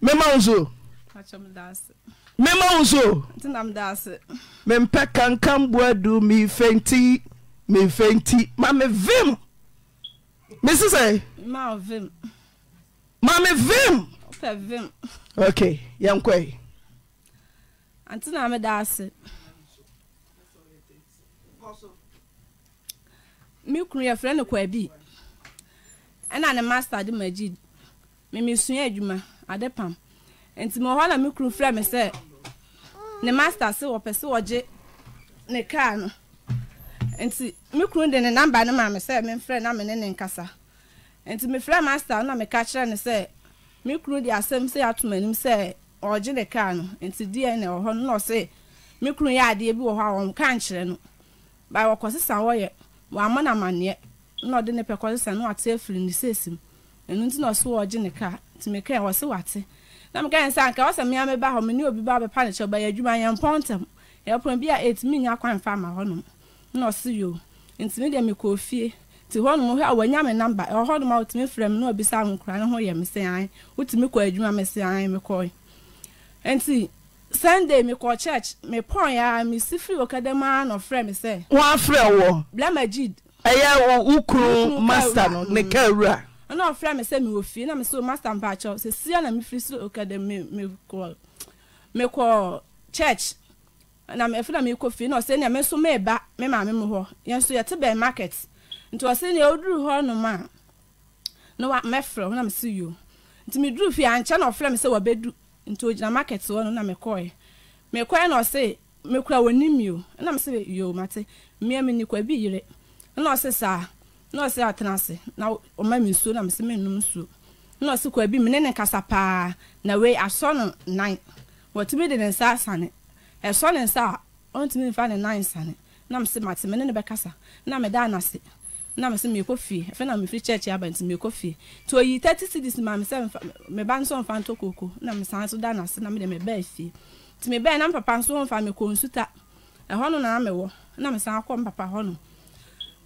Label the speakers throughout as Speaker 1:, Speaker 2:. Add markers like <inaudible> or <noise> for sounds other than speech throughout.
Speaker 1: mema so mempɛ kankamboadu mefenti mefenti ma mevem mese
Speaker 2: sɛma
Speaker 1: mevem
Speaker 2: yɛnkɔfɛnnmad m mmesua adwuma ade pam nti ma ɔhɔ na me kuru frɛ me sɛ ne master se wɔpɛ sɛ wɔgye ne kaa no nti me kuru de ne namba no ma me sɛ memfrɛ na me ne ne nkasa nti mefrɛ master na meka kyerɛ ne sɛ me kuru de asɛm sɛ ato m'anim sɛ ɔgye ne kaa no nti deɛ na ɛwɔ hɔ no na ɔse me kuru yɛ adeɛ bi wɔ hɔ a wɔn ka nkyerɛ no ba wɔkɔ sesa wɔyɛ wɔamɔ na amanneɛ na ɔde ne pɛkɔ sesa na wate afiri ne seesim ɛnu nti na ɔsi wɔ ɔgye ne ka nti mi ka yɛ wate na ka nsa nka ɔsɛ mi ba hɔ mi ni obi ba abɛpa ne kyɛw ba yɛ adwuma yɛn pɔntɛm yɛ pɔn bi a etimi nya kwan fa ama hɔnom na ɔsi yo nti mi deɛ mi kɔ fie ti hɔnom a wɔnya mi namba ɛwɔ hɔnom a otumi fira mi na obi sa nkura ne ho yɛ mi sɛn an otumi kɔ adwuma mi sɛn an mi kɔ nti sunday mi kɔ church mi pɔn ya mi si firi okadama na ɔfrɛ mi sɛ. wọn afrɛ wɔ. blamagid. ɛyɛ wukuru master no ne kawura ɔna ɔfrɛ me sɛ mewɔ fie na me sɛ master mpakyɛw sɛ sia na mefiri soro oka dɛ mekɔ mekɔ church na ɛfo na mekɔ fie na ɔsɛ nea me nso meba me maame mu hɔ yɛn nso yɛte bɛn market nti ɔsɛ nea ɔduru hɔ nom a na wa mɛfrɛ ho na mese yo nti meduru fie ankyɛ na ɔfrɛ me sɛ wɔbɛdu nti ogyina market hɔ no na mekɔɛ mekɔɛ na ɔsɛ mekura wɔ nimio na mese yo mate mmea me nikwa bi yere na ɔsɛ saa na ɔsɛ atena ase na ɔma mi nsuo na mesɛ menum nsuo na ɔsɛ kɔ bi mene ne kasa paa na wei asɔ no nan wɔtumi de ne nsa asane ɛsɔ ne nsa a ɔntumi nfa ne nan sane na mesɛ mate mene ne bɛkasa na meda anase na mesɛ mekɔ fie ɛfɛ na mefiri kyɛkye aba nti mekɔ fie nti ɔyi thirty cities ma mesɛ meba nso mfa nto kooko na mesan so da anase na mede mebaa fie nti mebɛɛ na mpapa nso mfa mekɔ nsuta ɛhɔ no na mewɔ na mesan akɔ mpapa hɔ no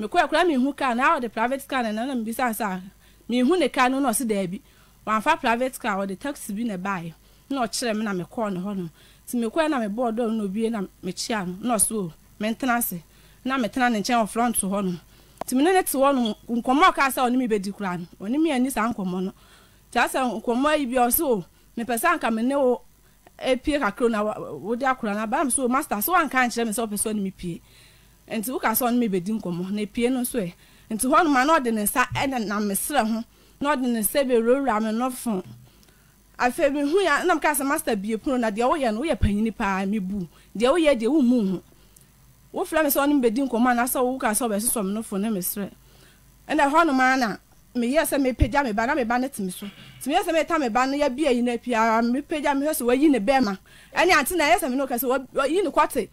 Speaker 2: mekɔ akura mehu kaa na ɔde private car na nana mbisa sa mehu ne kaa no na ɔsi daabi wamfa private car ɔde taxi bi na baayɛ na ɔkyerɛ me na mekɔɔ ne hɔ nom nti mekɔɛ na mebɔɔ dɔɔ na obie na mekyia no na ɔso o oh, mentena ase na metena ne nkyɛn wɔ front hɔ nom nti me ne ne te hɔ nom nkɔmmɔ ɔka sɛ ɔne me bɛdi koraa no ɔne me ani saa nkɔmmɔ no kyerɛ sɛ nkɔmmɔ yi bi ɔso o oh, mepɛ sɛ anka me ne o epie kakra na wode akora na baa me so oh, master so anka nkyerɛ me sɛ wopɛ sɛ ɔne me nti woka sɛ ɔno mebɛdi nkɔmmɔ na epie no nso ɛ nti hɔnom a na ɔde ne nsa ɛna nam mesrɛ ho na ɔde ne nsa bewurawura me nɔfo afei mehu ya nam ka sɛ master bie pono na deɛ woyɛ no woyɛ panyini paa mebu deɛ woyɛ deɛ wommu ho wofrɛ me sɛ ɔno mebɛdi nkɔmmɔ anaasɛ woka sɛ ɔbɛsosɔ me nɔfo ne mesrɛ ɛna hɔnom a na meyɛ sɛ mepagya me ba na me ba no te me so nti meyɛ sɛ meta me ba no yɛbia yi no apiara mepagya mehwɛ sɛ wayi ne bɛɛma ɛne ante na ɛyɛ sɛ me ne wokɛ sɛ wayi ne kɔte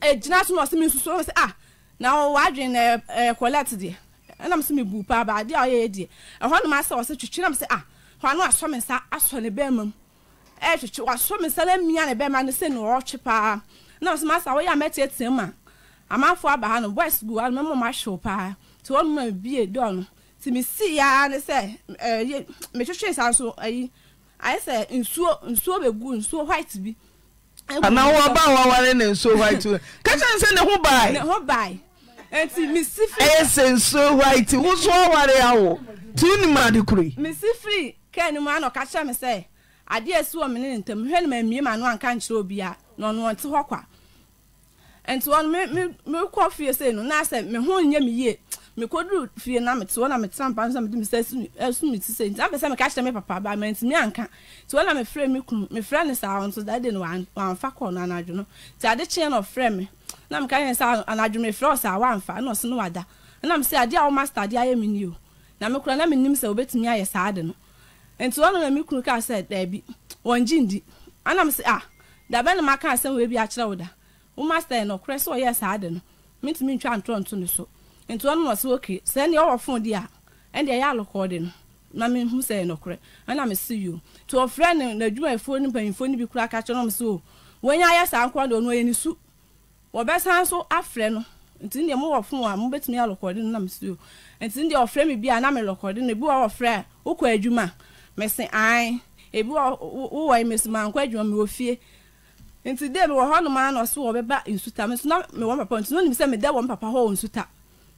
Speaker 2: egyina so na ɔsi mi nsusu ɔsi ah na wadwin na ɛɛ eh, eh, collect deɛ ɛnam si mi bu paaba adeɛ a ɔyɛ yɛ deɛ ɛhɔ nom asɛ ɔsi twitwi nam sɛ ah hɔ ano asɔ mi nsa asɔ ne bɛrima mu ɛɛ eh, twitwi wasɔ mi nsa lemia ne bɛrima no sɛ na ɔɔtwe paa ɛnam si masa ɔyɛ amɛtiatia mu a amanfo aba ha no boys gu ha no mɛmɔ ma hyew paa te wɔn mu na bie dɔɔ no te mi si ya ne sɛ ɛɛ yɛ metwitwi nsa nso ayi ayɛ sɛ nsuo nsuo bɛ gu nsuo white bi ana wọn ọba àwọn awari ne nsuo white wo kẹsẹ n sẹ ne ho baayi. ne ho baayi
Speaker 1: eti misi firi. ẹ sẹ nsuo white woso awari awo tí o ní mu adi kure.
Speaker 2: misi firi kẹ́ẹ̀ ni mu anọ kakyẹ́ mi sẹ́ adeɛ esi wɔ mi ne ntɛm hwɛ ne ma ma no anka nkyerɛ obi a na ɔno ɔnte hɔ kwa nti ɔno mi mi mi kɔ fie sɛ no naasɛ mi ho nyɛ mi yie mekɔduru fie na mete hɔ na metena mpa no sɛ mede me sɛ asu me ti sɛ nti na pɛ sɛ meka kyerɛ me papa ba mantimi anka nti hɔ na mefrɛ me kunu mefrɛ ne saa ɔnso da de no wamfa kɔɔ no anadwo no nti ade kyeɛ na ɔfrɛ me na meka yɛ sɛ anadwo mefrɛ ɔsɛ a wamfa na ɔse no wada na me sɛ adeɛ a wɔmaster adeɛ ayɛ me ni o na mekora na menim sɛ wobɛtumi ayɛ saa de no nti hɔ no na me kunu kaa sɛ daabi wɔngye ndi ana me ah, sɛ ah dabɛ ne maka asɛm wɔ bi akyerɛ wo da wo master yɛ no ɔkorɛ sɛ ɔyɛ saa de no mentumi ntwa ntorɔnto ne so nti ɔno na ɔsi oke sɛ ɛni ɔwɔ fon di a ɛni ɛyɛ alɔkɔɔ de no na mi hu sɛ ɛnɔkorɛ ɛna mi si yio nti ɔfrɛ ne n'adwumayɛfoɔ ne mpanyinfoɔ ne bi kura kakyɛ na ɔmo si o wɔnyɛ ayɛ saa nkora de ɔno ɔyɛ ne su wɔbɛsan so afrɛ no nti ne mo wɔ fon a mo betumi alɔkɔɔ de no na mi si o nti ne ɔfrɛ mi bi a na mi lɔkɔɔ de no ebi wɔ ɔfrɛ okɔ adwuma mesi an ebi wɔ wɔ mesi mankɔ adwuma mi wɔ fie nti de mi wɔ hɔ nom a na ɔsi wɔ bɛba nsuta mi nso na mi wɔ papa nti na onim sɛ mi dɛ wɔ papa hɔ wɔ nsuta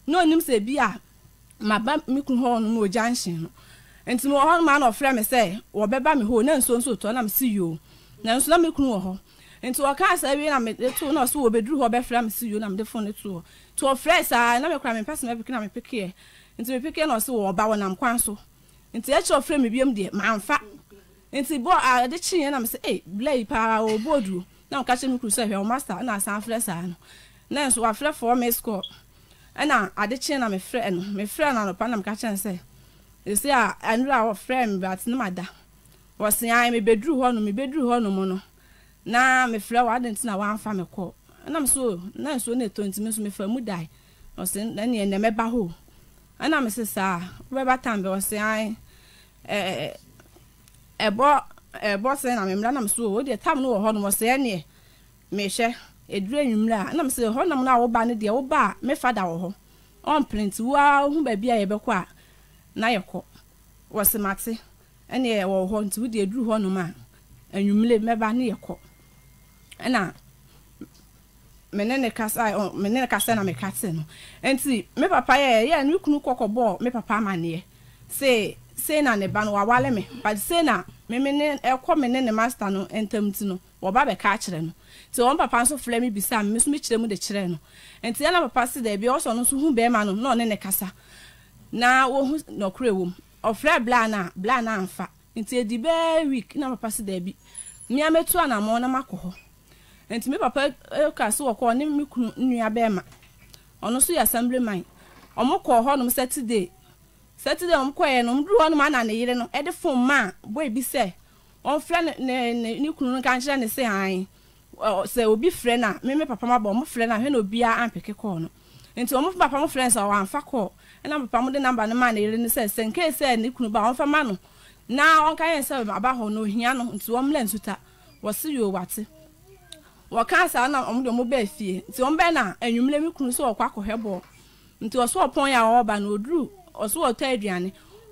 Speaker 2: No, onim sɛ bi a maba me kunu hɔ no ogya nhyen no nti mo hɔ ma na ɔfrɛ me sɛ wɔbɛba me hɔ na nsuo nso tɔ na me si yo na nso na me kunu wɔ hɔ nti ɔka asɛ bi na me to na ɔso wɔbɛduru hɔ bɛfrɛ me si yo na me de fon ne to hɔ nti ɔfrɛ saa na me kura me pɛsɛn mɛ peke na me pekeɛ nti me pekeɛ na ɔso wɔba wɔ nam kwan so nti ɛkyɛ ɔfrɛ me biom deɛ manfa nti bɔ ade kyinyɛ na me sɛ ee bila yi paa ɔbɔ duro na ɔka kyerɛ me kuru sɛ hwɛ ɔma saa na asan frɛ saa no na nso wafrɛ fɔɔ score ɛna ade kyee na mefrɛ no mefrɛ no anɔpa na meka kyerɛ sɛ ɛsi a anura a wɔfrɛ me bate no mada wɔse ae mebɛduru hɔ nom mebɛduru hɔ nom no na mefrɛ wɔ ade nti na wɔamfa me kɔ ɛnam so na nsuo na ɛtɔ ntimi nso mefa mu dae ɔse ɛneɛ nneɛma mɛba hɔ ɛna mese saa wobɛba tam bɛ ɔse ae ɛbɔ ɛbɔ sɛ na memra nam so o deɛ tam no wɔ hɔ nom ɔse ɛneɛ mehwɛ eduru enyimire a nam sɛ hɔ nam na woba no deɛ woba a me fada wɔ hɔ ɔmprint wo a ohu baabi a yɛbɛkɔ a na yɛkɔ wɔsi mate ɛna ɛwɔ hɔ nti wo deɛ eduru hɔ nom a enyimire mɛba ne yɛkɔ ɛna mene ne kasa ɔ mene ne kasa na me te no nti me papa yɛ yɛ ne kunu kɔkɔ bɔɔ me papa amaneɛ se se na ne ba no wawale me but se na me ne ɛkɔ me ne master no ntam ti no wɔba bɛka akyerɛ no nti wɔn papa nso filɛ mi bisa mi nso mi kyerɛ mu de kyerɛ no nti ɛna papa si dɛbi ɔsɔ no nso hu bɛrima no na ɔne ne kasa na wohu nɔkora wɔm ɔfrɛ blaa na blaa na nfa nti edi bɛɛ week na papa si dɛbi mmea mɛtu anamɔ na makɔ hɔ nti mi papa ɛka e, so wɔ kɔ ɔne mi kunu nnua bɛrima ɔno nso yɛ assembly man ɔmo kɔ hɔ nom saturday saturday ɔmo kɔ yɛ no ɔmo duru hɔ nom ana ne yere no ɛde fon maa boy bi sɛ ɔmfrɛ ne ne ne kunu no nka ne se hann sɛ obi frɛ no meme papa maba ɔmo frɛ no hwɛ na obiaa ampeke kɔɔ no nti ɔmo papa m frɛ no sɛ ɔamfa kɔɔ ɛna papa m de namba no ma ne yere no sɛ sɛ nkee sɛ ne kunu na ɔnka yɛn sɛ aba hɔ no ohia no nti wɔmla nsuta wɔse yɛ owate wɔka saa na ɔmo de ɔmo nti na anwummerɛ mi kunu sɛ ɔkɔ bɔɔ nti ɔso ɔpɔn yɛ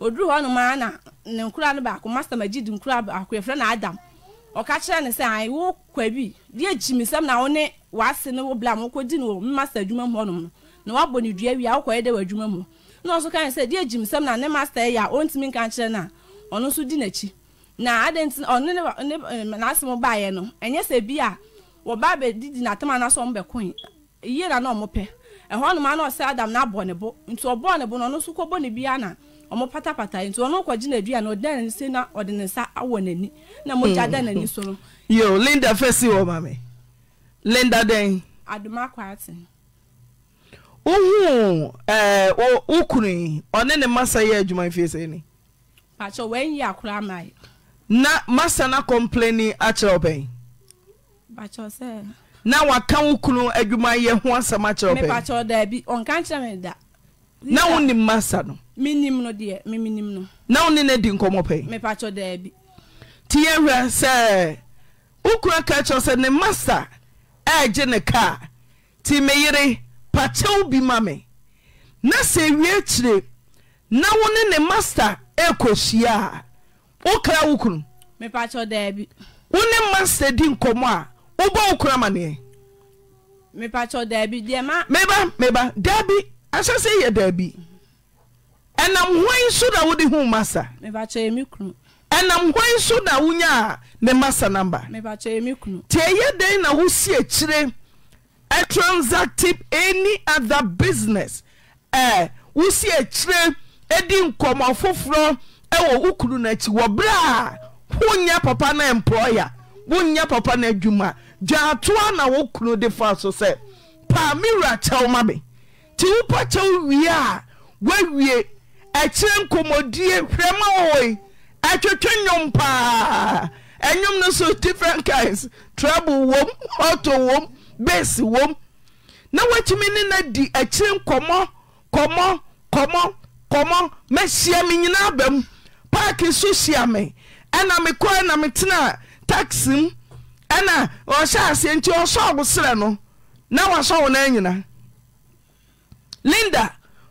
Speaker 2: a na ne nkura no baako ɔka kyerɛ ne sɛ a wo kwa bi deɛ gyi me sɛm na wo ne wase ne wo bla ma wokɔdi ne wɔ mmasa adwuma mu hɔnom no na woabɔ ne dua wie a wokɔyɛ dɛ w'adwuma mu na ɔso ka ne sɛ deɛ gyi me sɛm na ne master ɛyɛ a ɔntumi nka kyerɛ no a ɔno nso di n'akyi na nti eh, n'asɛm baeɛ no ɛnyɛ sɛ bi a wɔba n'atam sɛ ɔmbɛkoe yie na na ɛhɔnom a na ɔsɛ adam na abɔ ne bo nti ɔbɔɔ ne bo no ɔno nso kɔbɔ ɔmo patapata nti ɔno kɔ gyina dua na ne nsa na ɔde ne nsa awɔ n'ani na mogya da hmm. n'ani so no.
Speaker 1: yo linda fɛsi wɔ maame linda dɛn.
Speaker 2: adoma kwaate.
Speaker 1: wohu ɛɛ eh, wokunu ɔne ne masa yɛ adwuma fie ni.
Speaker 2: pàtó yi akora ama yi.
Speaker 1: na masa na kɔmpleni akyerɛ ɔbɛn.
Speaker 2: pàtó
Speaker 1: na waka wo kunu adwuma yɛ ho asɛm akyerɛ
Speaker 2: ɔbɛn. na wo ni masa menim no deɛ memenim no
Speaker 1: na wo ne no di nkɔmmɔ pɛi
Speaker 2: mepatwɔ daabi
Speaker 1: nti yɛhwɛ sɛ wo kura ka kyerɛw sɛ ne masa agye ne kaa nti meyere pakyɛw bi ma me na sɛ wie kyire na wo ne ne masta ɛkɔhyia a wokra wo kunu
Speaker 2: mepatwɔ daabi
Speaker 1: wo ne masta di nkɔmmɔ a wobɔ wo kora amanneɛ mepatwɔ daabi deɛ ma meba meba daabi ahyɛ sɛ yɛ daabi nɛnam han nso na wonyaa ne masa nambanti ɛyɛ dɛn na wosiekyire atransactive any other business wosie kyire di nkɔmmɔfoforɔ wɔ wo kunu no akyi wɔberɛ a wonya papa no employe wonnya papa no adwuma dwaatoa na wo kunu de fa so sɛ pa me wurakyɛ wo ma be nti wopakyɛ wo wie a woawie akyirɛ nkɔmmɔdie hwrɛ ma wɔwɔi atwetwe nnwom paa ɛnwom no so different kinds trouble wom ɔto wom base wom na woatumi ne na di akyirɛ nkɔmmɔ kɔmɔ kɔmɔ kɔmɔ mahyia me nyinaa aba m paake so hyia me ɛna mekɔ na tena taksi m ɛna ɔhyɛ aseɛ nti ɔsɔwo serɛ no na wasɔ wo no linda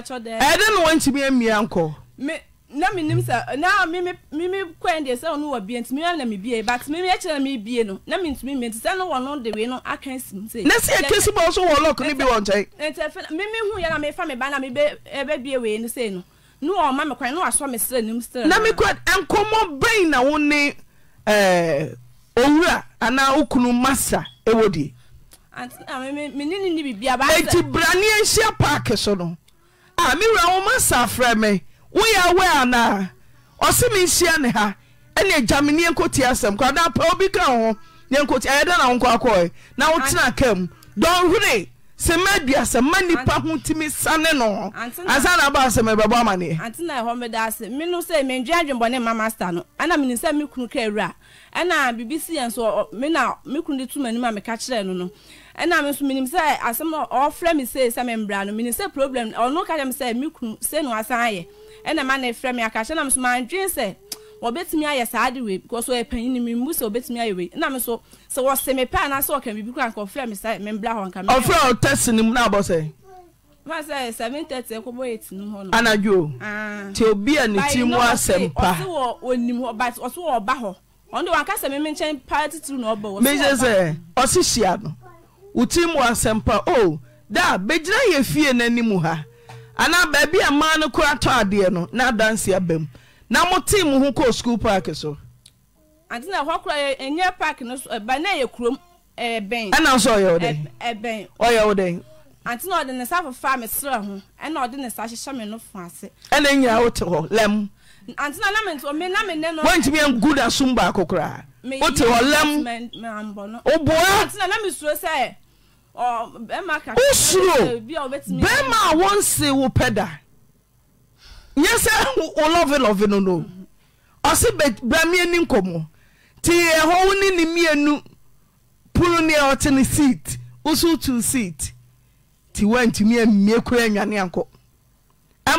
Speaker 2: ɛyɛdɛ na wantimi ammi nkɔnɛ sɛ yɛkɛsi m so wɔ loc no bi wɔ nkyɛna me
Speaker 1: nkɔmmɔ baina wone owura anaa wokunu masa wɔ deɛnti bra ne anhyia packe so no Ah, me wura woma sa frɛ me woyɛ we anaa ɔse menhyia ne ha ɛne gya me neɛnkɔti asɛm koa na pɛ obi ka wo ho neɛnkɔti ɛyɛ dɛ na wo nkɔ akɔe na wotena kam dɔnhwere sɛ maaduasɛ ma nnipa ho tumi sane no ho ansa na baa sɛ mebɛbɔ amaneɛ
Speaker 2: antena ɛhɔ meda ase meno sɛ mendwea adwembɔne ma master no ɛna mene sɛ me kunu ka awura ɛna biribi si yɛ nso mena me kunu de tom anim a meka kyerɛɛ no no ɛna mi nso minim sɛ asɛm a ɔfrɛ mi sɛ sɛ mi mbra no minim sɛ problem ɔno ka kyerɛ mi sɛ mi kunu se no asan yɛ ɛna ma na efrɛ mi akakyɛ na mi nso ma adwene sɛ wɔbɛtumi ayɛ saa de wei because ɔyɛ panyin mi mbu sɛ wɔbɛtumi ayɛ wei ɛna mi nso sɛ wɔsɛ mi pɛ anaasɛ ɔka bibi kura nka ɔfrɛ mi sɛ mi mbra hɔ nka mi. ɔfrɛ
Speaker 1: ɔtɛsi ni mu n'abɔ sɛ
Speaker 2: fa sɛ seven thirty ɛkɔbɔ eight nu hɔ no. anadwo
Speaker 1: ah. ti obi a ne ti mu asɛm pa. ɔsi
Speaker 2: wɔ onim hɔ but ɔsi wɔ ɔba hɔ ɔno de
Speaker 1: wotirim wɔ asempa o daa bɛgyina yɛ fie n'animu ha anaa baabi a maa no kora tɔ adeɛ no na adanse aba m na motee mo ho kɔɔ schuul park so
Speaker 2: ɛna so ɔyɛ wo dɛn ɔyɛ wo dɛn
Speaker 1: ɛna nyina wote hɔ lɛm
Speaker 2: wontumi angu
Speaker 1: nasom baako koraa wote hɔ lɛm
Speaker 2: woboa usoro bɛrima a wɔnse
Speaker 1: wo pɛ da nyɛ sɛ wo lɔvelɔve no no ɔse bra meani nkɔmmɔ nti yɛ hɔ wo ne nemienu punu neɛ ɔte ne seat woso wotu seat nti woantumi ammie kora anwane ankɔ ne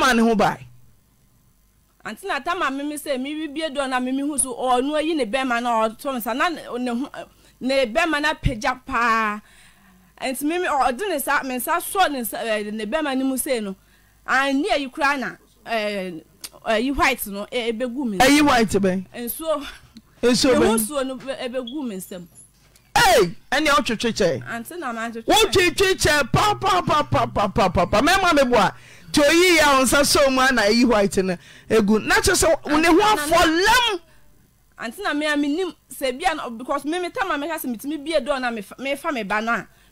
Speaker 2: na na na paa ntị mimi ɔde nsa nsa sụọ nsa no kura na white gu m Eyi white nsuo nsuo ewu nsuo ee na
Speaker 1: papapapapapapa a tí o yi ya nsa mu a na white nọ egu na kyerɛ
Speaker 2: sɛ na mi a mi nim a because mi tam a mi ndị mi ti bie na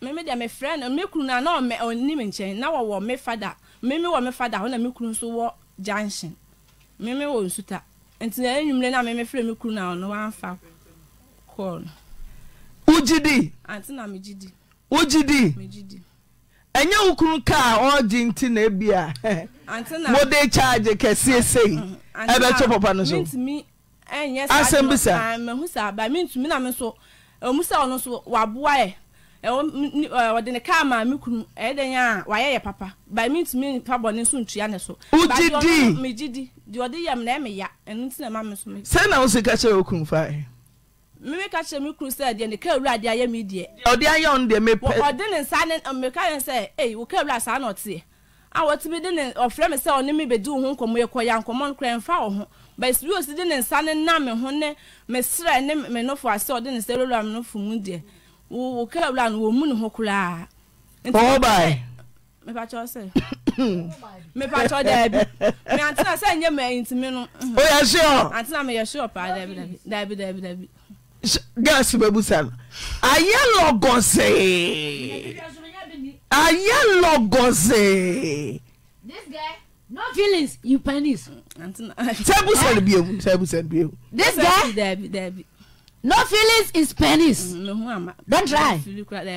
Speaker 2: meme deɛ mefrɛ no me na na ɔnim nkyɛn na wɔwɔ me fada meme wɔ me fada hɔ na me nso wɔ junction wɔ nsuta nti na enwumire na meme frɛ me
Speaker 1: na ɔno wamfa kɔɔ no.
Speaker 2: di. na di.
Speaker 1: di. di. ɛnyɛ kaa nti na ebi a.
Speaker 2: ante <laughs> na wode charge
Speaker 1: kɛseɛ sei mm-hmm. ɛbɛtɔ papa no so.
Speaker 2: mintumi ɛnyɛ saa asɛm saa na nso nso ɔde ne kaa maa mi kunu ɛyɛ dɛ yɛn a wayɛ yɛ papa by me ntumi nipa bɔ ne nso ntua ne
Speaker 1: so. o ji di mi
Speaker 2: ji di deɛ ɔde yam na ɛmi ya ɛnu ti na ma mi so mi. sɛ na o
Speaker 1: si ka kyerɛ o kun fa yi.
Speaker 2: mímí ka kyerɛ mi kunu sɛ deɛ ne kaa wura de ayɛ mi deɛ.
Speaker 1: ɔde ayɛ ɔn deɛ
Speaker 2: mepɛ. ɔde ne nsa ne ɔmi ka yɛn sɛ ee o kaa wura saa na ɔteɛ a wɔte bi de ne ɔfrɛ mi sɛ ɔne mi bɛ di ohun nkɔmɔ yɛ kɔya nkɔmɔ nkura nfa wɔ ho bɛsi bi o si de ne nsa ne nam mi ho ne mesrɛ ne me nofo ase ɔde ne nsa lolo a me nofo mu deɛ wo wo kewura no wo mu ne ho koraa.
Speaker 1: ɔwɔ baa.
Speaker 2: mepatɔ sɛ mepatɔ daabi mɛ antena sɛ nyɛ mɛ ntumi no. Mhm. o yɛ sɔ. antena mi yɛ sɔ paa daabi daabi daabi daabi.
Speaker 1: gaasi bɛ busa no ayɛ lɔgɔsee ayɛ lɔgɔsee.
Speaker 2: this guy no feelings
Speaker 1: you pennies.
Speaker 2: sɛ busa no bi
Speaker 1: ewu sɛ busa no bi ewu. this guy.
Speaker 2: daabi daabi no feelings is penis. Mm, don try.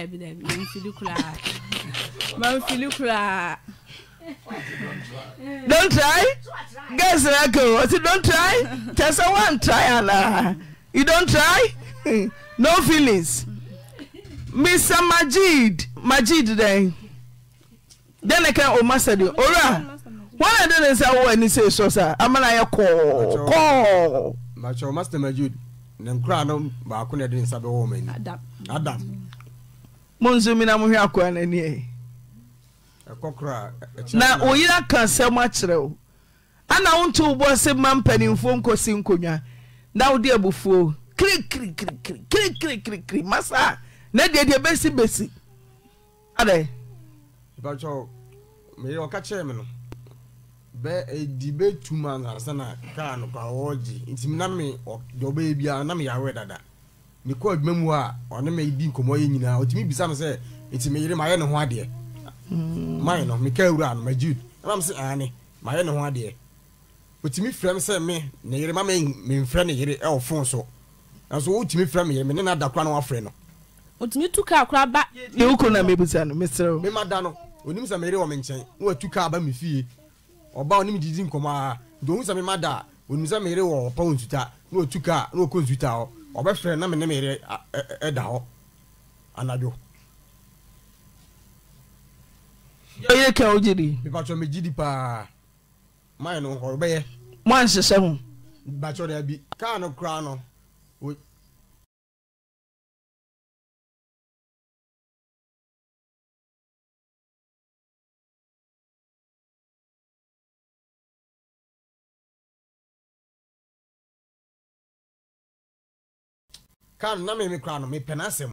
Speaker 1: don try guys na ko ọtí don try tẹsán wan try ana you don try <laughs> no feelings mr majid majid dẹ dẹ nìkan o ma sẹ de ora wọn náà dẹ nìkan sẹ awọ ẹni sẹ sọ sá amánayẹ kọọ
Speaker 3: kọọ. macho master majid ne nkura no baako na ɛde ne nsa bɛwɔ wɔn ani adam mo
Speaker 1: nso mi na mo hwɛ akɔya n'ani yɛ
Speaker 3: ɛkɔ kora ɛkyɛ na oyira
Speaker 1: ka nsɛm akyerɛ o ana wonto wo bɔ se ma mpanimfoɔ nkɔsi nkonnwa na wode abufuo kirikirikirikirikirikiri masa na deɛ deɛ bɛsi bɛsi
Speaker 3: adɛ. ìbájọ́ mi ọ̀ka kyerẹ́ mi nù. No. debate e, two ansa na kaa no nti nami dada adwuma mu a ɔne me di nkɔmmɔ yɛ nyinaa ɔtumi bisa me sɛ nti ma mayɛ ne ho adeɛ hmm. mayɛ no meka awura no magyud ɛnam sɛ aane mayɛ ne ho adeɛ ɔtumi sɛ mi ne ma ne fon so ne na woafrɛ no ɔtumi tu kaa kora ba ne wokɔ na mebusa no meserɛ wo da no ɔnim sɛ meyere wɔ nkyɛn kaa ɔbaa onim didi nkɔmɔ a nti ohun sɛmi ma da onim sɛ meyere wɔ ɔpɛ wɔn nsuta na otu kaa na okɔ nsuta hɔ ɔbɛfrɛ na mene meyere ɛda hɔ anadwo. oye kẹ o jiri. bíbátsọ mi jí di paa máa yẹn no nkɔrɔ bɛyɛ. mo à ń sisẹ́ hun. bíbátsọ dẹ bi káà no kura no
Speaker 4: kaa no na meme koraa no mepɛ n'asɛm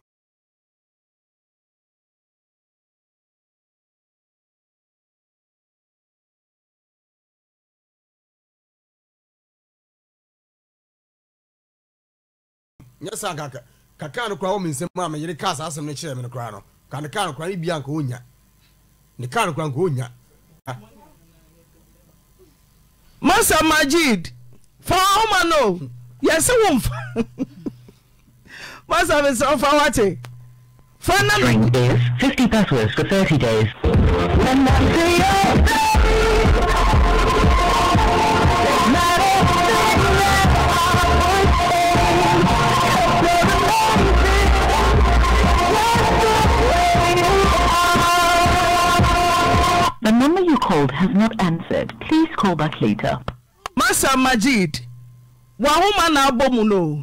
Speaker 3: nyɛ saa kaka kaka no koraa wɔ me nsɛm a meyere kaa saa asɛm no kyerɛ me no koraa no ka ne kaa no koraa ne bia nka ɔnya ne kaa no koraa nka ɔnya masa magid fa ɔma no yɛse wo
Speaker 1: mfa <laughs> What service offer what? Phone number is
Speaker 5: 50 passwords for 30 days.
Speaker 1: The
Speaker 6: number you called has not answered. Please call back later.
Speaker 1: Master Majid, Wahuma na abomuno.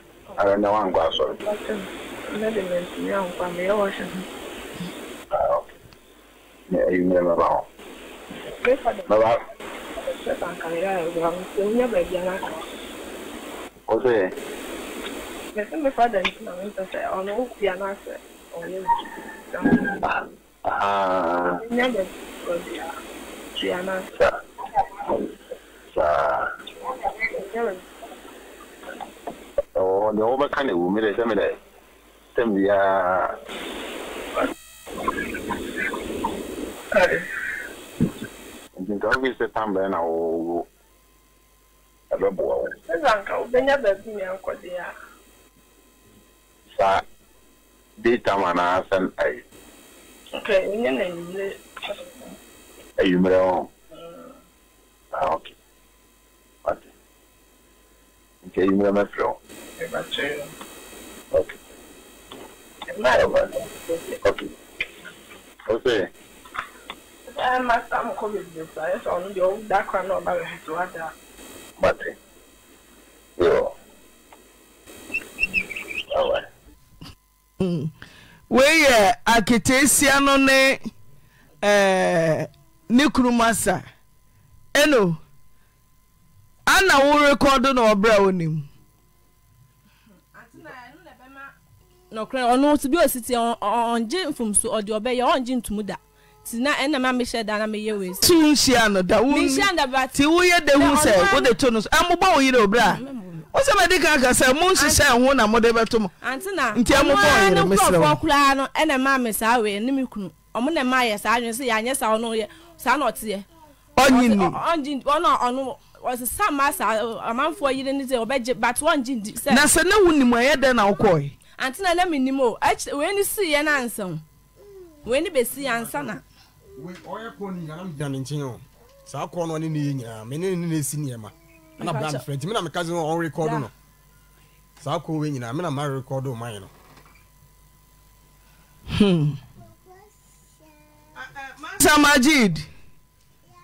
Speaker 5: ara na wa nkɔ asɔre. ɛyi mmerɛ mɛba hɔ mɛba.
Speaker 4: o sɛ yɛ.
Speaker 2: mɛsɛ mefa da nti na
Speaker 5: ɔwɔ deɛ wɔbɛka na ewu mi dɛ sɛ mi dɛ sɛm biara. nti nka wobi sɛ tam bɛɛ na wɔwɔ ɛbɛboa wo.
Speaker 1: ɛna nka wobɛnya baabi ne nkɔde a.
Speaker 5: saa daytime anaa sɛ ayi.
Speaker 7: ok nyɛ na enyimire.
Speaker 5: enyimire hɔ. ok nti eyi mu ɛmɛ fɛ o
Speaker 7: ɛmɛ
Speaker 4: kyɛ ɔkè ɛmɛ ayɛ ba no ɔkè
Speaker 1: ɔsè. ɛɛ masa mu kɔ bebree sa ɛsɛ ɔno deɛ ɔwɔ da kora na ɔba bɛhɛ so ada. bate yɔ awa. wei yɛ aketeesia no ne eh, ne kurumasa ɛno. a na ɔbrɛ wo nim
Speaker 2: ɔno bi ositi ɔngye mfomso ɔde ɔbɛyɛ ɔngye ntumu da nti na ɛna ma mehyɛ da na meyɛ wei
Speaker 1: so da wonti woyɛ da hu sɛ wode to no so amobɔ wo yere obrɛ a wo sɛ mɛde ka ka sɛ na mode bɛto mo
Speaker 2: nti amobɔ wo yere mesrɛ koraa na ma yɛ saa adwene sɛ yɛanyɛ saa ɔno yɛ saa na ɔsesa masa amanfoɔ yiri ne sɛ ɔbɛgye but wɔngye di sɛ. na sɛ ne
Speaker 3: wo nim ɛyɛ dɛn na wokɔɔ yi.
Speaker 2: ante na ne mi nim o ɛkyɛ wei ni si yɛ na nsɛm wei ni besi yɛ ansa na.
Speaker 3: ɔyɛ kɔ ni nyinaa mi ne nkyɛn o saa kɔ no ɔne ne yɛ nyinaa mɛ ne ne ne si nneɛma ɛna bra nfrɛ nti mi na mi ka se ɔn rekɔdo no saa kɔ wei nyinaa mi na ma rekɔdo man yi no. Hmm. Uh, Majid.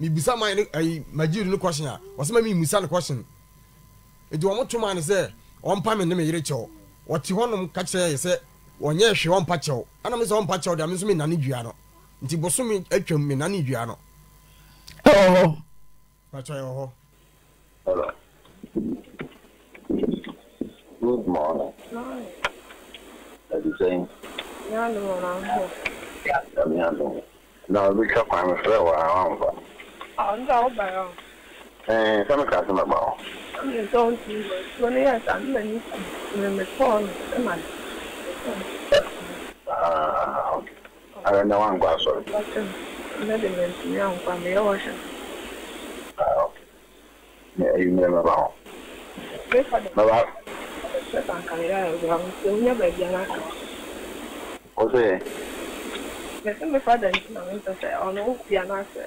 Speaker 3: mibisa maa ne ayi magiri ne question a wɔsɛ ma mi musa ne question eti wɔn to maa ne sɛ ɔmpa mi ne mi yere kyɛw wɔte hɔnom kakyɛ yɛ sɛ wɔnyɛ hwɛ ɔmpa kyɛw ɛna mi sɛ ɔmpa kyɛw deɛ mi nso mi nane dua no nti bosomi atwam mi nane dua no. ɛwɔ hɔ. bàtɔ ɛwɔ hɔ.
Speaker 4: good morning. ɛdi sɛn. nyaalu wɔn ahɔ. ɛmi
Speaker 3: adu na obi kakwan mi fɛ wɔ ahɔn fa
Speaker 2: ọ̀ ń tọ́ ọ bàrà o.
Speaker 3: ẹ sẹ́mi kà sí màgbà o.
Speaker 2: mi tó ń ti wọn ní yàtọ̀ nílẹ̀ ní mẹ̀mẹ̀ fọ́ọ̀nù ẹ̀ mà ní.
Speaker 3: ara ní wọn gbà
Speaker 7: sọrọ.
Speaker 4: mẹ́rin mẹ́rin ti ní àwọn pàmì ẹ̀wọ̀ ṣe. ẹ̀yin mi mẹ́ba o. mẹ́ba.
Speaker 8: mẹ́ta nǹkan yára ẹ̀rọ àwọn ṣe ń yẹ̀bẹ̀ bí ara kan. ó sè é. mi
Speaker 2: fàdà ní ìlànà ìtọ́sẹ̀ ọ̀nà ó fi àná àṣẹ.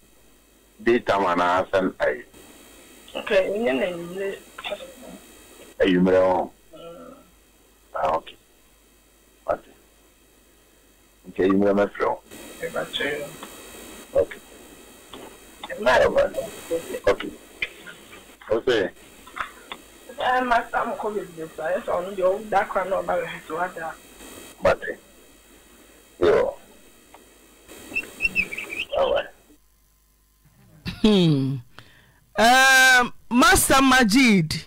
Speaker 5: daytime anaasɛ ayi.
Speaker 7: ok nyɛ na ewumere.
Speaker 5: ewumere hɔ. ah ok ok nti ewumere mɛfrɛ hɔ.
Speaker 1: ok.
Speaker 4: E ok. E ose.
Speaker 1: ɛɛ e ma sa mo kɔ bebree sa ɛsɛ ɔno deɛ ɔwɔ da kora na ɔba rɛ hɛtɛ wa da. bate. yɔ. awa. Hmm. Um, masta magid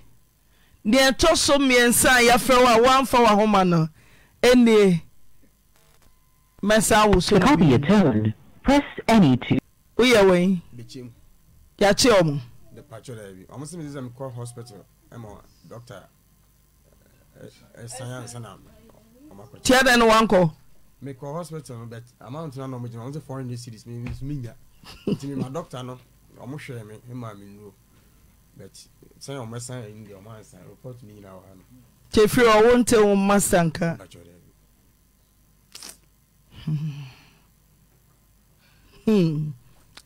Speaker 1: nea tɔ so mmiɛnsa yafrɛ w a woamfa wahoma no n mɛsa woswɛyamtia eh, eh,
Speaker 3: ɛ no wank ɔmo hwɛ me ɛma me nuo but sɛn ɔmo san yɛ ndeɛ ɔmo ansan report ne nyinaa wɔ ha no.
Speaker 1: kyefiri ɔwɔ ntɛ wɔn mma sanka.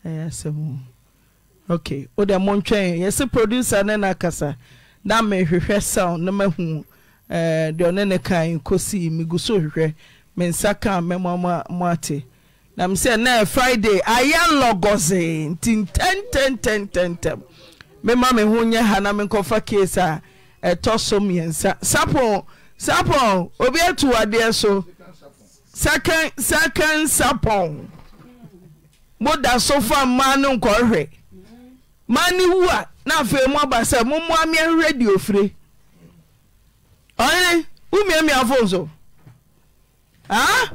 Speaker 1: ɛyɛ asɛm ok wo deɛ montwɛn yɛse producer ne no akasa na mehwehwɛ sound na mahu deɛ ɔne ne kan kɔsii megu so hwehwɛ me nsa ka mɛma mo ate. nam sɛ na friday ayɛ lɔgɔse nti ntɛntɛntɛntɛntɛm mema me ho nyɛ ha na menkɔfa case a ɛtɔ so mmiɛnsa sapon sapon obi atu adeɛ so second second sapon moda so fa mmaa no nkɔhwɛ mmaa ne wu a na afei mu aba sɛ mommoa meɛhwɛ deɛ ofire ɔne womiamia fo so ah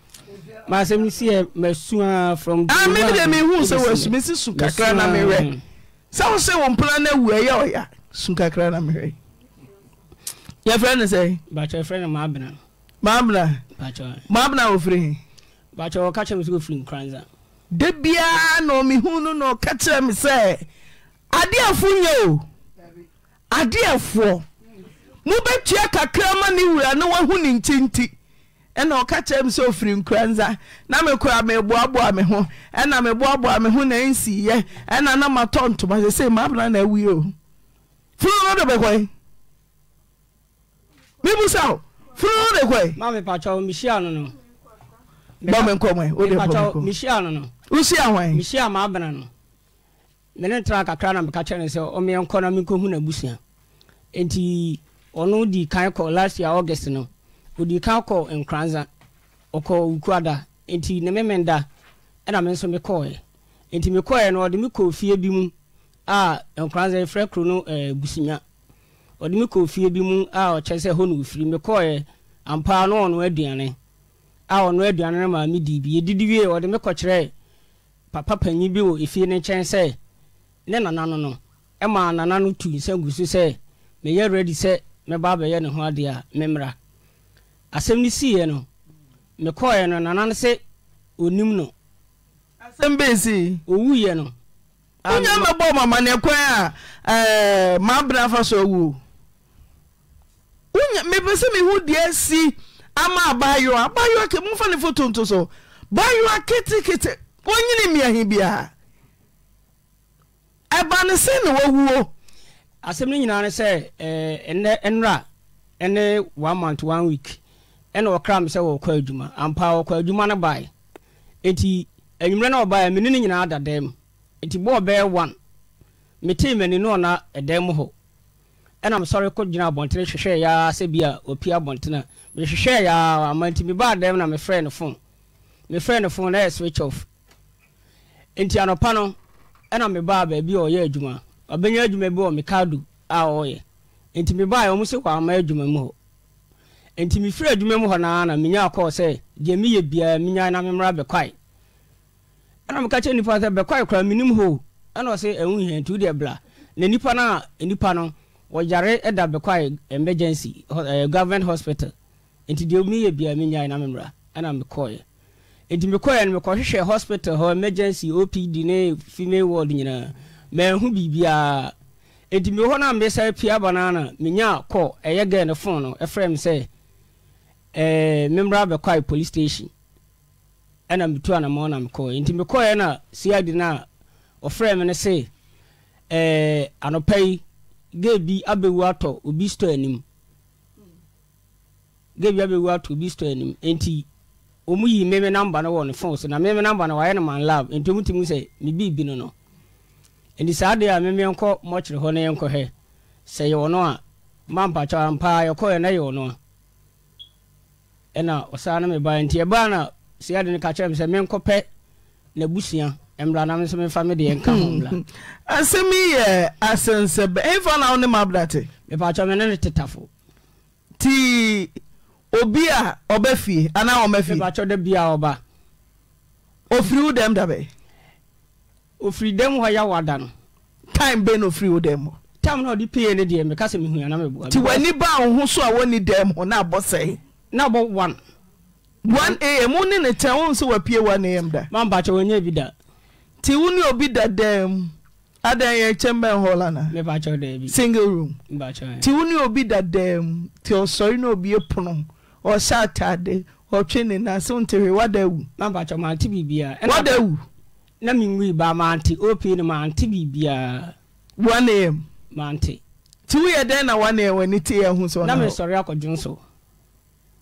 Speaker 9: maa sɛ misi yɛ eh, mɛsua from. ami ah, de mi hu sɛ wɔ sumi si sun kakra na mi rɛ
Speaker 1: sáwọn sɛ wɔn mpona na wu ɛyɛ eh, ɔya oh, sun kakra na mi rɛ yɛ fɛ ne sɛ.
Speaker 9: bàtɛ fɛ ne maa bena. maa bena. bàtɛ. maa bena wɔ firi hin. bàtɛ wɔ kakyɛ mi sɛ ofiri nkranza. de biara na omi hu no na ɔka
Speaker 1: kyerɛ mi sɛ adeɛfo nyɛ o adeɛfoɔ mo bɛ tua kakra ma ne wura na wahu ni ntinti. ɛna ɔka kyerɛ m sɛ ofiri nkura na mekora meboaboa me ho ɛna meboaboa me ho na ɛnsiiɛ ɛna na matɔ ntoma sɛ na awie o funu no de mebu sa o funu
Speaker 9: no de mene tra kakra na meka kyerɛ no sɛ na menkɔhu n'abusua enti ɔno di kan kɔ last year august no odi ka kɔ nkranza ɔkɔ ukuada nti ne memenda ɛna me nso mekɔɛ nti mekɔɛ no ɔde me kɔ fie bi mu a nkranza yɛfrɛ kuro no ɛɛ eh, busunya ɔde me kɔ fie bi mu a ɔkyɛ sɛ hɔ na ofiri mekɔɛ ampa no ɔno aduane a ɔno aduane no maa me di bi yɛdidi wie ɔde me kɔkyerɛ papa panyin bi wɔ efie ne nkyɛn sɛ ne nana no no ɛma nana no tu nsa gu so sɛ meyɛ ready sɛ mɛba abɛyɛ ne ho adeɛ a memmra asɛm no siiɛ no mekɔɛ no nanano sɛ ɔnim no asɛm bɛsi ɔwuiɛ no
Speaker 1: wonya mɛbɔ mamane kwan a maabra fa so awuo mepɛ sɛ meho deɛ si ama abayoa abayoa ke momfa ne fotonto so bayoa ketekete ɔnyine mmiahe biaa
Speaker 9: ɛba ne se ne woawuo asɛm no nyinaa ne sɛ ɛnɛ nra ɛne one month one week ɛna ɔkra me sɛ wɔkɔ adwuma ampa ɔkɔ adwuma no bae enti awumerɛ no ɔbaeɛ mene no nyinaa da dan mu enti bɔɔ bɛɛ one metee m'ani no ɔna ɛdan mu hɔ ɛna mesɔre gyina abɔntene hwehwɛ yaa sɛ bi a ɔpie abɔntene a mehwehwɛ yaa ama nti mebaa dan mu na mefrɛ no fon mefrɛ no fon na ɛyɛ switch off enti anɔpa no ɛna mebaa baabi a ɔyɛ adwuma ɔbɛnya adwuma bi wɔ mekado a ɔyɛ enti mebaeɛ ɔmo sɛ kɔ ama adwuma mu hɔ nti mefiri adwuma mu hɔ naa na menya akɔɔ sɛ deɛ meyɛ biaa menya na memmra bɛkwae ɛna meka kyerɛ nnipa sɛ bɛkwae koraa menim hɔ ɛna ɔsɛ ɛho hia nti wodeɛ bla na nnipa no a nnipa no wɔyare da bɛkwae emergency uh, government hospital nti deɛ meyɛ biaa menya na memmra ɛna mekɔɔeɛ nti mekɔɛ no mekɔhwehwɛ hospital hɔ emergency opd ne female ward nyinaa manhu biribiaa nti mewɔ hɔ no a mesɛ pia banana menya kɔ ɛyɛ gɛ ne fon no ɛfrɛ me sɛ eh, memmra bɛkɔe police station ɛna metu anamɔ na mekɔɛ nti mekɔɛ na cid no a ɔfrɛ me no se eh, anɔpa yi ge bi abɛwu atɔ obi stɔ anim ge bi abɛwu atɔ obi stɔ anim nti ɔmu yi meme namba no wɔ ne phone so na meme namba no wayɛ no man lab nti ɔmu timi sɛ mebiibi no no nti saa deɛ a meme yɛnkɔ mmɔkyere hɔ na yɛnkɔhɛ sɛ yɛwɔ no a mampakyɛ ampaa yɛkɔɛ na yɛwɔ no a ɛna ɔsaa no mebaɛ nti ɛbaa na sia de no ka kyerɛ me sɛ menkɔpɛ n'abusua mmra nam nso mefa me deɛ nka ho
Speaker 1: mmra hmm. asɛm yi yɛ asɛnsɛbɛ ɛmfa na wo ne mabrate mepakyɛ me ne ne tetafo nti obi a ɔbɛ fie anaa ɔmɛ fie mepakyɛ da bia ɔba ofiri wo dɛm ofiri dɛm hɔ yɛ wada no time bɛ na ofiri wo dɛm hɔ time na ɔde pie ne deɛ meka sɛ mehuana meboa nti w'ani baa wo ho so a wɔni dɛm hɔ na abɔ sɛe Number one. one am wo ne ne kyɛn wo nso wapie one am da. mamba kyɛ wɔnyɛ bi da. ti wo ne obi da dan mu adan yɛ kyɛn bɛn hɔ la na. mba kyɛw dɛ bi. single room. Ba kyɛw yɛ. ti wo ne obi da dan mu ti ɔsɔre ne obi epono ɔhyɛ ataade ɔtwe ne nan so
Speaker 9: ntere wada wu. mamba kyɛw maa ti biribiara. wada wu. na mi nwi ba maa nti op no maa nti biribiara. one am. maa nti. ti wo yɛ dɛn na one am wɔ ne ti yɛ ho so. na mi sɔre akɔdun so.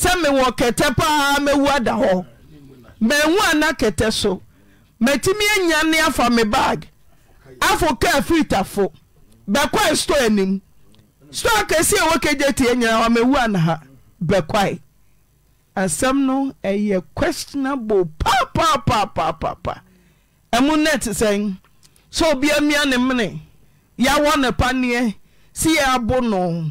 Speaker 1: sɛ mewɔ kɛtɛ paa mɛwu ada hɔ mawu ana kɛtɛ so matumi anya ne afa me bag afo kaa fritafo bɛkwae sto anim sto akɛsɛ a wɔkɛgya ti anyina hɔ mawu anaha bɛkwae asɛm no ɛyɛ questionable papapapapapa ɛmo nɛ te sɛn sɛ obia mmia ne mene yɛawɔ ne paneɛ si yɛ abo no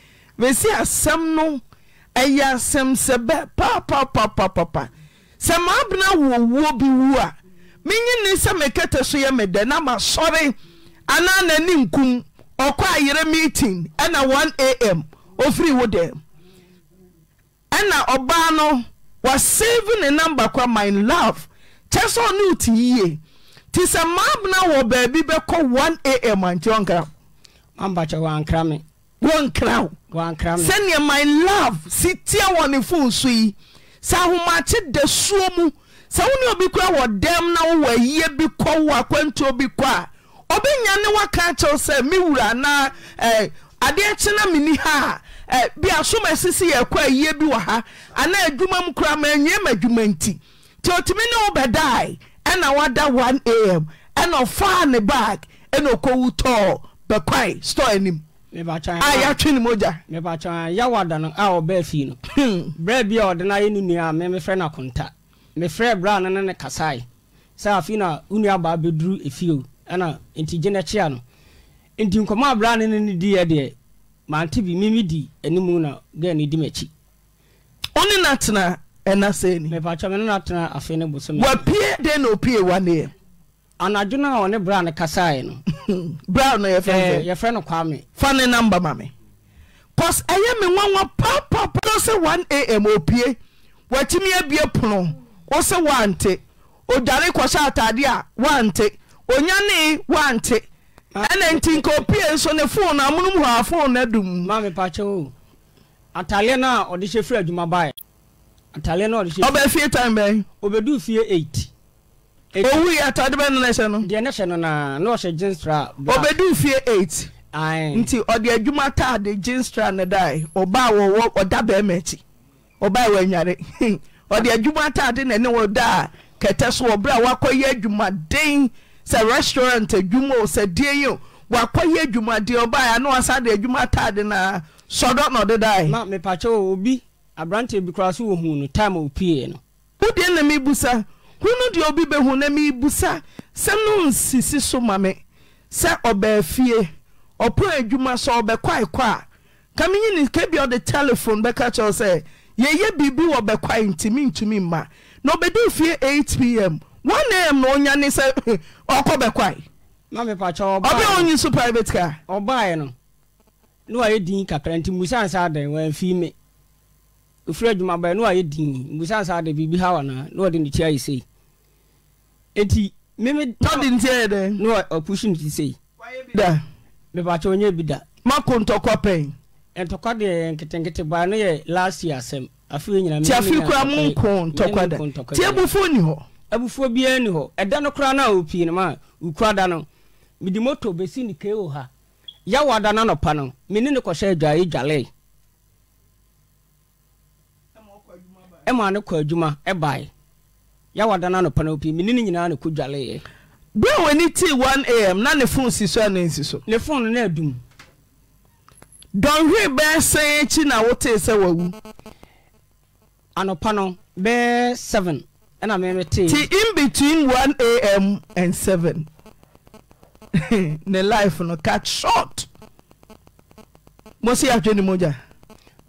Speaker 1: mɛsi asɛm no ɛyɛ asɛm sɛ bɛ papapa sɛ maabena wɔ wuo bi wu a menyine sɛ mekɛtɛ so medɛ namasɔre ananane nm ɔkɔ ayerɛ meetin naam fri o dnaa nosvene namba koa minlof kyɛ sɛne oteyie nti sɛ maabena wɔ baabi bɛkɔ am
Speaker 9: krasɛnea
Speaker 1: my love sitiɛ wɔ ne foso yi sɛ ahomaakye da suo mu sɛ wo ne obi kora wɔ dɛm na wowɔ ayiɛ bi kɔ wo a kwantuɔ bi kɔ a ɔbɛnya ne woaka akyɛw sɛ me wuraanaa eh, adeɛ kyena menni haa biasom eh, asisi yɛkɔ yiɛ bi wɔha ana adwuma mu koraa maanyɛma adwuma nti nti ɔtumi ne wobɛdae ɛna woda 1am ɛna ɔfaa ne bag na ɔkɔwu tɔɔ bɛkae str anim
Speaker 9: yɛatwe ah,
Speaker 1: ne mogya mepakya
Speaker 9: yawo ada no a ɔbaa fii no hmm. berɛ bi a ɔde no ayɛ ne nua a me mefrɛ no akonta mefrɛ berɛ a no ne ne kasae sɛ afei na wo nua baa bɛduru ɛfio ɛna nti gye no kyea no nti nkɔmmɔ a berɛ a no ne ne diiɛ deɛ mante bi mimi di anim na gaa ne di m'akyi wone no tena ɛna sɛ ni mepakya me ne no atena afei ne bo so wapie dɛn na opie waneɛ anadwonaa one bra no kasa no <laughs>
Speaker 1: braf ane na mame eh, ɛyɛ me wawa papapsɛ am opue waatumi abie pono wo sɛ wante odware kasɛ atade a wante ɔyane wante ɛnɛ ntinka opie nso ne fonoamonom hɔa fono dumbfie
Speaker 9: Owu yi atade bɛno no ɛhyɛ no deɛ ne hyɛ no na na ɔhyɛ genstra ɔbɛduu
Speaker 1: fie 8 nti ɔde adwuma taade genstra ne dae ɔbaa wɔwɔ ɔda baima akyi ɔbaa wɔ anyare <laughs> ɔde adwuma taade nane wɔda a kɛtɛ so wɔberɛ a woakɔyɛ adwuma den sɛ restaurant adwuma o sɛ deɛ yi wakɔyɛ adwuma deɛ ɔbaa ana wasa de adwuma taade na sɔdɔ na ɔde dae mepakyɛ obi aberante bi koraa so wɔhu no time O opie no wodeɛ na mebu sa hono deɛ obi bɛhu na mibusa sɛm no nsisi so ma sɛ ɔbaafie ɔpɔ adwuma sɛ ɔbɛkwaekɔ a ka menyine ka ɔde telefone bɛka kyɛw sɛ yɛyɛ biribi wɔ bɛkwae nti mma na fie 8pm 1am na ɔnyane sɛ ɔkɔ
Speaker 9: ɔbɛ so private car ɔbaeɛ no ne wayɛ din kakra nti me adwuma bɛɛ ne wayɛ din biribi ha ne wɔde ne kyi ayɛ sei Eti nti mmepushimti sɛ mepɛkyɛ ɔnyɛ bi da mako ntɔkwa pɛn ntɔkwa deɛ nketenkete baa no yɛ last year asɛm afei nyina ti afei kora mo nko ntɔkwa da ti abufuo ni hɔ abufuo biara ni hɔ ɛda no koraa no a ɔpii no ma wokura da no Midi moto besi ne kee ha yɛwɔ ada no anɔpa no mene ne kɔhyɛ adwae dwalee ɛma ne kɔ adwuma ɛbae yàwọ adana no panel pii mi ni ne nyinaa ne ko dwale yɛ.
Speaker 1: bí a wọ́n ní tea one am na ne phone si so a ne nsi so. ne phone náà dùn. dɔnhwee bɛɛ sɛn akyi na wotee sɛ wawu. anɔpa no bɛɛ seven ɛna mɛmɛ tee. ti in between one am and seven <laughs> ne life no cut short. mo si atwe ne mogya.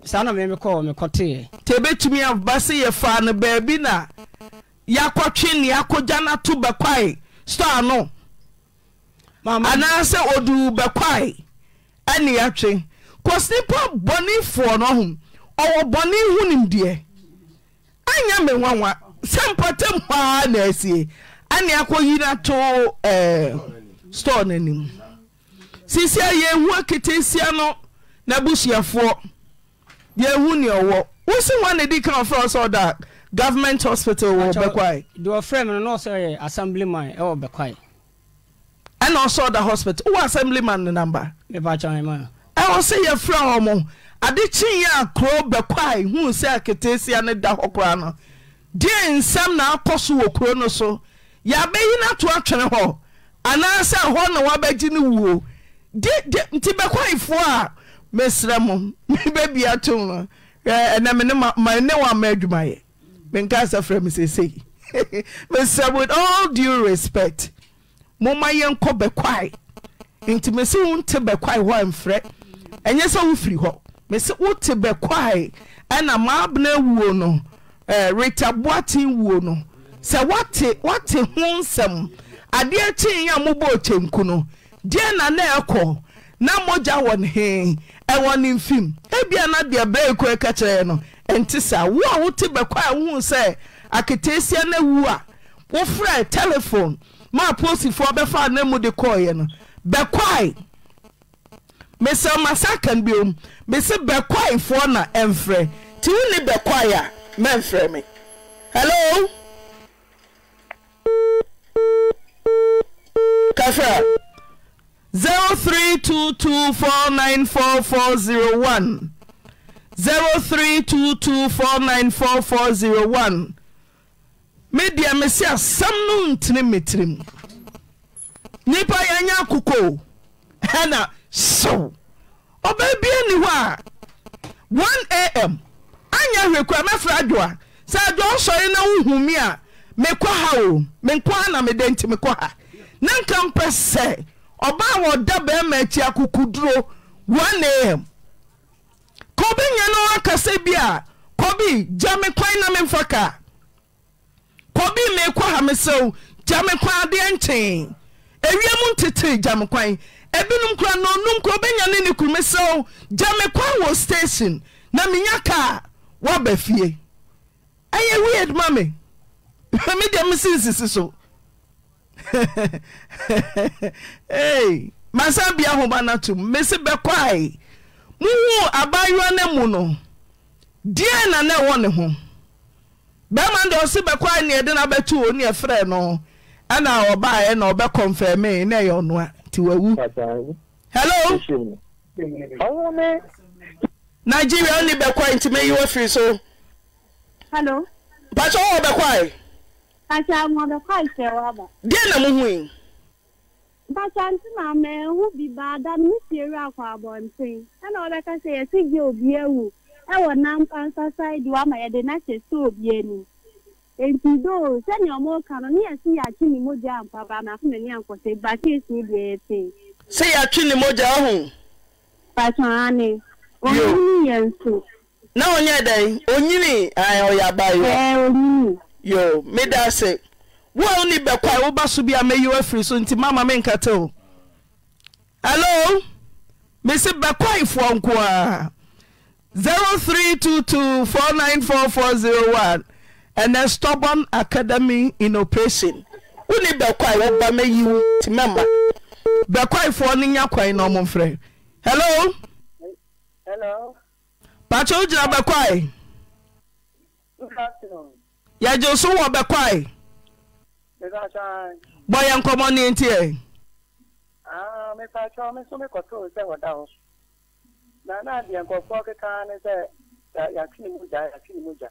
Speaker 1: saa na mɛmɛ kɔɔ mɛkɔ tee. tebe tumi aba se yɛ fa no baabi na. yɛakɔtwe ne akɔgya no to bɛkwae stoa no anaasɛ oduu bɛkwae ɛne yɛatwe kos nnipa bɔnefoɔ no ho ɔwɔ bɔne ho nimdeɛ anyɛ me nwanwa sɛ mpatam hɔa na asie ɛne akɔyi no to store no anim siisia yɛhu aketesia no n'abusuafoɔ deɛ hu ne ɔwɔ wo si ho a ne di ka ɔfrɛ sɛ ɔda government hospital wɔ
Speaker 9: bɛkwae de ɔfrɛ no na ɔsɛ ɔyɛ assembly man ɛwɔ bɛkwae ɛna ɔsɛ ɔda
Speaker 1: hospital assembly man ne namba mepakyɛmema ɛwɔ sɛ yɛfrɛ ade a bɛkwae sɛ aketeesia ne da hɔ koraa no deɛ nsɛm na akɔ so wɔ kuro no so atwene hɔ anaasɛ na ne wuo nti a mesrɛ mo <laughs> mebɛbia tom no ɛnɛ wa ma adwumayɛ sfɛesɛil d respct moma yɛnkɔ bɛkwae nti meswote bɛka ɔmfɛ yɛsɛ wofiri h wote bɛka namaabena wono riaboate wo no sɛ te hosɛm adeɛ kyiɛa mobɔɔkyɛnku no deɛ na naɛkɔ na mgya wnhe wɔne mfim bianaebrɛkoka kyerɛɛ no ɛnti saa wo a wote bɛkɔ a wohu sɛ aketeesia no wu a wofrɛ telefone ma aposifoɔ bɛfa na mu de kɔɔeɛ no bɛkɔe mesɛ masakan biom mese bɛkɔefoɔ na ɛmfrɛ nti wo ne a mɛmfrɛ me hello kafra 0322494401 0322494401 medeɛ mese asɛm no ntene metirim nnipa yɛanyɛ akokoo ɛna hyew ɔbaa bia nni hɔ a 1am anya ahwɛ koa mɛfra adwoa sɛ adwoa wosɔre na wohumi a mekɔ ha o menkɔ ha na meda nti mekɔ ha ne nka mpɛ sɛ ɔbaa wɔda baima akyi akokoduro 1am kaobenyane ɔ akasɛ bi a kobi yame kwan na memfa ka kobi meekɔ ha mesɛo yame kwan adeɛ nte wiamu ntete yamekwan binom kora nanum kabenyane ne koromesɛo yame kwan wɔ station na meya kaa wbfie ɛwdma <laughs> <laughs> m mdmsnsisi ssana muhu abayewa no mu no deɛ na na ɛwɔ ne ho bɛrima de ɔse bɛkɔ na neɛde no bɛto ɔ neɛ frɛ no ɛna na ɔbɛkɔmfɛmee na ɛyɛ ɔnoa nti wawu hello nigeria wone bɛkɔa nti meyi wɔ firi so
Speaker 8: deɛ na basantị na mee wụbiba ada mmesiere akwa abọnten ana ọbakasị gị obi ewu ɛwɔ nampasa ma obi ani nti doo sɛnea ɔmo ka no ya yɛsi yɛakye ne mogya ampaba n'afɔ n'ani ankɔsɛ baki esi ya yɛsi.
Speaker 1: sɛ yɛatwe ne mogya ho. pasaane
Speaker 5: onyini
Speaker 1: yɛn so. na onye dɛ ya ɔyɛ ee, yoo asị. wo ni bɛkɔ a woba so bi a mɛyi wafiri so nti mama menkate o allo mese bɛkɔefoɔ nko a 0322494401 ɛnɛ stubborn academy in operation wo ni bɛkɔ a woba mɛyi wo nti mɛma bɛkɔefoɔ no nya kwan na ɔmo mfrɛ hello pakyɛ wogyina bɛkɔe yɛgye so wɔ bɛkɔe
Speaker 5: gbọ
Speaker 1: ya nkọmọ n'eti ẹ.
Speaker 5: mepatwa me nso mekɔtoo sɛ wɔda na na adeɛ nkɔfoɔ kekaa ne sɛ yɛatwe ne mogya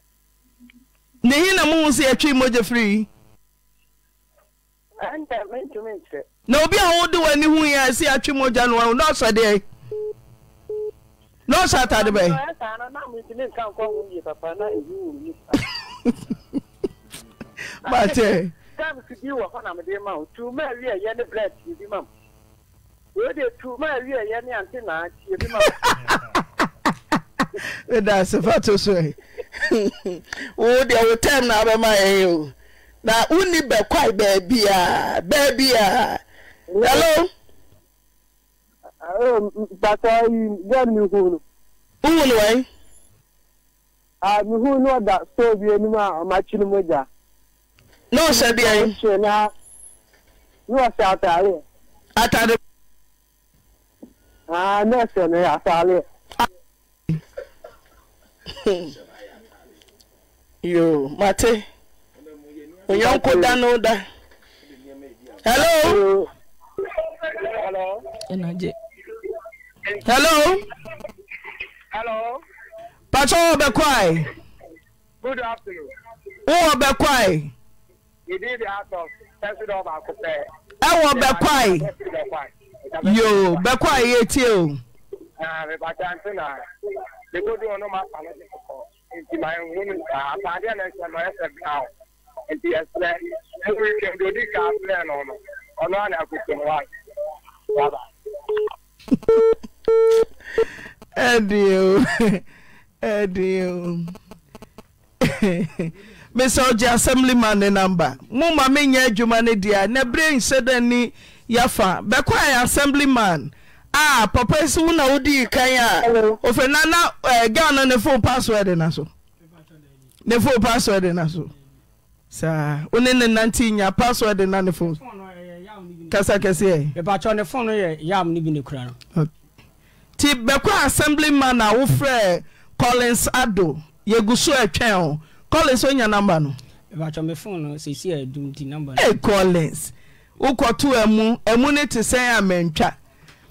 Speaker 1: na mohu firi ah, na obi a wode w'ani hu yɛ sɛ n'ọsọ mogya no wano ah, na ɔsɛ deɛ na ɔsɛ <laughs>
Speaker 9: jams bi wɔ hɔ na mede ma wo tuuma awi ɛyɛ e ne bread bi ma mo
Speaker 1: wei de tuuma awi ɛyɛ e ne ante naakyeɛ bi ma mo ɛda <laughs> e asefa to so ɛ <laughs> wo deɛ wo time na abɛma yɛn o
Speaker 5: na wonni bɛkwae baabia baabia hello bàtà yẹ mi hùn. wúwo ni wáyé. a mi hùn ní ọ̀dà sóòbì ẹni mu a ọmọ akyi ni mo náà ọ̀sẹ̀ bí ẹyin. ní ọ̀sẹ̀ àtàlẹ́. àtàlẹ́. àá ní ọ̀sẹ̀ ní àtàlẹ́. yoo mate
Speaker 1: Onye dano da hello. hello. hello. pàtó ọbẹ̀ kwai. good afternoon. ɛwɔ bɛkwae
Speaker 3: yoo bɛkwae yɛ tie o. nti ma ehun mi sa apaade a n'ẹsẹ ma ẹsẹ brown nti
Speaker 10: ẹsẹ ẹwọ ike ndo di ka afẹ n'ọnụ ọnụ a na-akụkọ nwa yaba.
Speaker 1: ẹdị o ẹdị o. <laughs> mesɛ ogye assemblyman ne namba moma menya adwuma no dea na berɛ nsɛdɛnni yɛfa bɛkɔa assemblyman a papɔsi wona wodiikan a ofinanaga no ne fo password naso ne fo password naso s wone ne nantenya password nanefanti bɛkɔa assemblyman a wofrɛ colensado yɛgu soo atwɛn hɔ collins onya namba no. ìbàtọ̀ mi fóònù
Speaker 9: sèṣì ẹ̀dùn di namba. ẹ collins
Speaker 1: wokɔto ɛmu ɛmu ne te sɛn amɛntwa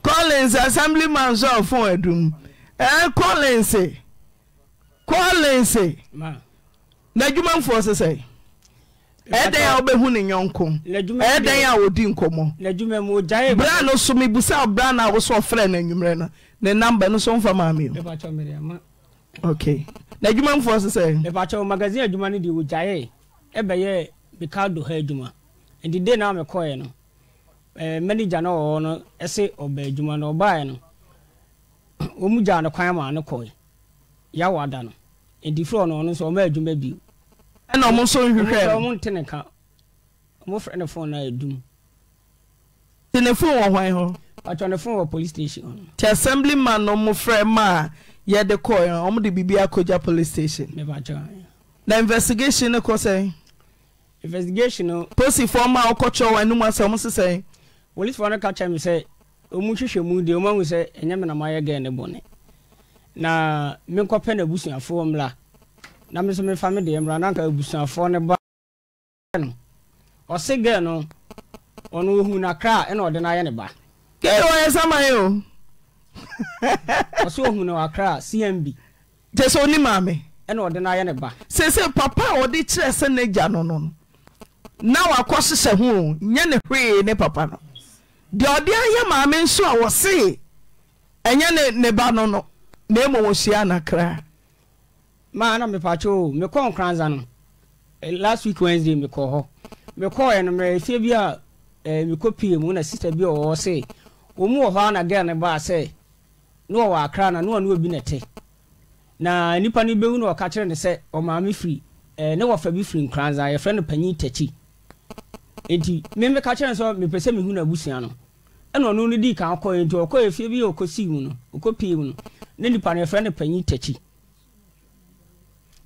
Speaker 1: collins assemblyman so ɔfon ɛdum ɛɛ eh, collins collins n'adwumanfoɔ sesɛ eh, ɛdɛn a wobɛhu ne ni
Speaker 9: ɛdɛn a
Speaker 1: wodi nkɔmmɔ bra no so mebusa bra no a wo so no anwummerɛ no ne namba no so mfa maame o okay na adwuma mfoɔ so sɛ
Speaker 9: mepakyɛ magazine adwuma no deɛ wɔgyaeɛ ɛbɛyɛ ricardo ha adwuma nti de na mekɔɛ no eh, manager no wɔwɔ no ɛse ɔba adwuma no ɔbaeɛ no <clears throat> wɔmu gyaa no kwan ma no kɔe yɛawɔ ada no nti frɛ no ɔno nso ɔma adwuma bio
Speaker 10: ɛna ɔmo nso nhwehwɛ no ɔmo
Speaker 9: nte ne ka ɔmo frɛ ne phone na ɛdum te ne phone wɔ hwan hɔ
Speaker 1: atwa ne phone wɔ police station hɔ ti assembly man no mo frɛ ma yɛde kɔɛ no ɔmode biribi akɔgya police station na investigation no kɔ sɛn posifoɔ ma wokɔkyɛ w anom asɛ ɔmo se sɛn policefoɔ no ka kyɛ me sɛ
Speaker 9: ɔmu hwehwɛ mu deɛ ɔmahu sɛ ɛnyɛ me namayɛ gɛ ne bɔne na menkɔpɛ no abusuafoɔ mmra na me so mefa me deɛ na anka abusuafoɔ ba no ɔse no ɔno ɔhu nakra ɛna ɔde no ayɛ ne ba gɛ wɔyɛ samae <laughs> ɔsɛ ohunu akra cmb
Speaker 1: gye sɛ oni maame ɛna ɔde no ayɛ ne ba papa a wɔde kyerɛ sɛ n'agya no no no na wakɔ hyehyɛ ho nyɛ ne hwee ne papa no deɛ ɔde ayɛ maame nso a wɔsee ɛnyɛ ne ba no no na mmom ɔhyia nakraa
Speaker 9: ma na mepakyɛo mekɔɔ nkransa no eh, last week wednesday mekɔɔ hɔ mekɔɔɛ no mmerɛfie bi a eh, mekɔ pie mu na sista bi ɔwɔ se ɔmu wɔ hɔ a na gɛl ne baa sɛ na wɔwɔ akra na na wɔne obi na te na nipa no bɛhu na ɔka kyerɛ ne sɛ ɔmaame firi ɛɛ eh, ne wɔfa bi firi nkranza yɛfrɛ no panyin tɛkyi nti mmemme ka kyerɛ nso mepɛ sɛ mehu n'abusua no ɛna ɔno no dii kan kɔɛ nti ɔkɔ efie bi a ɔkɔsii mu no ɔkɔpie mu no ne nipa no yɛfrɛ no panyin tɛkyi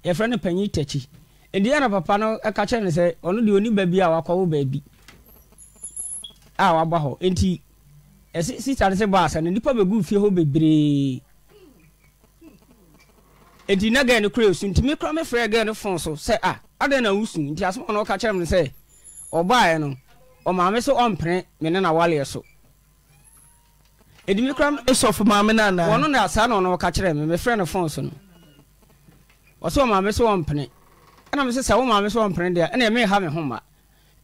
Speaker 9: yɛfrɛ no panyin tɛkyi nti ɛna papa no ɛka kyerɛ no sɛ ɔno deɛ oni baabi a wakɔwo baabi a waba hɔ nti ɛsi sista ne se bɔ asa no nipa bɛgu fie hɔ bebree eti na gɛɛ no kura esu ntumi kura mi fira gɛɛ no fon so sɛ a ah, adan na wusu nti asoma na ɔka kyerɛ mi sɛ ɔbaa yɛ no ɔmaame so ɔmpene mi ne na wale yɛ so edimi kura mi. esɔfo maame na ana. wɔn na saa na ɔno ɔka kyerɛ mi mi fira no fon so no ɔsɛ ɔmaame so ɔmpene ɛna mi sɛ sɛ ɔmaame so ɔmpene deɛ ɛna ɛmi ha mi ho ma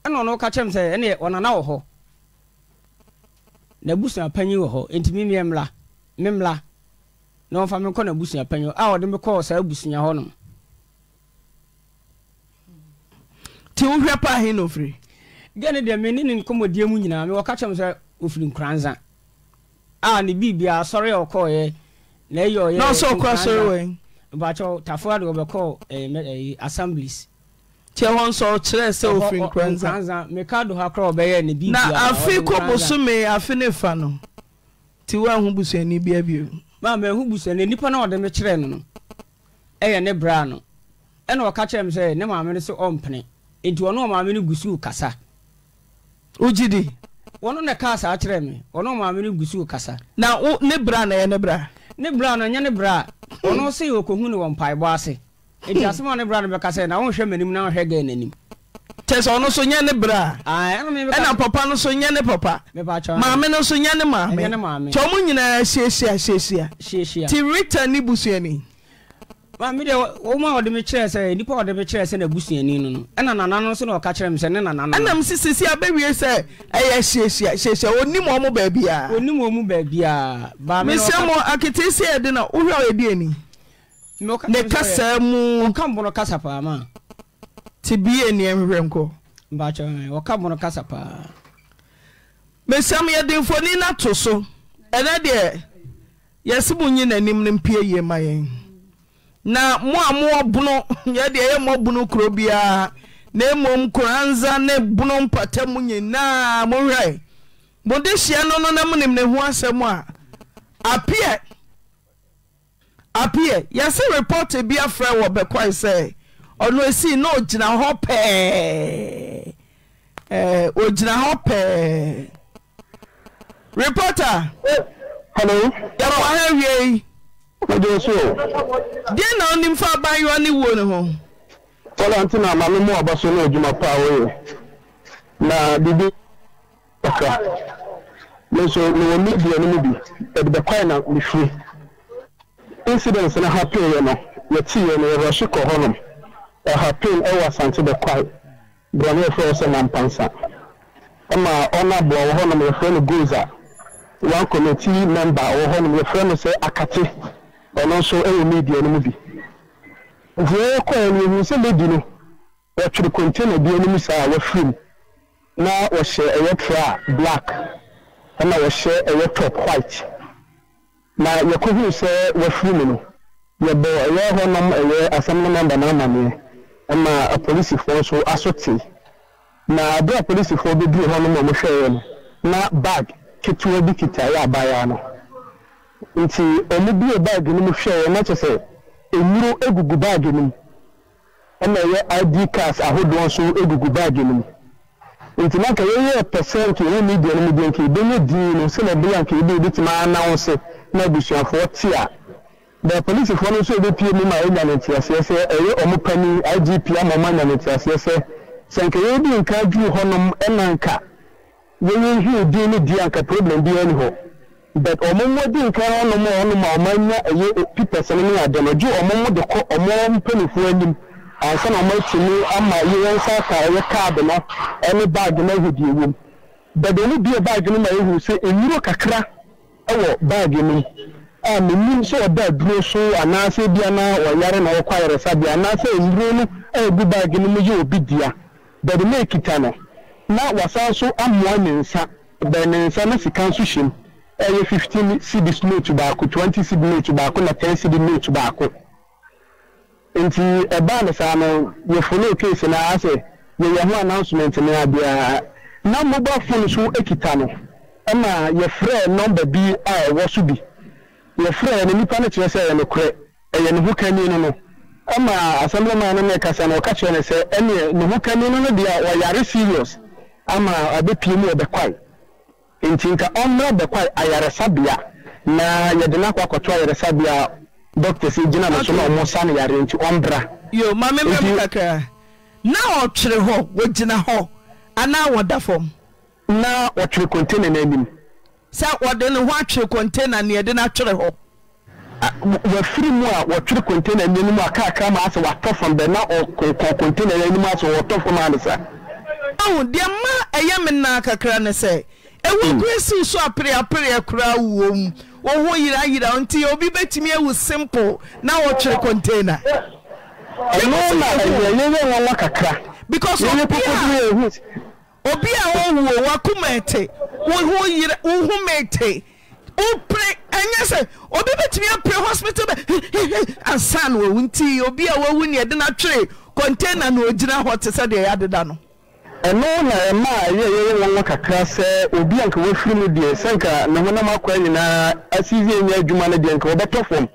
Speaker 9: ɛna ɔno ɔka kyerɛ mi sɛ ɛna ɔnana wɔ hɔ. n'abusua panyin wɔ hɔ nti mi mìɛ mla mi mla na wɔn fa mi kɔ n'abusua panyin a wɔde mi kɔ saa abusua hɔ nom. ti wohwɛ paa he na ofiri. gane deɛ ni ne nkɔmmɔdeɛ mu nyinaa mewɔ ka kyɛm sɛ ofiri nkranza a ne biribia asɔre a ɔkɔɔyɛ na ɛyɛ ɔyɛ na ɔsɛ ɔkɔ asɔre tafo mpakyɛw tafoa de ɔbɛkɔɔ eh, eh, assemblies na afe kɔbosome afe ne fa no nti woaho busuani bia bio maahu busane nnipa na ɔde me kyerɛ no no yɛ ne braa no ɛna ɔka kyerɛ me sɛ ne maameno sɛ ɔmpene enti ɔne ɔmaameno gu suu kasa wogyidi ɔno na kaa saa kyerɛ me ɔne ɔmaameno gu suu kasa na ne bra na ɛyɛ ne bra ne bra no ɛnyɛ ne braa ɔno sɛ <laughs> yɛ ɔkohu ne wɔ mpaebɔ ase nti asɛm a ne bra no bɛka sɛ na wohwɛ m'anim na wohwɛ gɛ n'anim
Speaker 1: kyɛ sɛ ɔno so nyɛ ne bra ɛna papa no so nyɛ ne papa maame no so nyɛ ne maame kyɛ ɔmo nyinaa siesia siesia ti rita ne busuani
Speaker 9: maame deɛ wɔn a wɔde me kyerɛ sɛ nipa wɔde me kyerɛ sɛ na busuani no no ɛna nana no so na ɔka kyerɛ me sɛ ne nana no
Speaker 1: ɛnam sisi abɛwie sɛ ɛyɛ siesia siesia onim wɔn mo baabiara onim wɔn mo baabiara baame na ɔka mesɛm akete si ɛde na wohwɛ ɔyɛ di ani. ne kasaa
Speaker 9: mua tibinɛ
Speaker 1: mesam yɛde mfonii no to so ɛnɛ deɛ yɛ sɛ mo nyinanim no mpi yiema yɛn na moa moɔbono <laughs> yɛdeɛ yɛ mɔbono kuro biaa na mmom koransa ne bono mpatamu nyinaa mohwɛ mode hyia no no namnem nehu asɛ m a apɛ appear yɛse reporter bi afrɛ wɔ bɛkwae sɛ ɔno asii na ogyina hɔ pɛɛ ogyina hɔ pɛɛ reporter yɛkɔha wiei
Speaker 5: deɛ
Speaker 1: na onim fa abayewa ne wuo ne ho
Speaker 6: tɔlanti na ama no mu aba so no adwuma paa wɔyɛ na biribi kakra me nso mewɔ media no mu bi ɛde bɛkwae na mefiri incidents na happen yɛ no yɛtiiɛ no yɛwɔhye kɔ hɔnom ɛhapen ɛwɔ asante bɛkwae kwae no yɛfrɛ wɔ sɛ nampansa ɛma ɔno aboa wɔ hɔnom yɛfrɛ no goals a one committee member wɔ hɔnom yɛfrɛ no sɛ akate ɔno nso ɛwɔ media no mu bi nti yɛkɔɛ no yɛhunu sɛ lady no wɔtwere container bi anim saa a wɔafiri mu na wɔhyɛ ɛyɛ tra black ɛna wɔhyɛ ɛyɛ top white na yɛkɔhu sɛ wafiri mu no yɛbɔ ɛyɛ hɔ nom ɛyɛ asɛm no nɔmba no amaneɛ ɛma apolisifoɔ nso aso te na bere a bi bɛduru hɔ nom a wɔhwɛeɛ no na bag ketewa bi kita ɛyɛ abaayaa no nti ɔmo bie bag no mu hwɛeɛ na kyerɛ sɛ nnuro egugu bag no mu ɛna ɛyɛ id cars ahodoɔ nso egugu bag no mu nti na nka yɛyɛ pɛsɛn nka yɛyɛ media no mu deɛ nka ebɛnyɛ dii no sɛ na ɛbɛyɛ nka ebi ebi tuma anaw se. na abusuafoɔ te a na polisifoɔ no nso ebepie mu ma enya ne nteaseɛ sɛ ɛyɛ ɔmo panin igp ama ɔmo anya ne nteaseɛ sɛ sɛ nka yɛn di nka aduru hɔnom ɛna nka yɛyɛ nhwɛ din no di anka problem bi ɛni hɔ but ɔmo mo di nka hɔnom a hɔnom a ɔmo anya ɛyɛ pipɛs no ne adan ɔgye ɔmo mo de kɔ ɔmo mpanimfoɔ anim ansa na ɔmo atumi ama yɛn nsa aka ɛyɛ kaadi no ɛne baagi no ahu deɛ wɔm but ɔmo bie baagi no ma ehu sɛ nnuro kakra. wɔ baage mu a menim nso ɔda aduro so anaasɛ bia na ɔyare na ɔkɔ ayaresabea anaasɛ nduro no a ɛgu baage no mu yɛ obi dia bɛde na ɛkita no na wasan so amoa ne nsa bɛn ne nsa no sika nso hyɛ ɛyɛ fifteen cedis note baako twenty cedi note baako na ten cedi note baako nti ɛbaa ne saa no yɛfolo case na asɛ yɛyɛ ho announcement na adeɛ na mobile phone nso ekita no. ɛna yɛfrɛ nɔmba bi a ɛwɔ so bi yɛfrɛ no nipa no kyerɛ sɛ ɛyɛ nokorɛ ɛyɛ ne ho kani no no ɛma asɛmblɛma no ne kasa no ɔka kyerɛ no sɛ ɛne ne ho kani no no deɛ ɔyare serious ama abɛpie mu ɔbɛkwae nti nka ɔmmra bɛkwae ayaresabea na yɛde no akɔ akɔto ayaresabea doctors gyina no so na ɔmo sa no yare nti ɔmbra yo ma memrɛ mu kakra na ɔtwere hɔ wɔgyina
Speaker 1: hɔ anaa wɔda fam na wɔtwere container n'anim. sɛ wɔde ne ho atwere container na yɛde n'atwere hɔ.
Speaker 6: wafiri mu a wɔtwere container n'anim a kaa kaakra ma asɛ watɔ fam bɛ na ɔkɔnkɔn container n'anim asɛ wɔtɔ fam anisa.
Speaker 1: ahu deɛ mma ɛyɛ me nna kakra ne sɛ ewu mm. kuresi so apereapere kura wɔ mu wɔn ho yirayira nti obi betumi ewu simple na wɔtwere container. ɛnu
Speaker 5: na ɛyɛ yɛyɛ wɔn wa
Speaker 1: kakra. because obi a. obi a wɔwuo wakoma te wohome te wopere ɛnyɛ sɛ obi bɛtumi apere hospital bɛ ansa no wɔwu nti obi a wawu ne ɛde no twere container na ogyina hɔ te yɛadeda no
Speaker 6: ɛno na ɛma a yɛyɛyɛ wɔn wɔ kakra sɛ obi a nka wafiri mu deɛ sɛ nka ne honam nyinaa nyɛ adwuma no deɛ nka wɔbɛtɔ fam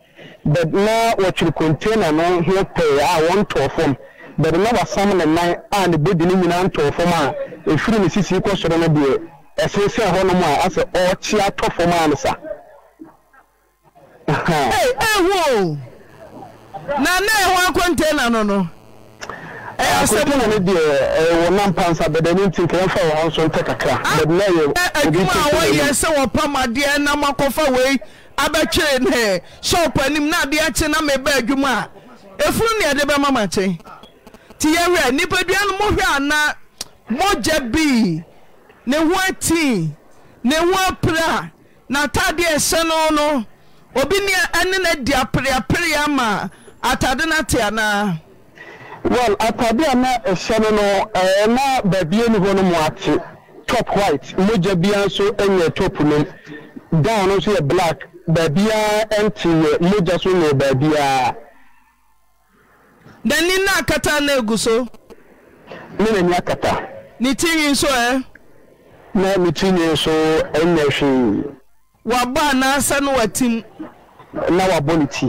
Speaker 6: but na wɔtwere container no ho pɛɛ a wɔntɔɔ fam bɛde na wasam ne nan a ne bodi no nyinaa ntɔɔ fam a ɛfiri ne sisi kɔ soro no deɛ ɛsensɛn hɔ nom a asɛ ɔɔkye atɔ fam a ne sa ɛwo
Speaker 10: na na
Speaker 1: ɛhɔ eh,
Speaker 6: akɔntena no no akɔntena no deɛ ɛwɔ nampansa bɛde ne nti nkɛyɛmfa wɔ hɔ nso ntɛ kakra bɛde na yɛ adwuma a wɔyɛ sɛ
Speaker 1: wɔpam adeɛ nam akɔfa wei abɛtwere ne eh. shop anim eh, na adeɛ akye na mebɛ adwuma a ɛfuru ne ɛde bɛma makyɛn te yɛwerɛ nnipadua no mohwɛ ana mogya bii ne ho atii ne ho apra na atadeɛ ɛhyɛ no no obi ne ɛne no adi apereapere ama
Speaker 6: atade no ate anaa well atade a na ɛhyɛ no no ɛɛ na baabie ne hɔ no mu ate top white mogya biara nso nyɛ top no down no nso yɛ black baabiara nte yɛ mogya so nyɛ baabiara
Speaker 1: n'ani na akata na egu so. ne n'ani akata. ne tinwi nso ɛ. Eh? na ne tinwi nso ɛnna eh, ɛhwee.
Speaker 6: wabɔ anaasa no watim. na wabɔ ne ti.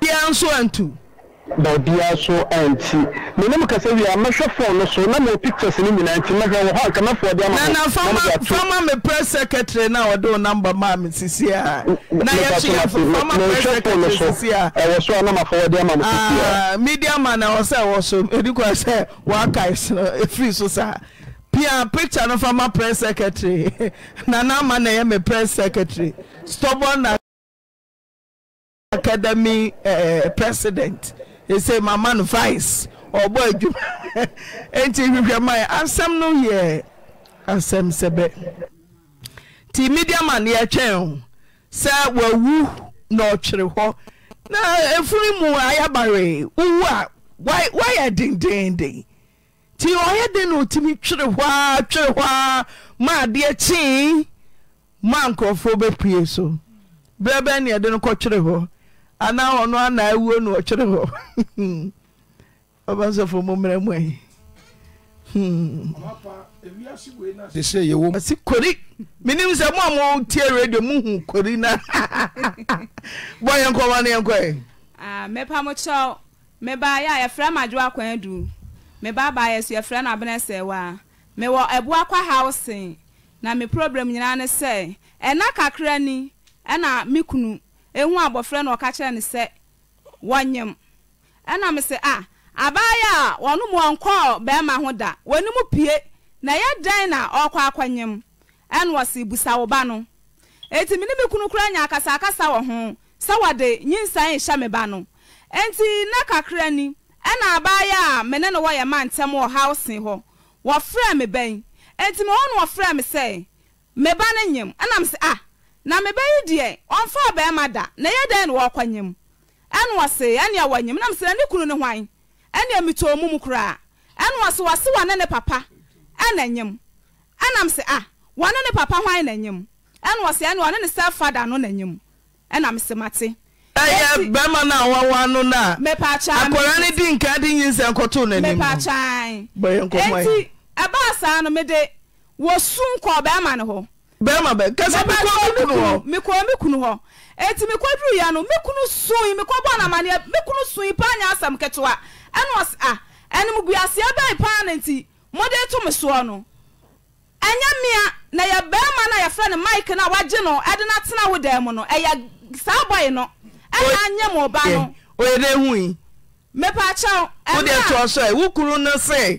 Speaker 6: bia nso antu baabia so anti menim kasa wie a mɛhwɛ fon no so na mewɔ pictures no nyinaa nti mɛhwɛ wɔ hɔ anka mɛfoɔ de amafama me press secretary
Speaker 1: na wɔde wo number ma me sisi a na yɛhwehwɛ fon ɛwɔ
Speaker 6: so a na mafoɔ de ama ah,
Speaker 1: media man ɛwɔ sɛ ɛwɔ so ɛdi kɔ sɛ wɔakaes no ɛfiri so saa pia picture no fama press secretary nana <laughs> ama na ɛyɛ me press secretary stubborn academy uh, president ɛsɛ mama oh, <laughs> no vice ɔbɔ adwuma enti hwehwɛ ma asɛm no yɛ asɛm sɛbɛ nti media man yɛtwɛn sɛ wawu na ɔtwere hɔ na efunu mu ayabare uwu a wayɛ dendenden nti ɔyɛ den na otumi twere hɔ a twere hɔ a ma adeɛ kyee ma nkurɔfoɔ bɛpue so bɛɛ bɛɛ na yɛde no kɔtwere hɔ. anaa ɔno anaa awuo no ɔkyerɛ hɔ ɔbasɛfo mommrɛ mu ayi si kori menim sɛ mo a motie radio muhu kori no bɔ yɛnkɔ ma no yɛnkɔɛ
Speaker 2: mepa mo kyɛw mebaa yɛ a yɛfrɛ madwowa kwan adu mebaa baa yɛ so yɛfrɛ no abena sɛ wɔ a mewɔ ɛboa kwa haw na me problem nyinaa ne sɛ ɛna kakra ni ɛna me kunu ehu abɔfrɛ na ɔka kyerɛ ne sɛ wɔnyem ɛnam sɛ a abaayɛ a wɔno mu ɔnkɔɔ bɛrima ho da wɔnim pie na ɛyɛ dɛn na ɔkɔ akɔnyem ɛna wɔsi busa wo ba no eti mene me kunu kura nya akasakasa wɔ ho sɛ wɔde nyinsan nhyɛ me ba no enti na kakra ni ɛna abaayɛ a mene ne wɔyɛ ma ntɛm wɔ hausen hɔ wɔfrɛ me bɛn enti me hɔ no wɔfrɛ me sɛ me ba no nyem ɛnam sɛ ah na mebɛyi deɛ ɔmfaa bɛɛma da na ɛyɛ dɛn na wɔkɔ nyim ɛns ney nmsane kunu no han ne mitomu mu koraa nose ɔse wɔne ne papa ah, na ym nam sea nene papa han na ym nenn sɛfa da no naym namse mateti
Speaker 1: baa saa no mede wɔ sum kɔɔ bɛɛma no hɔ mekɔa me kunu hɔ ɛnti mekɔduru ya no me kunu soi mekɔbɔ namaneɛ me kunu soi paa nya asam ketewa ɛne a ɛnom guaseɛ bɛi paa no nti
Speaker 2: mode to me soɔ no ɛnyɛ mmea na yɛ barima no yɛfrɛ no mike no a wagye no ɛde na tena wo dan mu no ɛyɛ eh, saa bɔe no ɛna nyɛ mo ɔba
Speaker 1: no mepɛ akyɛw wo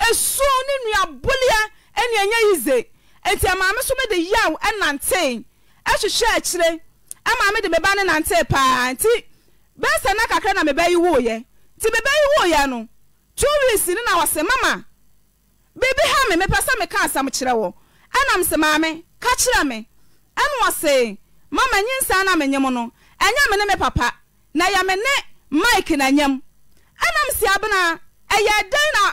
Speaker 2: asu no nuabolea anuanya yi ze nti amame so mede yaw nantee hwehwɛ kyirɛ ma me de mebane nantee paa nti bɛsana kakra na mebɛi woyɛ
Speaker 1: nti mebɛyi woyɛ no towiresine na wɔse mama bebi ha me mepɛ sɛ meka asɛm kyerɛ wɔ ɛnamse maame kakyerɛ mense
Speaker 2: aa nyisa yamen mepapa na yɛme ne mike nyam ɛnamse abena ɛyɛ dan na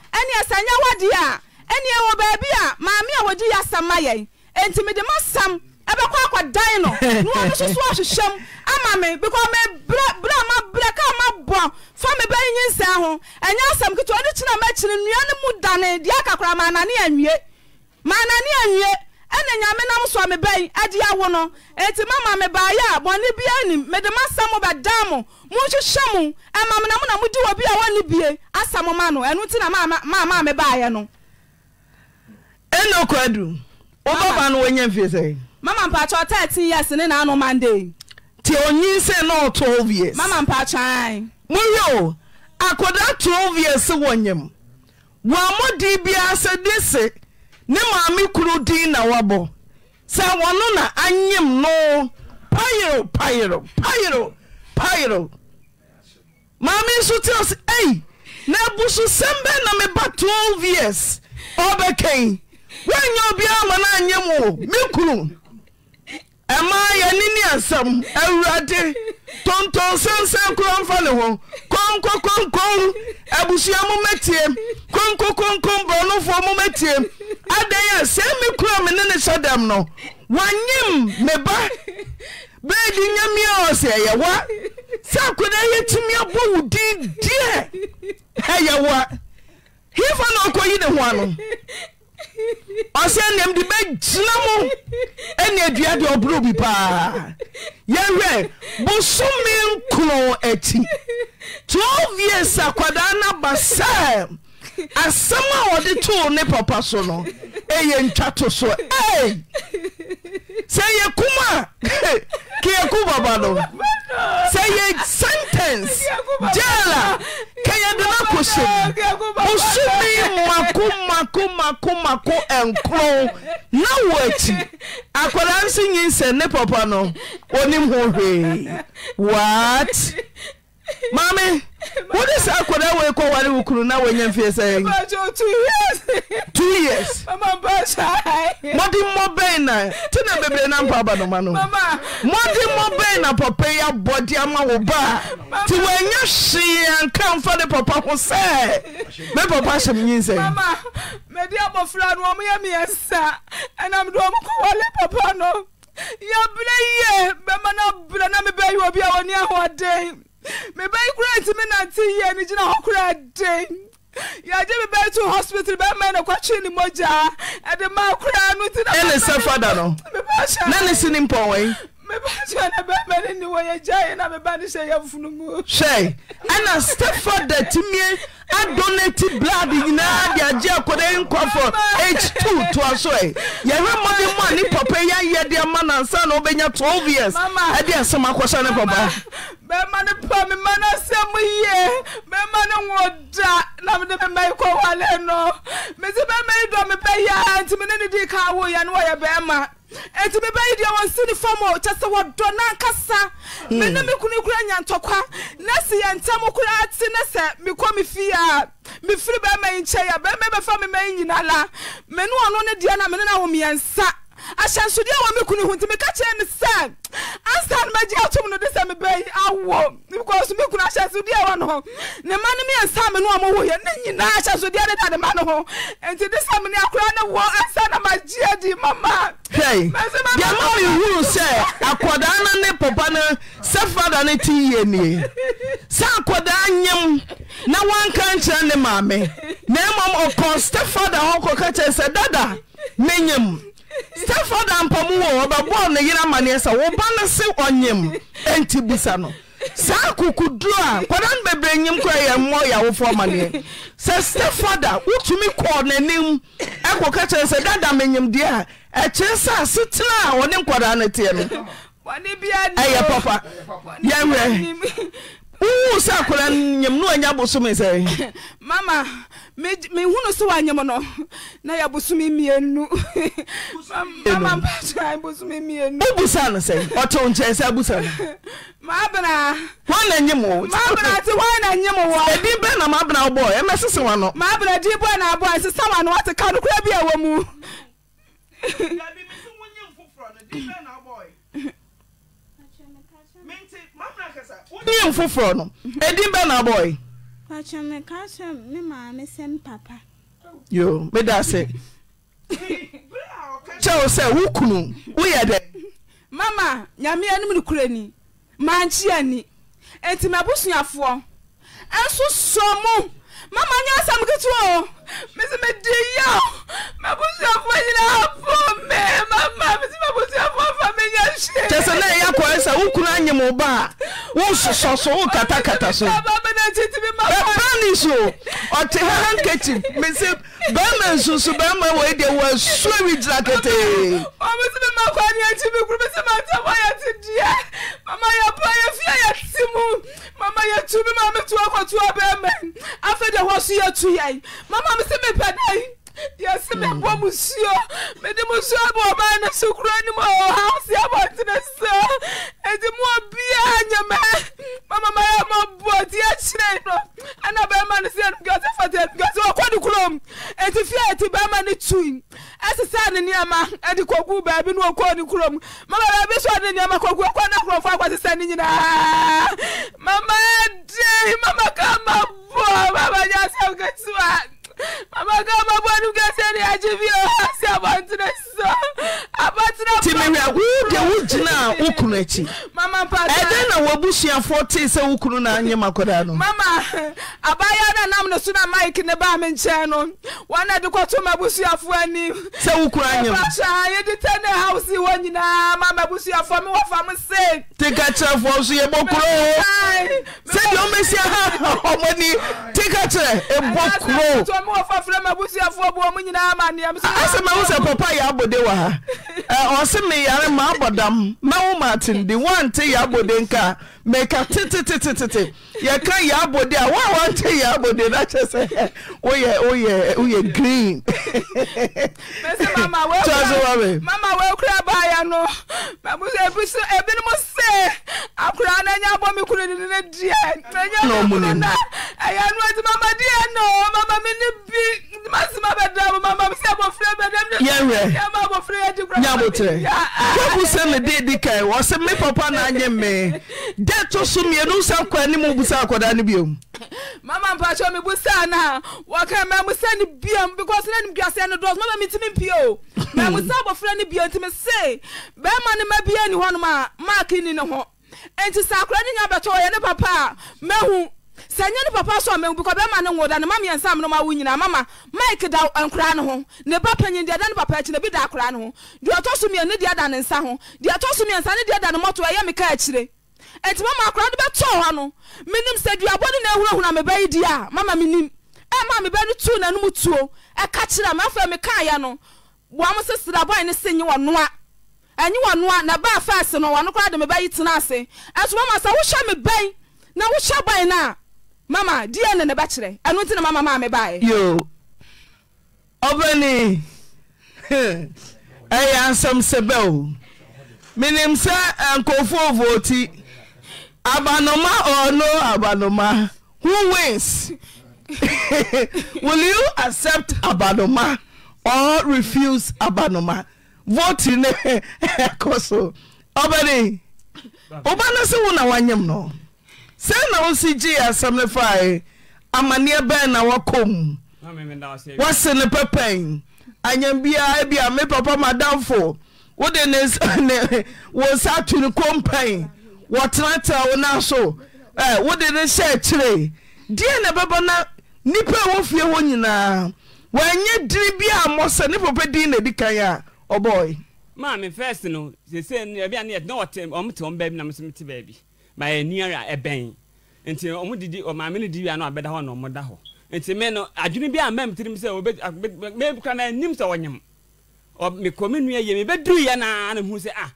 Speaker 2: ɛneɛ sɛ ɛnyɛ wadeɛ a ɛnnea ɛwɔ baabi a maame a wɔgyi yɛ asɛm ma yɛn enti mede masam ɛbɛkɔ akɔdan no <laughs> ne wane soso ahwehwyɛm ama me bkaus meberɛ maberɛ ka mabɔ fa mebɛy nyinsaa ho ɛnya asɛm keta a ne kyi na mɛkyine nnua no mu dane deɛ akakora maananeawie
Speaker 1: maanane awie ɛn nyame nam so a mebai ade awo no enti mama mebaaeɛ a mɔne biar ani mede masa mo bɛda mo monhyehyɛ mu ɔma menamo na modi wɔ bi a wɔne bie asa mo ma no ɛnoti na mama mebaeɛ noa ne maame kwuru din na wabɔ sɛ wɔno na anyịm no pairo pairo pairo pairo maame nso teɛ sɛ ei na abusosɛm bɛ na meba 12 years ɔbɛkɛn obiara ma no o me kuru ɛma yɛne ni asɛm awurade tontonsansan kora mfa ne ho konkokonkon abusua mo mɛtie konkokonkon borɔnofoɔ adɛn a sɛ me kura me ne ne sɛ dɛm no wanyem me ba berɛdi nyamea ɔ sɛ ɛyɛwa sɛ akoda yɛtumi abɔ wo din deɛ ɛyɛwa hefa na ɔkɔyi ne ho ano ɔsɛ nneɛm de bɛgyina mo ɛne adua deɛ ɔborɔ bi paa yɛhwɛ bosome nkono akyi 12 years akwadaa no ba sɛ asɛm a wɔde too ne papa so no ɛyɛ ntwa to so i sɛ yɛkoma <laughs> kiyɛko baba no sɛ ɛyɛ sɛntense ggyaela kɛyɛde na akɔsɛm oso mi mmako makomakomako ɛnkrɔn na wo akyi akwada nse nyin sɛ ne pɔpa no ɔnim ho hweei wat maame wode saa koda weikɔ ware wo knu na wɔanya mfie sɛ ɛ
Speaker 2: to years
Speaker 1: mɔde mɔbai na tina bebre nampa ba ɔma no mɔde mɔbai na pɔpa ɛabɔde ama wo baa ti wɔanya hee anka mfa de papa ho sɛ mɛ papa ahyɛ menyinsɛɛ mebɛyi koraa ntimi na yie ne gyina hɔ koraa den yɛagye mebɛyi to hospital bɛma no kwakye ne mɔgyaa ɛde ma koraa no ntiɛne sɛ fada no na ne si ne mpɔn wai hwɛ ɛna steford da timie adonati blood nyinaa de agye akɔde nkɔfo h2 toa so ɛ e. yɛhwɛ mmɔde a e ne papa yɛayɛ deɛ ma nansa na wobɛnya 12 years ɛde asɛm akɔhyɛ ne papa bɛma ne pa mema ne asɛ m ye mɛma ne wo da na meemema e kɔ walɛ no mese bɛmɛyi dɔ mebɛyɛa nti mene ne di ka awoyɛ hmm. ne wyɛ bɛma nti mebɛyideɛ wɔ sinifamɔ ɛ sɛ wɔdɔnankasa mene me kon kora nyantɔkwa ne se yɛntɛm oaatene sɛ mek me fie a mefiri bɛmae kyɛa bɛmɛibɛfa memai nyina la mene ɔno no dea na mene na awomiɛnsa ahyɛnsodeɛ wɔ mɛkun hu ti meka kyerɛ ne sɛ ane o e mɛoɛɛɛsodɛte ɛmneaawɛdamameɛhuru sɛ akɔdaa na ne pɔpa no sɛfada ne te ye nie sɛ akɔdaa nyem na waanka nkyerɛ nne maame na mam ɔkɔ stɛfada hɔ kɔ ka kyeɛ sɛ dada menym staford ampɔmu wɔ ɔbɛbɔɔ ne yera amanneɛ sɛ woba no se ɔnyim ɛnti busa no saa kokoduro a kwada no bebree nyim kora yɛ mmɔ yɛ awofoɔ amanneɛ sɛ staford a wotumi kɔɔ n'anim ɛkɔ ka kyerɛ sɛ dada menyimdeɛ a ɛkyerɛ sɛ asetena a ɔne nkwadaa no teɛ no
Speaker 9: ɛyɛ pɔpa yɛwerɛ
Speaker 1: wowu sɛ akora nyam ne wanya bosome sɛ <laughs> mama mehunu sɛ wanyam no na yɛ bosome mmienu <laughs> mama mpaa bosome mmienu wobusa no sɛ ɔtew nkyɛn sɛ abusa no <laughs> mabena wana nyim wo mabena te wana ɛdin bɛ na mabena wobɔ ɛmɛ sese wa no mabena din bɔ na abɔ ɛsesa wa no wateka no kora bi a wɔ mu wodeyɛ mfoforɔ no ɛdin bɛ na Papa. yo me da sɛ
Speaker 8: kyɛwo
Speaker 1: sɛ wo kunu woyɛ dɛ
Speaker 8: mama nyame
Speaker 1: anim no kura ni mankye ani enti mabosuafoɔ ɛnso sɔ mu mama nyɛ asɛm ketewa o mes mede tesɛneɛya kose wokon ayem woba wososo wokata kata sobrane so tehankeki mese bame soso bm wd woasuwira kete seme pen yese me bo muso mede muso bomanesekro neeneso ti muoia ema k timeiwoda wo gyinaa wo kunu akyi ɛdɛn na wɔabosuafoɔ tee sɛ wo kunu noanyema kdaa nomama abayɛno nam no so na mike ne baa me nkyɛ no wne de kmbuafoɔ ani sɛ wo knu adeɛne hse wɔnyinaa mama buafoɔ mewfa m se te ka kerɛfoɔso yɛbɔsɛ dsɔn ka kerɛbr e s mawo sɛ popa yɛ bode wa ha ɔse meyare maabɔdam mawomaatimdi wonte yaabodeka mɛka tetetetete yɛka yɛ abode a woa wante yɛ abode na kyɛ sɛ woyɛ woyɛ woyɛ green mama Mama, wɔakura baayɛ no ebi so ebinom se akora no anya abɔ me kuro ne ne deɛ nanya me kuro na ɛyɛ no adi mama deɛ no mama me ne bi a dabose mededi ka se me papa nayeme <laughs> de toso mien sa ka ne mbsakdane bamsonsn m s bfn tmse bɛma nemaini hn mannhnt sa ka ɛɛnepapa sɛ yano papa som a ne oasao yinaa mk da a n o nabaa aarɛkao ea ɛ maɛ o amdiann bɛkerɛ
Speaker 5: ntinaababn
Speaker 1: ɛyɛsɛmsebɛo menem sɛ nkofo voti abanoma orno abanoma who wins <laughs> wil you accept abanoma r refuse abanma votin s <laughs> n obane se wonawayem n sɛina wo si gyeɛ asɛm ne fae amanneɛ bɛn na
Speaker 7: woakɔmwose
Speaker 1: no pɛpɛn ayam biaa abia me papa maadamfo wodene <laughs> wɔ sa ato ne kompɛn wɔtenatra wo noso wode ne hyɛ kyerɛ diɛ ne pɛpa na nnipa a wɔ fie hɔ nyinaa wanyɛ dini biaa mmɔsɛne popɛdin na di kan a ɔbɔe
Speaker 7: ma yɛ near a ɛbɛn nti ɔmo didi ɔmaame no di wia no abɛda hɔ na ɔmo da hɔ nti mɛ no adwene bi a mɛm tirim sɛ obe abe mɛ kura na anim sɛ ɔnyam ɔ mekɔ me nua yie mebɛ duru yɛ naa na hu sɛ ah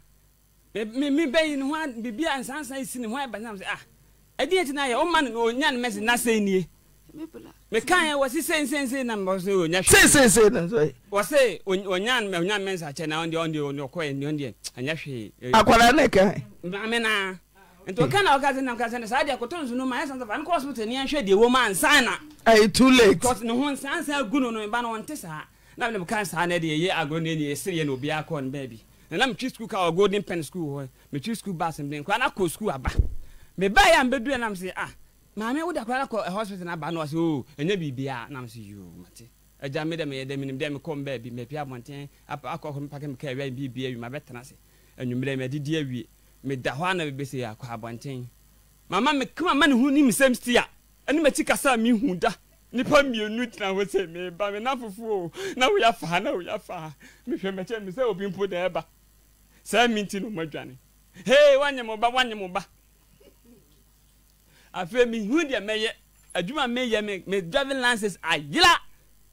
Speaker 7: me me bɛyi ne ho a bibi a nsansan esi ne ho a ɛbɛn nam sɛ ah ɛdi eti na yɛ ɔma no onya ne mɛsi n'asɛn nie mekan yɛ wɔsi sensensɛn na mɔ sɛ onya hwɛ sensensɛn na sɛ wɔsi onya onya mɛnsa kyɛ na ɔndeɛ ɔndeɛ ɔkɔɛ ɔndeɛ ɔnyɛ hwee akwadaa ne kan maame naa nti o kana ɔka sɛnam ka sɛnɛ saa deɛ koto nsuno ma ɛsan sɛ fa mekɔ hospital ni ɛhwɛ deɛ wɔ mu ansa na
Speaker 1: ɛyɛ too late
Speaker 7: because ne ho nsa nsa gu no no ba no ɔnte saa na mene meka saa na deɛ ɛyɛ agorɔ no ɛni ɛsereɛ na obiaa kɔɔ no baabi na na metwi school ka wɔ golden pen school hɔ metwi school bus mde nkora ah, na kɔ school aba mebaeɛ a mbɛduɛ nam sɛ ah maame woda kora na kɔ hospital no aba na ɔsɛ o oh, ɛnyɛ biribiaa nam sɛ yo mate agya me dɛ meyɛ dɛ menim dɛ mekɔ m baabi mapi abɔnten akɔ hɔ mepakɛ meka awia biribiaa wi mabɛtena se anwummerɛ madidi awie meda hɔ ana bebese yɛ akɔ abɔnten mama me kama ma ne ho ne mesɛm si a ɛne makyi kasa a mehu da nipa mmienu gyina hɔ sɛ meba me na fofuo na woyɛ faa na woyɛ faa mehwɛ m'akyɛ me sɛ obi mpo da ɛba saa me nti no madwane hei woanyɛ mo ba woanyɛ mo ba afei mehu deɛ mɛyɛ adwuma meyɛ me me driving license ayera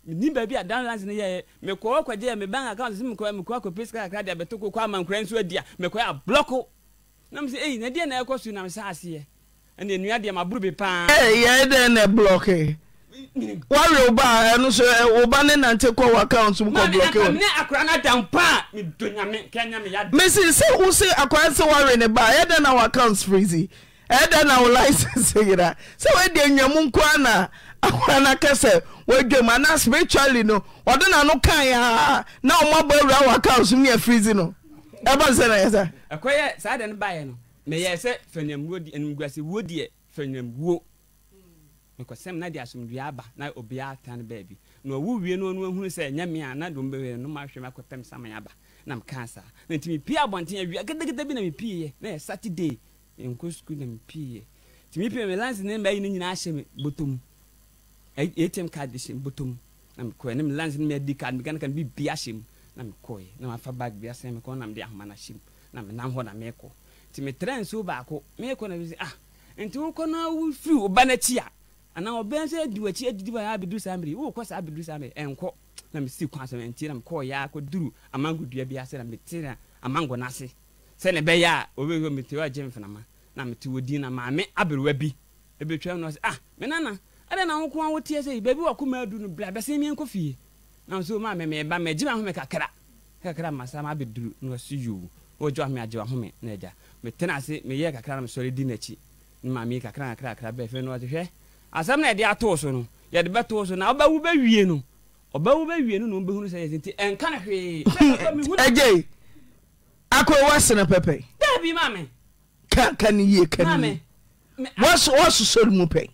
Speaker 7: ni baabi a down license no yɛyɛ mekɔɔ kɔgyeɛ me bank account sɛ mekɔɔ mekɔɔ akɔpɛ sika kakra de abɛto kokɔ ama nkora nso adi a mekɔɛ ablɔko nam sɛ na deɛ na ɛkɔ so nam sɛ aseɛ na nnua deɛ maboro be paa yɛɛ dɛn na
Speaker 1: blɔke wɔwerɛ wo ba ɛno so wo ba ne nante kɔ wɔ account mu kɔ blɔke wɔne akora no adampa a
Speaker 7: medɔ nyame kɛnyame yɛ mesi sɛ wo se
Speaker 1: akora sɛ wɔwerɛ ne ba ɛyɛ dɛn na wɔ account freezy ɛyɛ na wo license yera sɛ woadi anwamu nkoa na <laughs> akora no akɛ sɛ wɔadwam anaa spiritually no ɔde na no kae a
Speaker 7: na ɔmabɔ awura wɔ account mu no ɛba sɛ na yɛsɛ ɛkɔyɛ saa de ba baeɛ no meyɛɛ sɛ fanyamwuo di animguasewuo deɛ fanyamwuo mekɔsɛm na de asomdua aba na obiaa ta no baabi na ɔwo wie no ɔno ahunu sɛ ɛnyɛ me a na dom bɛwɛ no mahwɛ m akɔpɛm saman aba na meka saa na nti mepie abɔnten awia gedageda bi na mepiiɛ na yɛ saturday nkɔ sukuu na mepiiɛ Timi mepie me lanse ne mbayi no nyinaa hyɛ me bɔtɔ mu atm card de hyɛ me bɔtɔ mu na mekɔɛ ne me lanse no mɛdi card mekanaka no bibia hyɛ mu na mekɔɛ na mafa bag bi asɛn mekɔ na mede ahoma no ahyɛm na menam hɔ na meekɔ nti metrɛ nsuo baako meekɔ na bisɛ ah nti wokɔ no wofiri wo ba no akyi a anaa ɔbɛn sɛ adi wakyi adidi hɔ abɛduru saa mmere wokɔ saa abɛduru saa mmere ɛnkɔ na mesii kwan so ɛntie na mekɔɔyɛ a kɔduru amango dua bi ase na mete na amango no ase sɛne ɛbɛyɛ a ɔbɛhɔ mete wɔ agye mfenama na mete wɔ din na maame aberewa bi ɛbɛtwa mu na ɔsɛ ah menana ɛdɛ na wo koa woteɛ sɛ baabi wakoma adu no bra bɛsɛ miɛnkɔ fie nso maa mi ba mi gyina home kakra kakra masa ma abɛduru na ɔsi yuwu ɔgye ahome agye ahome na agya metena ase meyɛ kakra na mesɔre di n'akyi ne maame kakra kakra kakra bɛɛ fɛ na ɔte hwɛ asɛm na yɛde atoo so no yɛde bɛtoo so na ɔbɛwu bɛwie no ɔbɛwu bɛwie no na ɔbɛhunu sɛ yɛsɛ nti ɛnka no hwee <laughs> agye akɔ wasene pɛpɛ daabi maame
Speaker 1: ka ka ne yie ka ne yie wɔsosɔ ne mu pɛ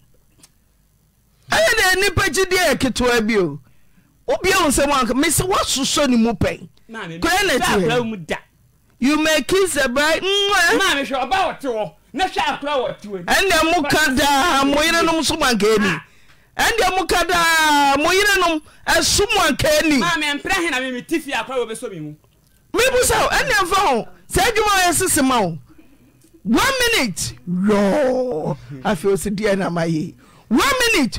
Speaker 1: ɛyɛ na nipa gyi deɛ ɛketewa bi o obi ewu nsɛm anka mesi wasoso ne mu pɛn
Speaker 7: kura na ti hɛ
Speaker 1: you may kiss a bride nwa. maame hwɛ
Speaker 7: ɔba wɔte hɔ na hwɛ akora wɔte hɔ. ɛnna mu ka daa mo yerenom so mu anka eni ah. ɛnna mu ka daa mo yerenom ɛso mu anka eni. maame mpere ahen na mi ti fi akora wɔ bɛ so mi mu. mibu sa ɛnna nfa ho sɛ adwuma yɛ sisi ma o
Speaker 1: one minute yɔɔ afei o si diɛ na ma ye one minute.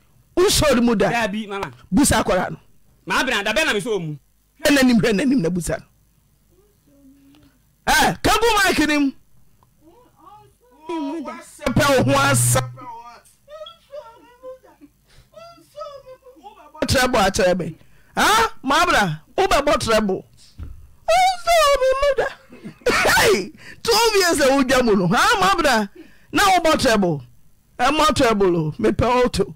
Speaker 1: wosɔre mu da busa kɔra no nanim hwɛ nanim na busa no eh, ka gu makenem sɛpɛ wo ho asa trɛbo akyerɛ me ha ah, maabra wobɛbɔ trɛbo mu da tobie sɛ wodwa mu no ha ah, na mepɛ woto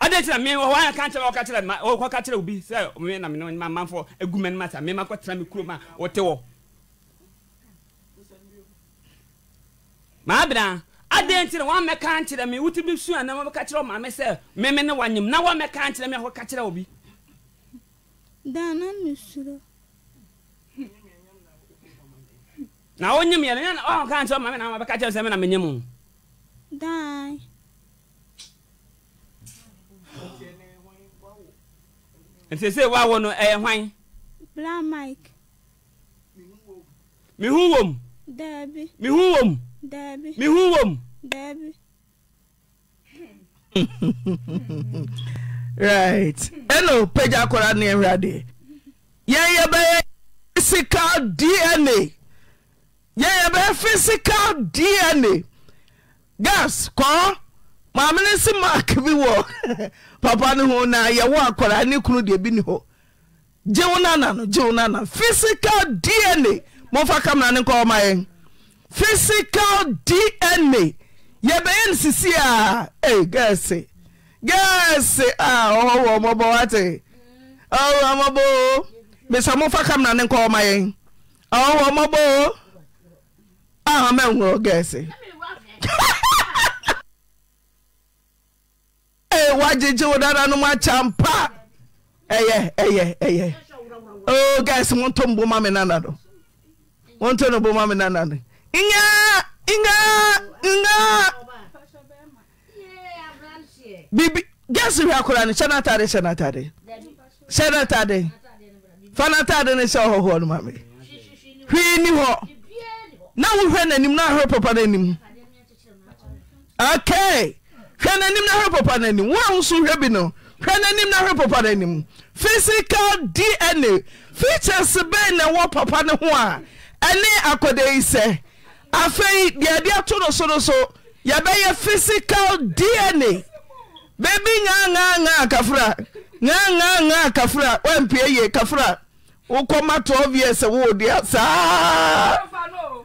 Speaker 7: ade kyerɛ me hɔ ayɛ ka kyerɛ wɔka kyerɛ wɔkɔ ka kyerɛ obi sɛ me na me ma manfoɔ agu mɛ no ma sa me ma kɔ tena me kurom a wɔte wɔ maa bena adeɛ nti na wɔamɛ ka kyerɛ me wote bi su ana wɔbɛka kyerɛ wo maame sɛ meme ne wanyem na wɔamɛ ka kyerɛ me a wɔka kyerɛ wo bi dana mesuro na wonyem yɛ no ɔka kyerɛ wo maame na wɔbɛka kyerɛ sɛ me na menyem o daa ɛ wowɔn ɛheeeiɛn
Speaker 1: pakr nnɛ yɛyɛɛɛyclna yɛyɛbɛyɛ hysical dna gas k maamene si mark bi wɔ <laughs> papa no ho na yɛwo akwaraa ne kunu deɛ bi ne hɔ gye wo no no gye wo physical dna momfa kamera ne nkɔ ɔma yɛn physical dna yɛbɛyɛ no sisi a ee eh, gɛɛse gɛɛse a ɔwɔ mɔbɔ wate ɔwɔ mɔbɔ kamera ne yɛn ɔwɔ mɔbɔ ah, gɛɛse. wajji daa nm ampa oh, eess nih na woh nniaann hwɛ no nim no hwɛ ppa no anim wo a woso hwɛ bi no hwɛ nnim no hw ppa nonim physical dna fetasba na wɔ papa ne ho a ɛne akɔda yi sɛ afei dea adeɛ to no so no so yɛbɛyɛ physical dna bebi aaa kafr aaa kafr amp yi kafr wokɔma 12yea sɛ wowɔ de asaa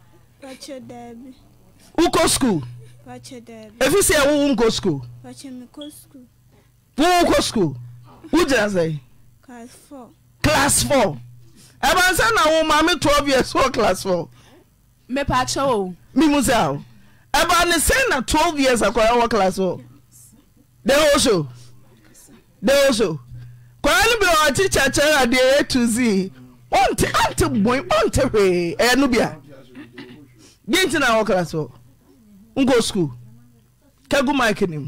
Speaker 1: wok skl
Speaker 8: ɛfisɛa wok skl
Speaker 1: wwk sl
Speaker 8: wogyinasɛclassf
Speaker 1: ɛban sɛ na woma me 2 years wɔ class fɛ ɛbane sɛna 2 year akawɔ class f kaa no biɔke kɛkyɛadeɛɛs genti na wɔ kra sɛ nkɔ skuu o mike nim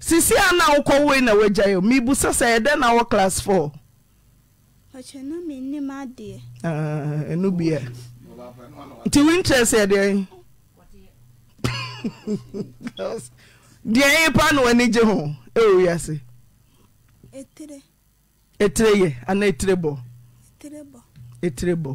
Speaker 1: sisi a na wokɔ wei na o que é sɛ ɛdɛn na wɔ class 4
Speaker 8: ɛno ah, bia nti
Speaker 1: winterest yɛdeɛ deɛ <laughs> ye pa na w'ani gye ho ɛwɔ wiase ɛtire yɛ anaa ɛtire bɔ ɛtire bɔ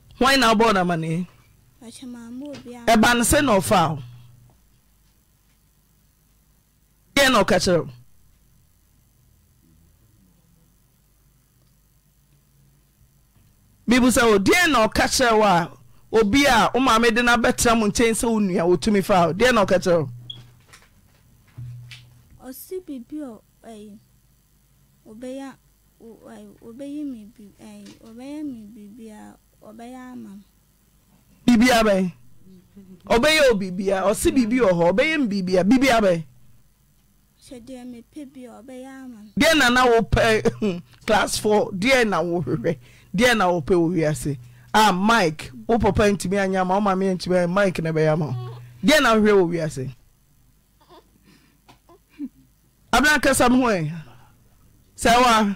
Speaker 1: nwaanyị na-agba ọda mana ebe
Speaker 8: a nsị eh? oh, oh, oh,
Speaker 1: na ọfa ahụ ihe na ọkachara bibusa o deɛ na ɔka kyerɛ wo a obi a wo maame de no abɛtera mu nkyɛn sɛ wo ọbịa wotumi fa o deɛ na ɔka kyerɛ wo
Speaker 8: ɔse biribi a ɔbɛyɛ me biribi a
Speaker 5: biribia bɛn
Speaker 1: ɔbɛyɛ o biribia ɔse biribi wɔ hɔ ɔbɛyɛ m biribia biribia bɛn deɛ na na wopɛ hmm, class 4 deɛ na wohwehwɛ deɛ na wopɛ wɔ wiase a ah, mike wo ntumi anya ma woma me ntumi anya mike na ya ama wo deɛ na wohwɛ wɔ wiase abena kasa m ho ɛ e. sɛ wa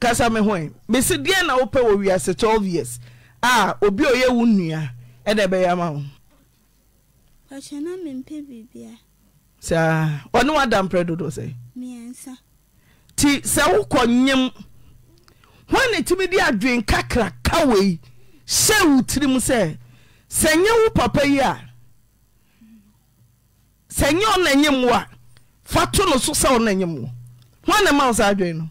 Speaker 1: kasa me ho mesi deɛ na wopɛ wɔ wiase twelve years a obi a ɔyɛ wo nnua ɛna ɛbɛyɛ ama wo
Speaker 8: ɔkyɛ na mempɛ biribia
Speaker 1: saa ɔne wada mprɛ dodo sɛ mmiɛnsa nti sɛ wokɔ nyem hɔn na tumi kakra adwen kakraka wei hyɛ wo tirim sɛ sɛ nye wo papa yi a sɛ nye ɔna nyem wo a fa to no so sɛ ɔna nyem wo hɔn na ma wo saa adwen no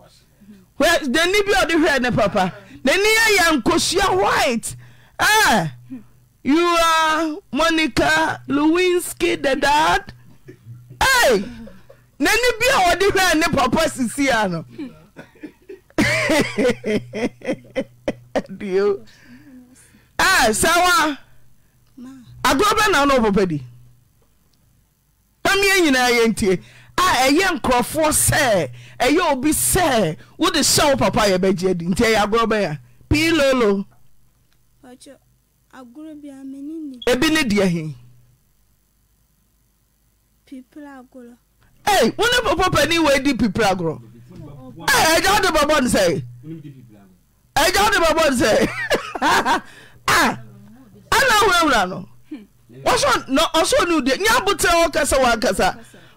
Speaker 1: n'ani bi ɔde hwɛ ne papa n'ani yɛ yankosua white ah you are monica lewinsky the dad hey n'ani bi a ɔde hwɛ ne papa sisi ano dio ah sawa agorɔ bɛ na ɔno papa di pamie nyinaa yɛ ntie a ɛyɛ nkurɔfoɔ sɛ ɛyɛ obi sɛ wode hyɛ wo papa yɛ bɛgye adi nti ɛyɛ agorɔ bɛyɛ pii lolo ebi ne deɛ he ei wo ne papa panin wɔadi pipiri agorɔ ɛgya wode bɛbɔ no sɛ ɛgya wode bɛbɔ <laughs> ah, no sɛ ana wurawura no ɔsɔ ne wo deɛ nyɛ abotrɛ wɔ kasa wɔ akasa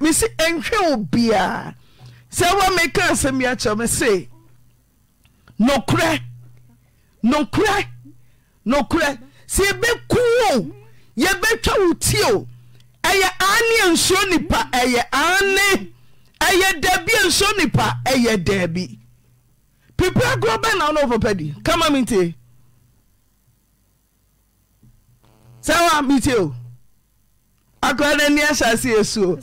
Speaker 1: mesi nhwe o biaa sɛ wɔ meka sɛmiatyeɛm se noko no no sɛ yebɛkuo yɛbɛtwa wo tio yɛ ane nsuo nipa yɛ ane yɛ dabia nsuro nipa yɛ daabi pepeakoro bɛnan p padi kma nti swa meto akran ne saseyɛsuo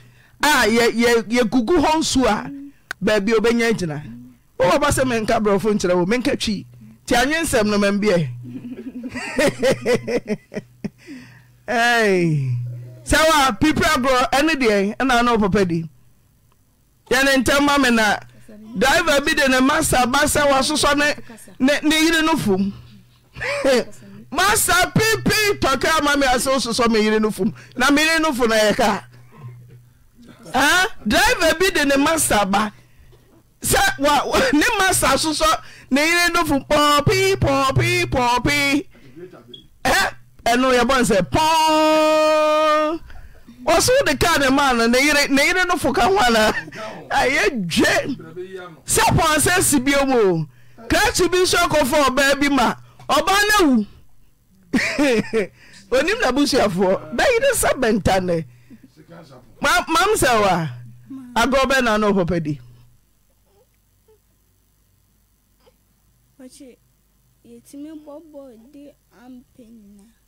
Speaker 1: yɛgugu hɔ nso a baabi obɛnya gyina wowɔba sɛ menka borɔfo nkyerɛ wo menka twii nti anwensɛm no mambiɛ <laughs> sɛ woa pipra borɔ ɛne deɛ ɛna na wopapa di yɛne ntɛm ma me na driver bi de ne masa basa wasosɔ ne ne yere no fom <laughs> masa pipi tɔka ma me ase wososɔ me yere no fom na meyere no fo no yɛkaa Ah, driver bi de ne masta ba sɛ wa ne masta soso ne yere no fo pɔɔpi pɔɔpi pɔɔpi ɛ ɛno yɛ bɔ nsɛ pɔɔ ɔso de kaa ne maa no ne yere ne yere no fo ka ho ana ɛyɛ dwe sɛ pɔnsɛ si bio mu o krakye bi nso akɔfo ɔbaa bi ma ɔbaa no awu <laughs> onim na busuafoɔ bɛyi ne sɛ bɛnta ne. mamsɛw a agorɔ bɛna na ɔpapa di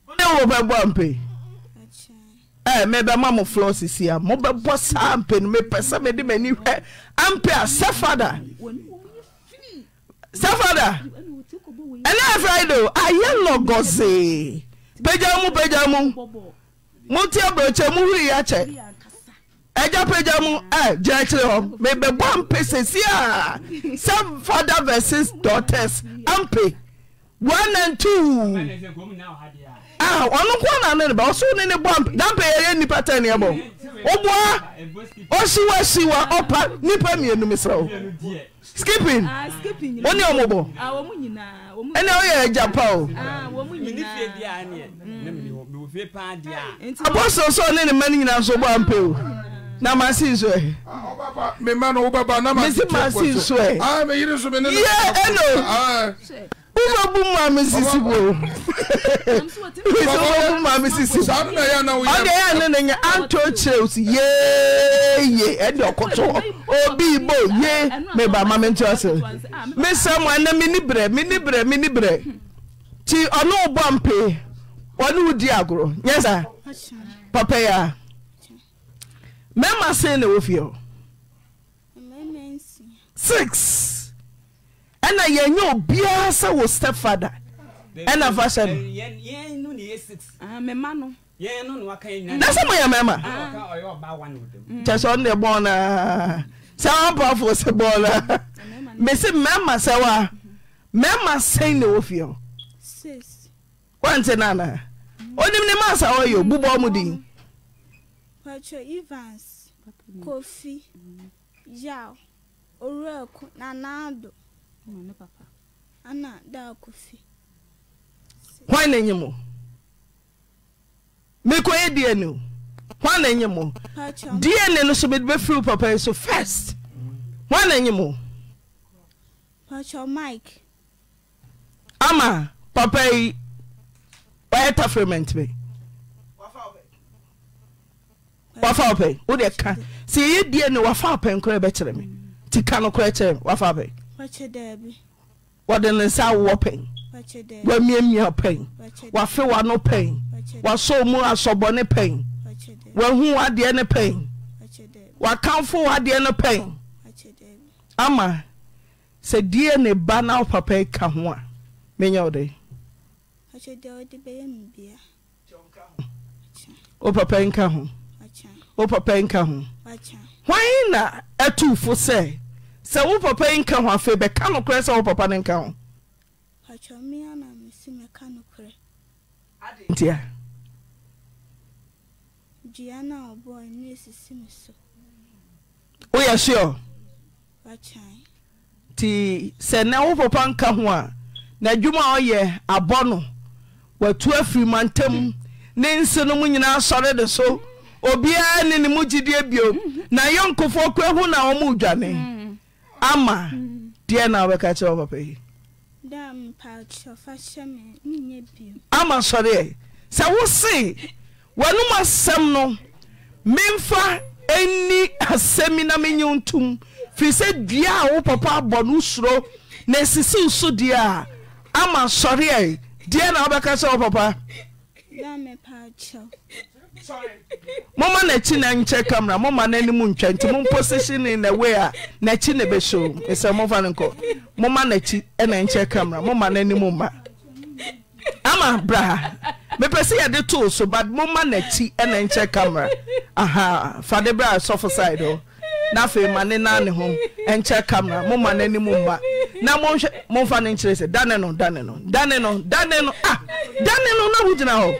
Speaker 1: wone wobɛbɔ ampɛ ma mo flɔ sisi a mobɛbɔ saa mpe no mepɛ sɛ mede m'ani hwɛ ampɛ a sɛfada sɛfada ɛnɛ friday ayɛ lɔgɔsee pagya mu pagya mu mote abrɛkyɛ muhuri yɛakyɛ ɛgya pagya mu a gyina kyerɛ hɔ mebɛbɔ mpe sesi a sɛ father versus daughters ampe one and two a ɔno nko na ne ba ɔso ne ne bɔ mpe dampe yɛyɛ nipa tɛ ne ɛbɔ ɔboa ɔsiwa siwa ɔpa nipa mmienu misra o
Speaker 7: skipping wɔn ni ɔmo bɔ ɛna ɔyɛ ɛgya pa o abɔsɔsɔ ne ne mɛ
Speaker 1: ne nyinaa nso bɔ ampe o na ma si nso ɛ.
Speaker 10: ɔbaba ah, mi ma na ɔbaba na ma si nso ɛ. mi si ma si nso ɛ. aa mi yiri nso mi ne na. iye ɛno wúwo bu mu àmì sisi wo wúwo bu eh. mu àmì sisi
Speaker 1: wo ɔdi ɛyà ne ne nya anto kyerɛ o si yeeye ɛdi ɔkoto obi ibo ye mi ba ma mi n tí ɔsè mi sɛ mo ɛnɛ mi ni brɛ mi ni brɛ mi ni brɛ ti ɔno bɔ mpe ɔno di agorɔ nyɛ sa papa ya mmarima sɛn na ɛwɔ fie hɔ six ɛna yɛnyɛ obiara sɛ wɔ step father ɛna fa
Speaker 7: hyɛ no na sɛ moyɛ mmarima kyɛ sɛ
Speaker 1: ɔno deɛ bɔn naa sɛ ɔmpafoɔ sɛ bɔn naa mesi mmarima sɛ wɔ a mmarima sɛn na ɛwɔ fie hɔ wɔnte no anaa
Speaker 8: onim ne ma asa ɔyɛ
Speaker 1: bubɔ mu din
Speaker 8: patro evans kofi mm-hmm. yao orueku nanado ana daa kofi.
Speaker 1: hwan na enyim o mekɔ yɛ dna o hwan na enyim o dna no so mede bɛfiri papa yi so first hwan na enyim o.
Speaker 8: patro mike.
Speaker 1: ama papa yi ɔyɛ taframent bɛyi. wfaɛwoeɛ ɛyɛ deɛne wafapɛ r ɛkyerɛ t kakyɛfɛ wde ne nsa woɔ
Speaker 8: pɛ wamiamia pɛn wafewano
Speaker 1: pɛn wasɔ mu asɔbɔne pɛn wahu adeɛ no pɛn akamfo adeɛ no pɛn ama sɛ deɛ ne ba na wo papɛ ka ho a ɛnyɛ od wopapɛ ka ho hwan na atufo sɛ sɛ wo papa yi nka ho afei bɛka nokorɛ sɛ wopapa no nka howoyɛ se nti sɛ nɛ wo papa nka ho a na adwuma a ɔyɛ abɔ no watu afirimantam ne nsi no mu nyinaa sɔre de s obiara ne ne mu gyidie bio na yɔnkofoɔ kora hu na wɔma dwane ama deɛ na wobɛka kyerɛ wɔ papa yi ama sɔreɛ sɛ wo se w'anom asɛm no memfa ɛnni asɛmi na menyew ntom firi sɛ dua a wo papa abɔ no suro na esisi so deɛ a ama sɔreɛ deɛ na wobɛka kyerɛ wɔ papa moma n'akyi na nkyɛ kamera moma n'anim ntwa nti mo position ne na way a n'akyi na bɛhyɛ o ɛsɛ mofa no nkɔ moma n'akyi ɛna nkyɛ kamera moma n'anim ma ama bra ha mepɛ sɛ de too so but moma n'akyi ɛna nkyɛ kamera aha fade bra sɔfo side o na afei ma ne nan ne ho nkyɛ kamera moma n'anim ma na monhwɛ momfa no nkyerɛ sɛ dane no ne no dane no dane no ah ne no na wogyina hɔ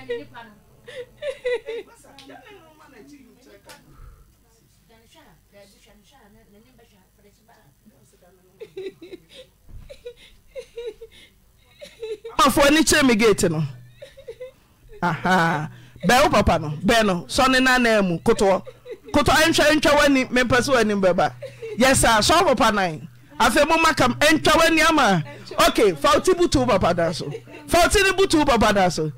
Speaker 1: amafoɔ ani kyerɛ me gate no bɛwo papa no bɛ no sɔne nanaa mu kotoɔ koto ɛntwa ntwa w'ani mepɛ sɛ w'anim bɛba yɛsɛ a sɔ papa nan afei momma kam ɛntwa w'ani ama ok fawte butuo papa da so fawte ne butuo papa da so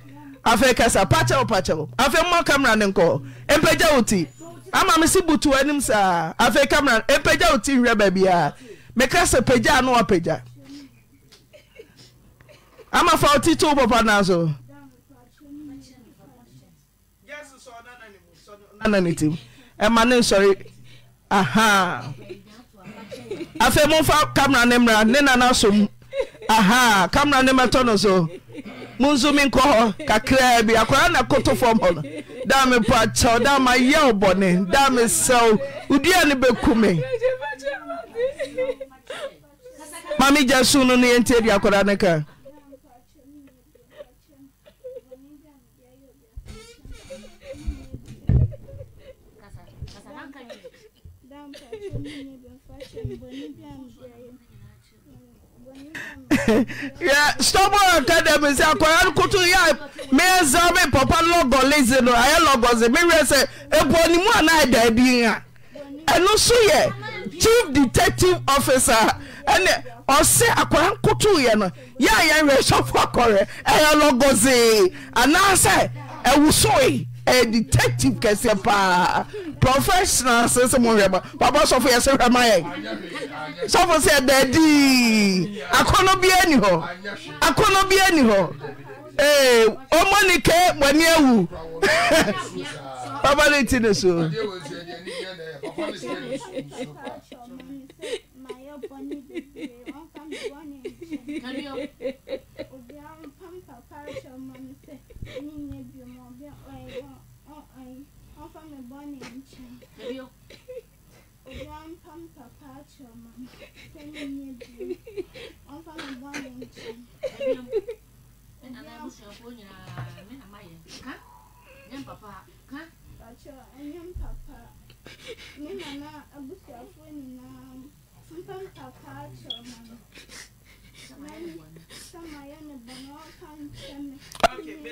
Speaker 1: afei kasa pakyɛw pakyɛw afei mmɔ kamera ne nkɔ mpagya wo ti ama me se butuo anim saa afei kamera mpagya wo ti nhwɛ baabiaa meka sɛ pagyaa no wapagya amafa ɔtito wo papa naa so nana ne tim ɛma ne nsɔre aha afei momfa kamera ne mmra ne nana so mu aha kamera ne mɛtɔ so mo nso mi nkɔ hɔ kakraa bi akwaraa na koto fam hɔ no daa me po akyɛw daa ma yɛ wo bɔne daa me sɛw wodua ne bɛku me mame gya su no no yɛntie di akwaraa ne ka stubborn academy sɛ akwaraa no koto yɛ a meɛsɛ me papa lɔgɔ lese no ayɛ lɔgɔ se mewerɛ sɛ ɛbɔ ne mu anaa ebi a ɛno so yɛ chief detective officer ɛne ɔsɛ nkutu ya no yɛ a yɛnwerɛ sɔfo akɔrɛ ɛyɛ lɔgɔ see anaasɛ ɛwusoe ɛyɛ detective kɛseɛ paa professional sɛsɛ mu hwɛ ma papa sɔfo yɛ sɛ hwɛ ma yɛ sɔfo sɛ dɛdii akɔnɔ bi ani hɔ akɔnɔ bi ani hɔ ee ɔmɔ ni kɛ wani ewu papa ne ti ne so.
Speaker 8: Can you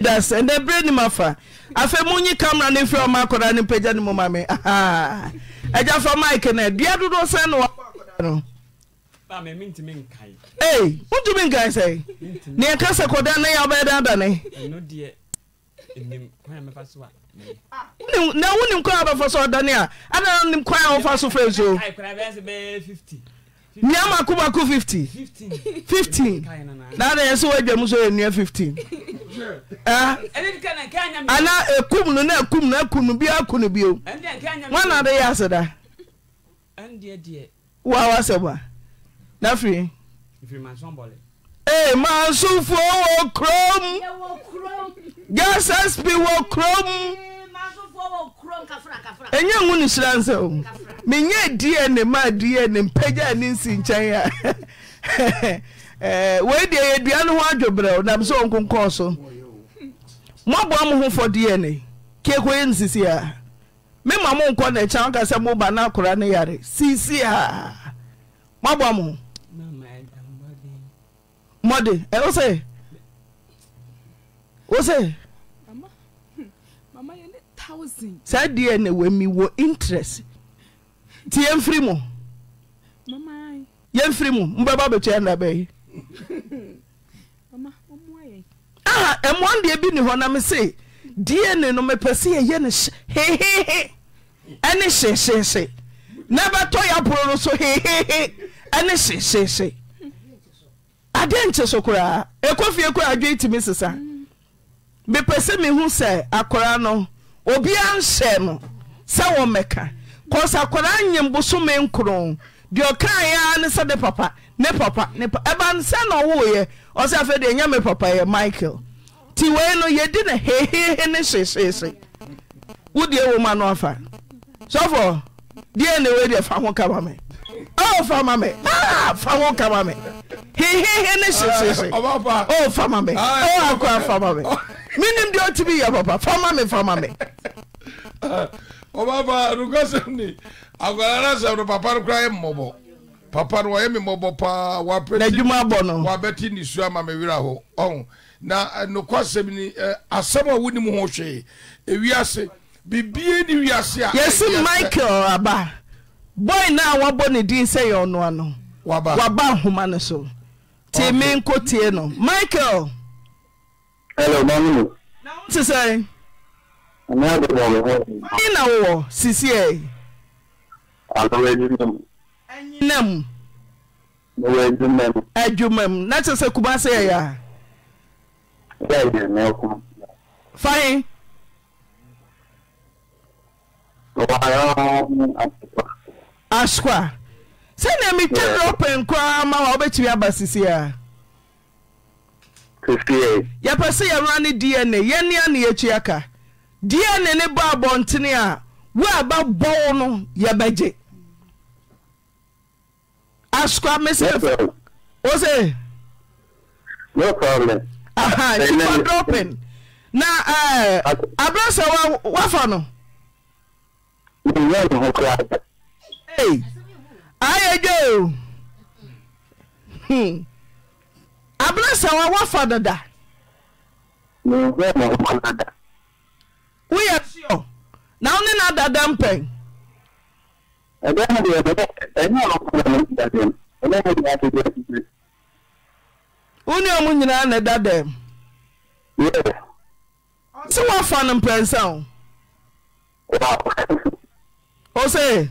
Speaker 1: das ɛnɛ bere ne ma fa afei monyi camera ne mfiri ɔma akɔda ne mpagya ne mu ma me ɛgya fa mike no adua dodoɔ sɛn ne wɔ no wotumi nkae sɛ
Speaker 7: neɛ ka sɛ kɔda na yɛ wobɛyɛ dadane
Speaker 1: na wonim kwan a wobɛfa so ɔdane a ana nim kwan a wofa so frɛ so nnua mako mako 50 15 na na yɛ sɛ woadwa mu so yɛ nnua 15
Speaker 7: ana ɛkum no na
Speaker 1: akum no aku no biaa ku no bio
Speaker 7: wana de yɛ ase da
Speaker 1: woa wasɛm a nafri eh, mansofuɔ wɔ kurom gasaspi wɔ kurom ɔnya wu ne hyira n sɛo menyɛ dn ma dn mpɛgyaa ne nsi nkyɛn a <laughs> eh, weide yɛdua no ho adwo berɛo nami sɛ wɔnkonkɔɔ so moaboa mo ho fɔ dn kko yɛno sisia mema monkɔno kyawoka sɛ moba no kora ne yare sisia moaboamoho mɔde eh, hmm, wo sɛ wo sɛ sa dn wami wɔ interest ti yɛmfri m yɛmfri m mbɛba bɛtyaandabɛyɛ moa ah, ndeɛ bi nehɔna m se dn no mepɛ sɛ yayɛno hehee ɛne hyeheye na ɛbɛtɔ yɛ aboro no so hehee ɛne hyeheye adeɛ nkye so koraa ɛkɔ fie kɔ adwe tumi sesa mepɛ sɛ mehu sɛ akɔraa no obiaa nhyɛ no sɛ wɔmmɛka kɔs akɔraa nyem bosome nkoro deɛ ɔkaeɛ a ne sɛ ne papa ne papa ne pa ɛba nsɛ na ɔwoeɛ ɔsɛ afei deɛ nyɛ papa yɛ michael nti wei no yɛdi ne hehehe ne hyehyehye wodeɛ wɔ ma no afa sɔfo deɛ ne wei deɛ fa ho kama me Ọ fama mɛ fawo kama mɛ hehehe ne sesese
Speaker 10: o fama mɛ o akora fama mɛ minim de o ti bi yɛ papa fama mɛ fama mɛ. ɔba fa nukasɛm ni akwara na sɛm no papa no kora yɛ papa no wɔyɛ me mmɔbɔ paa wapɛtinadwuma bɔ no wabɛti ne su ama me werɛ ho ɔho na nokwasɛm ni asɛm a wonim ho hwee ewiase bibie ne wiase a yɛsi michael aba boi na a
Speaker 1: wɔabɔ ne din sɛ yɛ ɔnoa no waba nhoma no so ti me nkotie no michael te sɛ
Speaker 6: ɔhe
Speaker 1: na wowɔ sisiɛ anyinam adwumam na kyerɛ sɛ kuma sɛ
Speaker 5: yɛyɛ a fae asoa
Speaker 1: sɛnea metwa dropen koraa ma wa wobɛtumi aba sisi a yɛpɛ sɛ yɛwera ne dna yɛnea ne yɛakyi aka dna ne bɔ abɔntene a wo a bɛbɔ wo no yɛbɛgye asoa me sɛ wo se
Speaker 5: ifa
Speaker 1: dropen na aberɛ sɛ woafa no Ei! Ai, Edu! Hum. Ablança wa wafa dada. Não, não wafa dada. Uye sio. Na não na dada mpen. Ebe ha de ebe ebe ha wafa dada mpen. Ebe ha de ebe ebe. Uni omu nyina na dada. Yeah. Si wafa mpen sa o.
Speaker 5: Wow. Ose.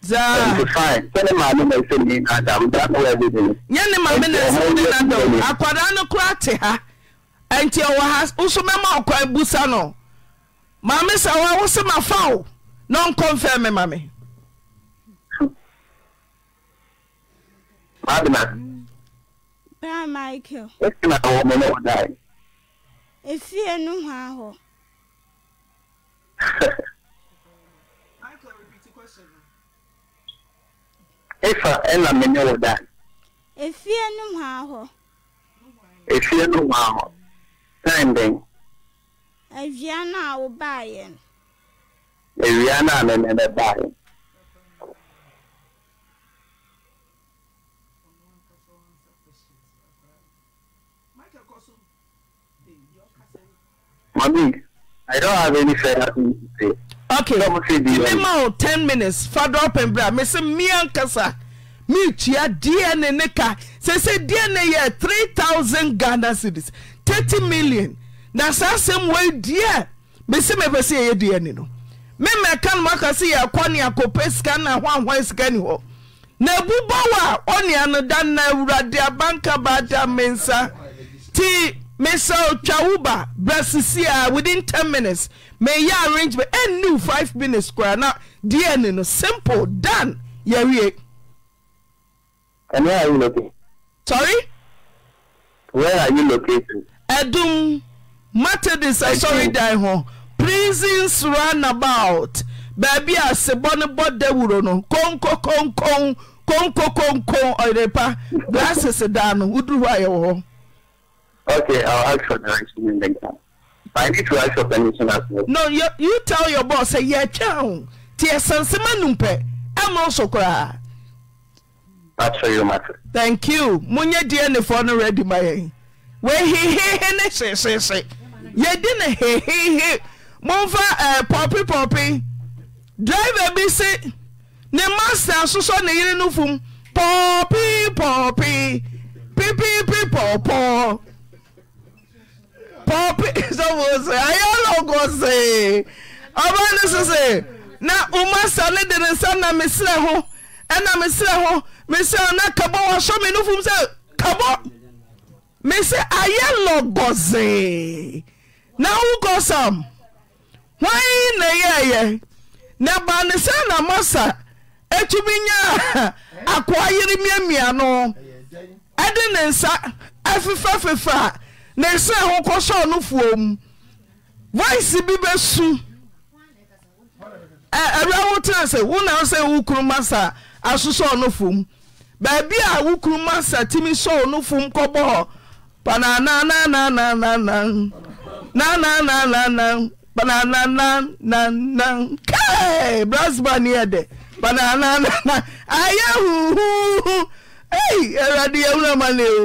Speaker 5: zaa sani maame na ese mi na adam da kura bi bi. nye ne maame na ese mi na adam
Speaker 1: akwadaa no kura te ha nti ɛwɔ ha nso mɛma ɔkwa ebusa no maame sa wa wosi ma fa o na nkɔ nfɛn mi maame.
Speaker 5: Adina.
Speaker 8: Bra Michael.
Speaker 5: Esi na awọ mọ efa ɛna mene wɔ da
Speaker 8: efie no mu ha hɔ
Speaker 5: efie no mu ha hɔ time den
Speaker 8: awia no a wobaeɛ
Speaker 5: no awia no a mene bɛbaeɛ Mami, I don't have any further things to say.
Speaker 1: me mao 10 minuts fadpe berɛa mese mia nkasa mekyia de ne ne ka sɛsɛ deɛ ne yɛ 3000 ghana cidies 30 mi0000n na saa asɛm waaduɛ mɛse mɛpɛ sɛyɛyɛ deani no memɛka nokase yɛ kɔneakɔpɛ sika nea hɔha sikani hɔ na bubɔw a ɔneano da na awurade abanka baada me nsa nti mesɛɔtwa wo ba bra sesie a within 10 minuts yɛarrangemen nw 5v minutes square na deɛ ani no simple dan yesream matade ssorydan ho presons runabout baabi a se bɔne bɔda wuro no konooonoonon yede pa glasses daa no woduru hɔ ayɛwɔ
Speaker 5: hɔ I need to ask your permission as well.
Speaker 1: No, you, you tell your boss, say, yeah, chow. Tia Sansima Numpe, I'm also cry.
Speaker 5: That's you matter.
Speaker 1: Thank you. Munya dear, the phone ready, my. Where he, he, he, say, say, say. You didn't, he, he, he. Mumfa, uh, eh, poppy, poppy. Driver be sick. Ne master, so ne, you know, from. Poppy, poppy. Pippy, pippy, pop, pop. <laughs> ɛzeanesese na omasa ne dene nsa namesɛ ɛnameseɛ ho mesna kabɔ wasɔme no fom sɛ kabɔ mesɛ ayɛlɔ gozee na wokɔ sam a n yɛyɛ neba ne sɛ na masa atumi nya a <laughs> akoa yere miamia no ɛde ne nsa afefa fifaa na ɛsɛ ho kɔ sɛ no fuom voice bi bɛsu awura wotena sɛ wona wo sɛ wo kuruma sa aso sɛ no fom baabi a wo kuruma sa timi sɛ no na na na panananananananan nananananan panananananan kae brasba ne yɛ na na na na ei awurade yɛwura ma na o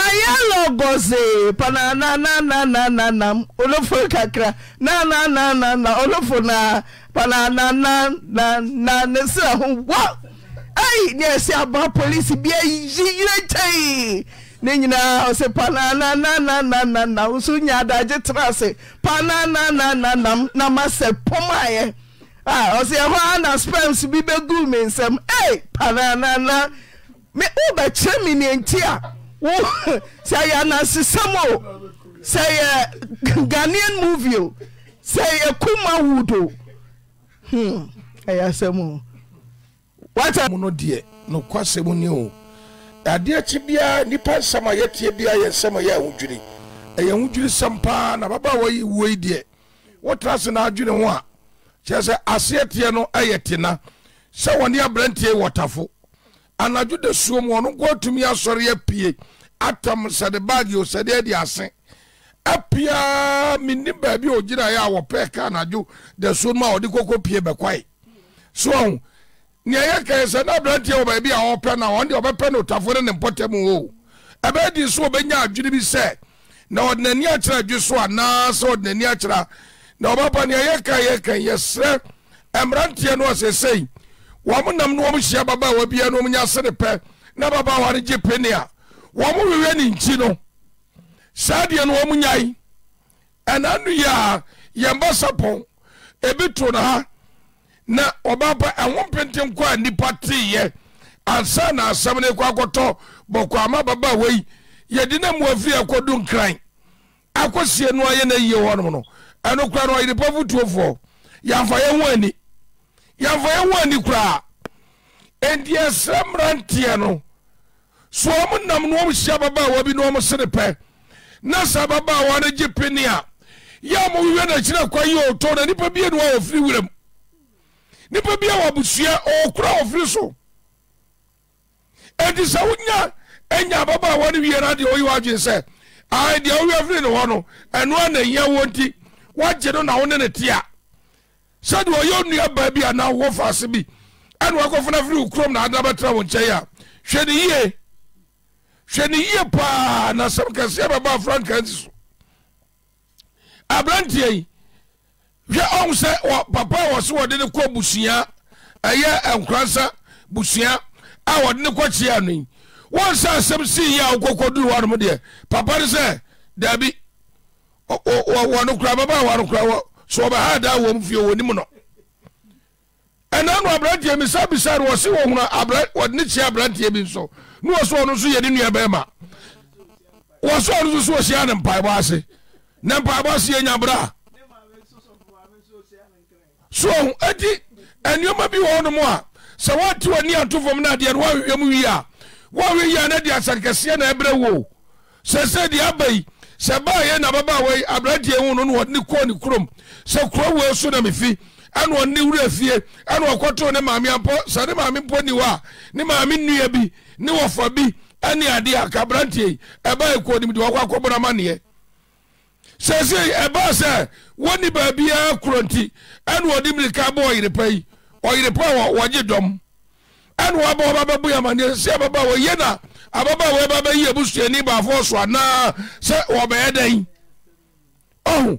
Speaker 1: ayalọgọzi panananananana m olofo kakra nanananana olofo na na nesi ahụ wa ayi ni esi aba polisi bia yire kyei ne nyinaa ɔsɛ panananananana nso nya adagye tena ase panananananam na ma sɛ pɔm ayɛ a ɔsɛ ɛhɔ a na spams bi bɛgu me nsɛm ei pananana me wobɛkyerɛ me ne nti a wo sɛ yɛ anansesɛm o sɛ yɛ ghanaian movie hmm. o sɛ yɛ kuma wood o ɛyɛ asɛm o
Speaker 10: wata mu no deɛ nokɔ asɛm ni o adeɛ kyi biara nnipa nsɛm a yɛtie biara yɛ nsɛm a yɛ ahodwiri ɛyɛ ahodwiri sɛm paa na babaawa yi wuo yi deɛ wotena ase na adwene ho a kyerɛ sɛ aseɛ teɛ no ɛyɛ tena sɛ wɔne aberanteɛ wɔtafo anadwo de suo mu ɔno nko atumi asɔre apue atam sɛde baage o sɛde adi ase apia menni baabi a ɔgyina yɛ a wɔpɛɛ ka anadwo da suo no mu a ɔde kɔkɔ pie bɛkwae so ɔho nea yɛ kae sɛ na aberanteɛ wɔ baabi a ɔpɛ no a ɔno deɛ ɔbɛpɛ no otafo ne ne mpɔtɛ mu o ɛbɛyɛ di so ɔbɛnya adwene bi sɛ na ɔde n'ani akyerɛ adwe so anaasɛ ɔde n'ani akyerɛ na ɔbɛba nea yɛ ka yɛ ka yɛsrɛ mmeranteɛ no ɔsɛsɛi wɔmo nam no wɔm hyia baba wa bia no ɔmnya sene pɛ na baba wane gye pene a wɔmo wewɛ ne nkyi no sa deɛ no wɔmnyai ɛna no yi a yɛmbasapɔn ebi to no ha na ɔbapa ɛho peten kɔ a nnipa teeɛ ansa na asɛm ne kɔ akɔtɔ bɔkɔ ama baba aweyi yɛdi na moafi akɔdu nkran yɛmfa yɛwɔn ani kora a ɛndia sɛ mmera nteɛ no so am nam noɔmhyia babaa wa bi no ɔm sene pɛ na sɛa babaa wa na gye pene a yɛ mo wewiɛ na ɛkyirɛ kwa yɛ otɔ na nnipa bianwa wɔfiri wurɛm nnipa bia wɔ abosua ɔwo kora ɔfiri so enti sɛ wonya anya babaa wa ne wiena adeɛ wɔyewɔadwene sɛ a adea wɔwiafini ne hɔ no ɛno anayia wɔ nti woagye no na wo ne ne tea sɛdeɛ ɔyɛ nnua baa bi anaa wɔ faase bi ɛne wakɔfona firi wo kurom na ada bɛtena wo nkyɛn a hwɛ ne yie hwɛ ne yie paa na sɛm kɛseɛ bɛba franka nsi so aberanteɛ yi hwɛ ɔhu sɛ papa a wɔse wɔde ne kɔ busua ɛyɛ nkransa busua a wɔde ne kɔ kyeɛ no yi wɔnsa asɛm sii yɛ a wokɔkɔduru hɔ nom deɛ papa no sɛ daabi wɔno kora bɛba wɔno kora so ɔbɛha daa wɔm fie wɔ nim no ɛna no aberanteɛ mi saa bisa no wɔse hunu abra wɔde ne kyia aberanteɛ bi nso ne wɔso ɔno nso yɛ ne nua bɛrima wɔso ɔno nso so wɔhyia ne mpaebɔ ase na mpaebɔ ase yɛ nyabra a so eti nneɛma bi wɔ hɔnom a sɛ wɔate w'ani ato fam no adeɛ no woaweɛ mu wie a woawe yi a na de asankɛseɛ na ɛbrɛ wo sɛ sɛ deɛ aba yi sɛ baa yɛ na babaawa yi aberanteɛ hu no no wɔde ne kɔɔ kurom sɛ kuro wei so na mefi ɛna ɔne wura fie ɛna ɔkɔtoo ne maame mpɔ sɛ ne maame mpɔ ni hɔ a ne maame nnua bi ne wɔfa bi ɛne adeɛ a kabrantie yi ɛba ɛkɔ nim de wɔkɔ akɔbɔra manneɛ sɛsei ɛba sɛ wɔni baabiaa kuro nti ɛna ɔde mirika bɔ ɔyere yi ɔyere wɔ wɔgye dɔm ɛna wɔaba wɔba bɛbu yamanneɛ sɛ ɛbaba wɔyɛ na ababa wɔba bɛyi abusuani baafoɔ so anaa sɛ wɔbɛyɛ dɛn ɔho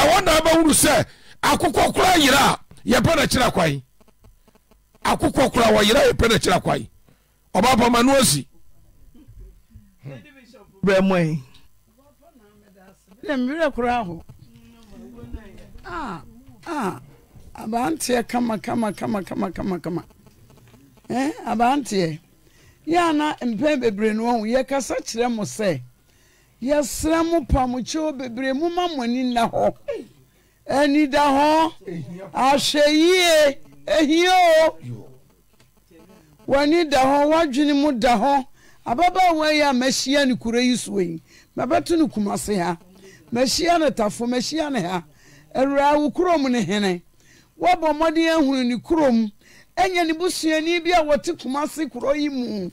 Speaker 10: ɛwɔ na bɛwuru sɛ akokɔ kora yera a yɛpɛ na kyerɛ kwan akokɔ kora wɔyera a yɛpɛ na kyerɛ kwan ɔba pama no asi
Speaker 1: abanteɛ kama abanteɛ yɛ ana mpɛn bebree no ɔhu yɛkasa kyerɛ mo sɛ yɛsrɛ mo pa mo kyɛw bebree mo mo ani nna hɔ ani da hɔ ahwɛ yie ehia o w'ani da hɔ w'adwene mu da hɔ ababaawa yi a mɛhyia ne kuro yi so yi mɛbɛto ne kumase ha mɛhyia ne tafo mɛhyia ne ha awura wo kurom ne hene wɔbɔ mmɔden ahunu ne kurom ɛnyɛ ne busuani bi a wɔte kumase kuro yi mu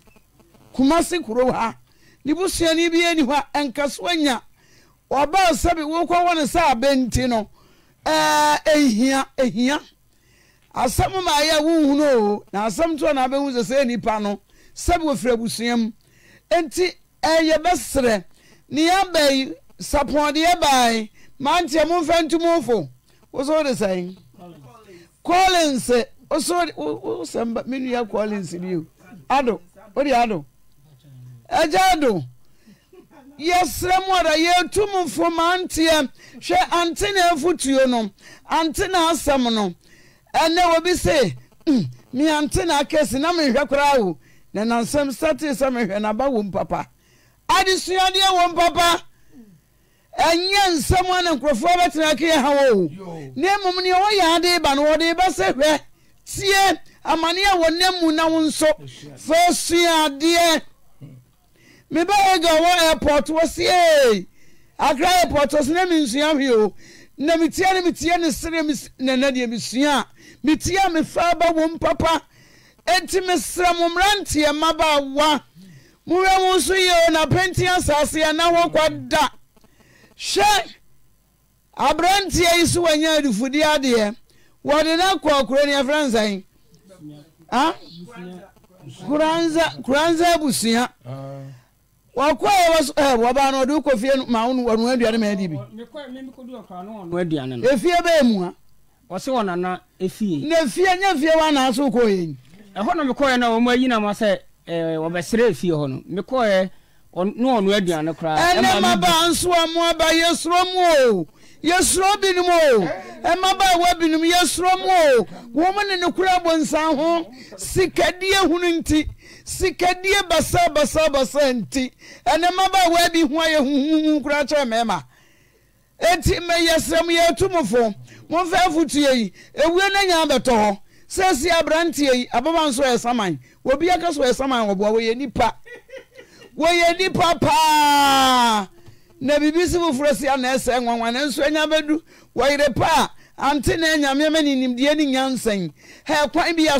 Speaker 1: kumase kuro ha. nebosuane biar ani hɔ a ɛnkasoaanya ɔbao sɛbi wokɔ wɔne sɛ a bɛnti nohia asɛm bayɛ a wohunoonasɛoanɛu sɛsɛnpa osɛbi wɔfiri bsua m nti ɛyɛ bɛserɛ neabai sapɔdeɛ ba mantmmfa ntmfo wosode sɛ agya do yɛserɛ mu ada yɛtu mu fo ma nteɛ hwɛ ante ne afotuo no ante na asam no ɛnɛ wɔbi se hmm, me ante na akɛsi na mehwɛ koraa o na nansɛm satee sɛ mehwɛ n'aba wɔ papa adesuadeɛ wɔ papa ɛnyɛ nsɛm a ne nkurɔfoɔ bɛtena ke yɛ ha wɔ o na mmom neɛ wɔyɛ ade ba no wɔde ba sɛ hwɛ tie amani a wɔ na mu na wo nso fa suadeɛ mebɛɛga ɔwɔ arpot wɔ see akra aipot ɔsna minsua hio na mtine tne edemsa metie a mefaba o mpapa enti mesrɛ momranteɛ ma baawa mowera mu so yeo napɛnti asase ana hɔ kda hwɛ abranteɛ yi so wanya adufudi adeɛ wɔde no kɔkora ni afransaikoransa ah? abusua ah. wɔkɔ yɛ wɔ so ɛ wɔba no ɔde kɔ fie no maa wɔn wɔn aduane maa di bi.
Speaker 9: mekɔ mi kɔ di ɔkra no efie
Speaker 1: bɛyɛ mu a. wɔsi wɔn nana efie. na efie nye fie wa na
Speaker 9: aso kɔ yɛ. ɛhɔ na mekɔ yɛ na wɔn ayi na ma sɛ ɛɛ wɔbɛsrɛ efie hɔ no mekɔ yɛ ne wɔn aduane koraa.
Speaker 1: ɛnɛ maba nso a mo aba yɛ soro mu o yɛ soro binom o ɛma ba ɛwɔ binom yɛ soro mu o wɔn ne ne kura bɔ nsa ho sikadie hunu nti. sikadie basa basa basa nti nɛ ma ba waabi hoayɛ h kakea paa a bibi so foforɔ sɛanasɛ d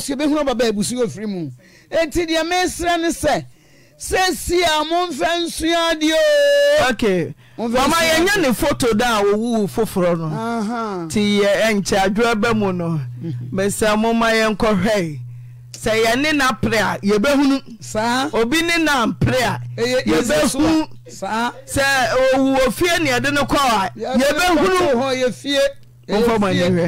Speaker 1: yrɛ eti deɛ mesrɛ ne sɛ sɛsi a momfɛ nsua deɛ o. okay mama yɛnyɛ ne foto da a owuwu foforɔ no ti yɛ nkyɛ adwerɛ bɛ mu no bɛsɛ mhm. moma yɛnkɔhwɛ sɛ yɛne na pere a yɛbɛhunu obi ne na pere a yɛbɛhunu sɛ owu ofie ne yɛde ne kɔ a yɛbɛhunu
Speaker 3: mfɔmɔ ni hwɛ.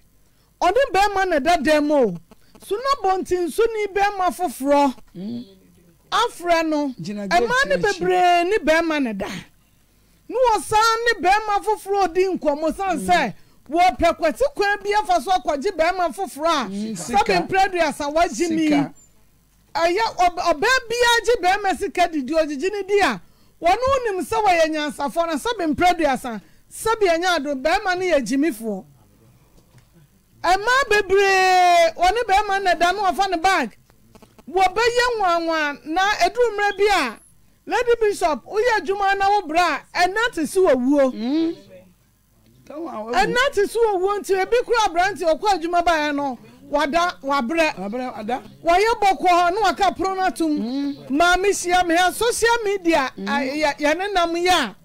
Speaker 1: ɔde bɛrima na dada mu o suna bɔnten so ne bɛrima foforɔ afrɛ no mmaa ne bebree ne bɛrima na da ne wɔsan ne bɛrima foforɔ di nkɔmɔ san sɛ wɔpɛ kwasi kwan bi afa so akɔgye bɛrima foforɔ a mm, sɛbi mpirɛdua sa wagye mi ɛyɛ ɔbaa biara gye bɛrima sika didi ogyegye ne di a wɔn no nim sɛ wɔyɛ nyansafo na sɛbi mpirɛdua sa sɛbi ɛnyɛ ado bɛrima ni yɛ gyimifoɔ. mmaa bebree wɔne bɛrima na da no wɔfa ne bag wɔbɛyɛ nwanwa na eduru mmerɛ bi a lady bishop woyɛ adwuma na wo bra ɛna te si wɔ wuo hmm?
Speaker 5: ɛna
Speaker 1: te si wɔ wuo nti ebi kura aberante ɔkɔ adwuma baeɛ no wada wabrɛ wɔyɛ bɔkɔ na waka pono no atum hmm? maame hyia me ha social media hmm? yɛne nam yɛ a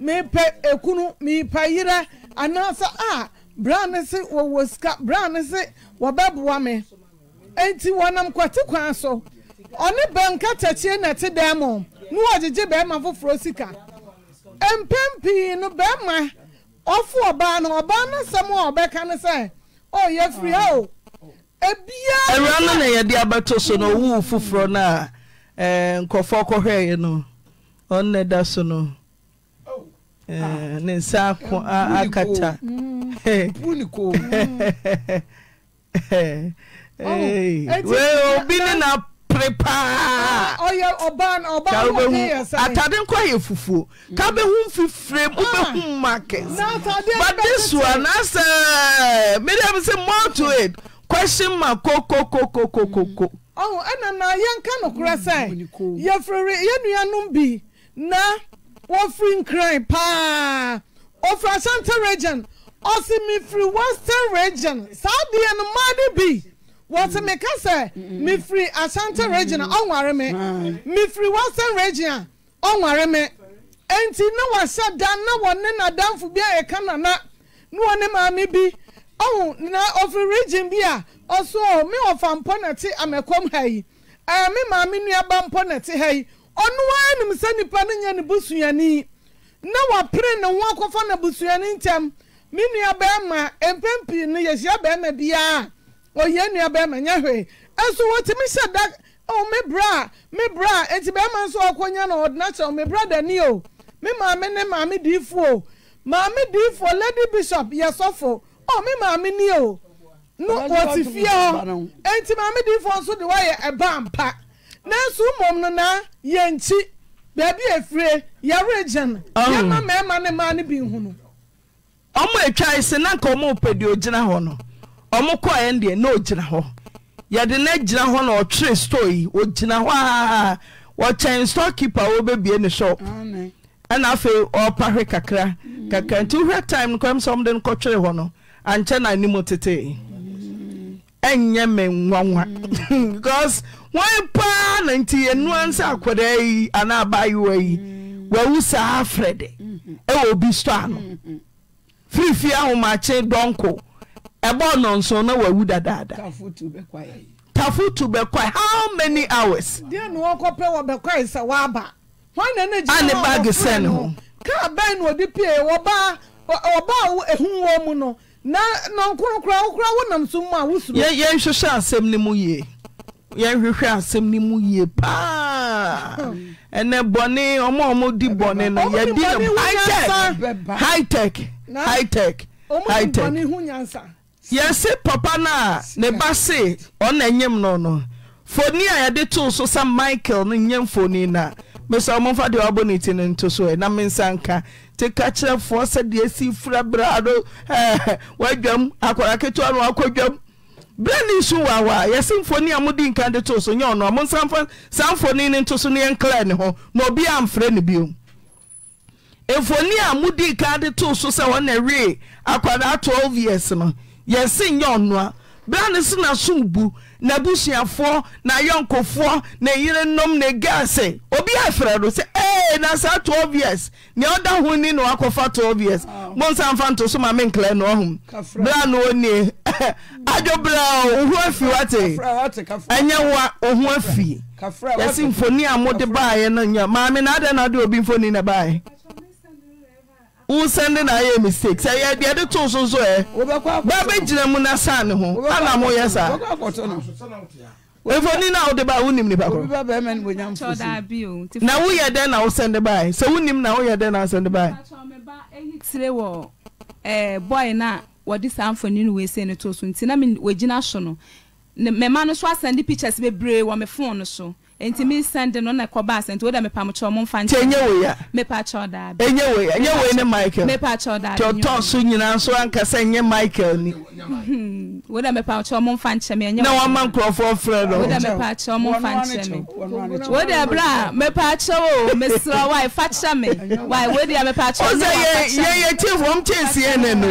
Speaker 1: mepɛ ekunu mepɛ yerɛ anaasɛ a. braa ne se wɔwɔ sika braa ne se wɔbɛboa me enti wɔnam kwate kwan so ɔne bɛnka tɛkyie na ɛte dan mu ne wɔgyegye bɛrima foforɔ sika mpɛn pii no bɛrima ɔfo ɔbaa no ɔbaa no asɛm a ɔbɛka ne sɛ ɔyɛ firi ha o ebiaa awura no na yɛde abɛto so no ɔwu foforɔ no a eh, nkɔfoɔ kɔhwɛeɛ no ɔnna so no Eh, ne nsa akata obi ne na pere paaaatade nkɔ yɛ fufuo ka mm. bɛhu mfifirem wobɛhu ah. market but this one asɛ medem sɛ more to mm. it question ma kokokokokokoko mm. oh, ɛna na yɛnka nokora sɛ yɛfiri yɛnnuanom bi na Offering nkran paa ofiri ashanti region ɔsi mi firi western region saa deɛ no mmaa de bi wɔsi mi kasa mi firi ashanti region a ɔnware mi mi firi western oh, region a ɔnware mi eti na wahyɛ dan na wɔne n'adanfo bi a yɛka nana na wɔne maame bi ɔho na ofiri region bi a ɔso mi wɔfa mpɔ na ti amɛkɔm eh, mi maame nua ba mpɔ na ti ɔno ara nim sɛ nipa no nyɛ ne busuani na wapere ne ho akɔfa na busuani ntɛm me nua bɛrima mpempi no yɛhyia bɛrima biara ɔyɛ nua bɛrima nyɛ hwee ɛso wɔtumi hyɛ da ɔwɔ me bra me bra eti bɛrima nso ɔkɔnya na ɔdena kyɛw me bra dani o me maame ne maame diifoɔ maame diifoɔ lady bishop yɛsɔfo ɔ me maame ni o no wɔte fie hɔ eti maame diifoɔ nso de wɔyɛ ɛba mpa. na mmom no naa yɛ nkyi baabi afire yɛregyen yɛma mmarima ne mmaa no bi nhunu ɔmo atwae se na nka ɔmo pɛ deɛ ogyina hɔ no ɔmo kɔɛ deɛ na ogyina hɔ yɛde na gyina hɔ na ɔtwere store ogyina hɔ a wɔkyɛn store keeper wɔbɛbie ne shop
Speaker 4: ɛna
Speaker 1: afei ɔpa kakra kakra nti wohwɛ time no kɔm sɛ ɔmde no kɔtwere hɔ na anim tetee ɛnyɛ me nwanwa <laughs> because wọn paa e e na nti enua nsa akwadaa yi anaa abaayewa yi wawu saa afrɛde ɛwɔ obi stɔa no firifiri ahomakye dɔnko ɛbɔ ɔnɔnso na wawu dadaada
Speaker 2: tafotu bɛkwae
Speaker 1: how many hours. deɛ na wɔkɔpɛ wɔ bɛkwae sɛ waba wɔn na ne gyina wɔn bag sɛn ho kaa bɛn na odi pie wɔba wɔba ehu wɔn mu no na na nkorokora wokora wonam so mu a wosoro. yɛn yɛn hwehwɛ asɛm ne mu yie. yɛhwehwɛ asɛm no mu yie paa hmm. ɛnɛ bɔne ɔma ɔmodi bɔne no yɛde nt yɛ se pɔpa no a ne ba se ɔna nyem no no foni a yɛde too so sa michael no yɛ honii no a mɛsɛ ɔmofa deɛ wabɔ ne ti no nto so ɛ name nsa nka nti kakyerɛfoɔ sɛdeɛ asi fura brado wadwam akarakete a no waakɔdwam berɛ ne nsu waawaa yɛse mfoni a mode nka de too so nyɛ ɔno a mo nsa saa mfoni no nto so no yɛnklaa ne ho na obi amfrɛ ne bio mfoni a modi ka de too so sɛ wɔna wie akwadaa 12 years no yɛse nyɛ ɔno a berɛ ne se nasom bu n'abusuafoɔ n'ayɔnkofoɔ ne yerenom ne gaase obi afrɛ no sɛ ee na saa twelve years nea ɔda ho ni na wakɔfa twelve years mo nsa nfa nto so maame nkira na ɔhom bra na onie <laughs> adwo bra o ohu afi wate
Speaker 3: ɛnyɛ wa ohu afi yɛsi mfoni a mo de baayɛ no
Speaker 1: nyɛ maame na adɛ na ɔde obi mfoni na baayɛ wosɛnde na ayɛ mistake sɛ yɛ deɛ de too so so ɛ bɛbɛ gyina mu na san ne ho ana moyɛ saa
Speaker 10: mfoni na wode ba wonim nipa korɔ
Speaker 1: na woyɛ dɛn na wosɛnde bae sɛ wonim na woyɛ dɛn na wosɛnde bae
Speaker 2: tire wɔ bɔe no a wɔde saa mfoni no wɔɛsɛ no too so nti na wɔgyina so no mɛma no so asɛnde pictures bebree wɔ me fon no so ntimesnd nonsɛn miael
Speaker 1: ɔtɔso nyina so ankasɛ nyɛ michael nipfa
Speaker 2: hmm. kɛn wama nkurɔfoɔ frɛ
Speaker 1: nokmpɛkyɛyɛtifmkyɛsiɛ nɛ no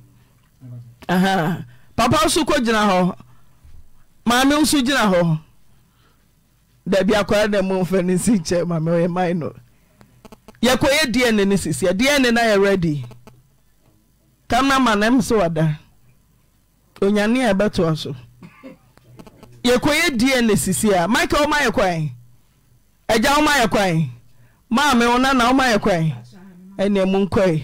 Speaker 1: papa so gyina hɔ maame nso gyina hɔ daabi akwara na mu mfa ne si kyɛ maame ɔyɛ man no yɛkɔyɛ dn no sisi dn no yɛ ready cameraman na m so wada onyane a ɛbɛtoa so yɛkɔyɛ DNA sisi a mike ɔma yɛ kwan agya ɔma yɛ kwan maame ɔna na ɔma yɛ kwan ɛnea mu nkɔe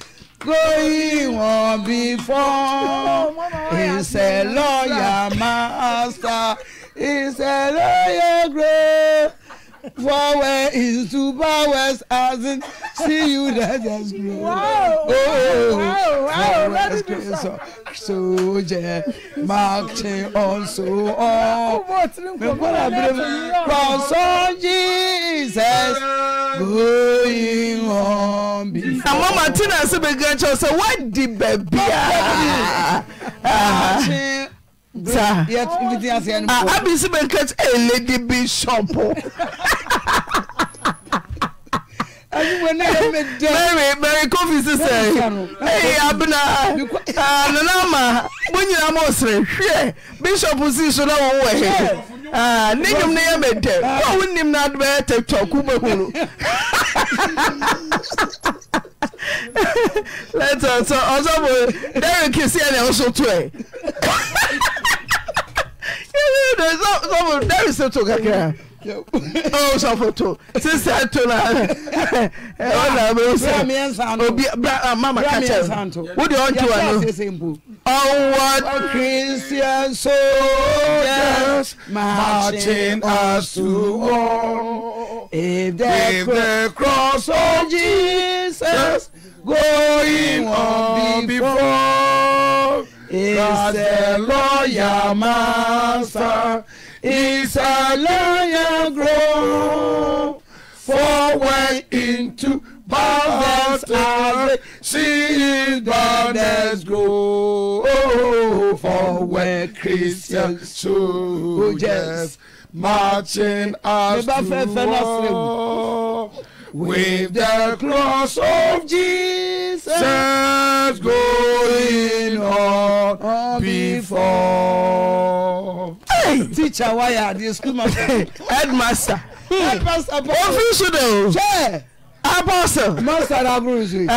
Speaker 1: going on before is a lawyer master is a lawyer great. For where is to powers as in see you that has grown. Wow, oh, oh, oh, wow, wow, wow. So, so, yeah, marching on so on. Before I believe, for so Jesus going on before. Na mama Tina sebe gancho so what the baby? Ah. Marching
Speaker 4: saa
Speaker 3: abisi
Speaker 1: bɛ nkɛ ɛ lady bishop. <laughs> mary mary kofi sisẹ eyi abina anunama mo nyina mo sere hwẹ bishop si so na wọn wọ ẹ ne nyom ne yẹ mẹ dẹ wọn wọn nim na bẹ tẹ tọ kú mẹ huru
Speaker 6: lẹtọ sọ ọsọ mo derrick kìsí ẹ na ẹ so tó ẹ
Speaker 1: sọ mo derrick sọ tó kakra ɔsɔfo to sisan to la ɔna mi sɛ obi bra uh, mama ka kyɛ wo de ɔntu wa no christian soldiers
Speaker 10: marching us to war if the, cross of oh, jesus going on
Speaker 1: before is the loyal master
Speaker 10: is a lion grow forward into balance and see darkness grow for forward Christian soldiers marching as to war with the cross of Jesus going on before
Speaker 1: teacher waya the school hmm. master headmaster headmaster paul ofin so de o chair apostle master aburusui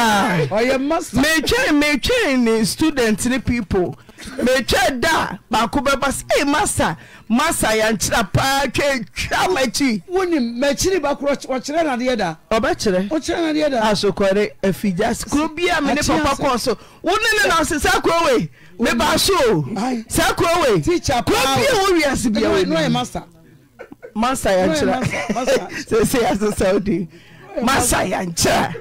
Speaker 1: ọyẹ master. mètwẹ́ mètwẹ́ ni student ni people mètwẹ́ da baako bẹ́ẹ̀ bá sẹ́ Hey, master masa yankyerɛ paa twɛ twa m'akyi. wóni m'akyiri bakoro ɔkyerɛ n'adeɛ da. ɔbɛkyerɛ ɔkyerɛ n'adeɛ da. asokɔre afidja kuro bi a mi ni papa kɔɔ so wóni ne na ɔsisa kuro wei meba so saa kuro wei kuro bia wo wiase bia wani masa yɛnkyerɛ sɛsɛ yɛasesa wodi masa yɛnkyerɛ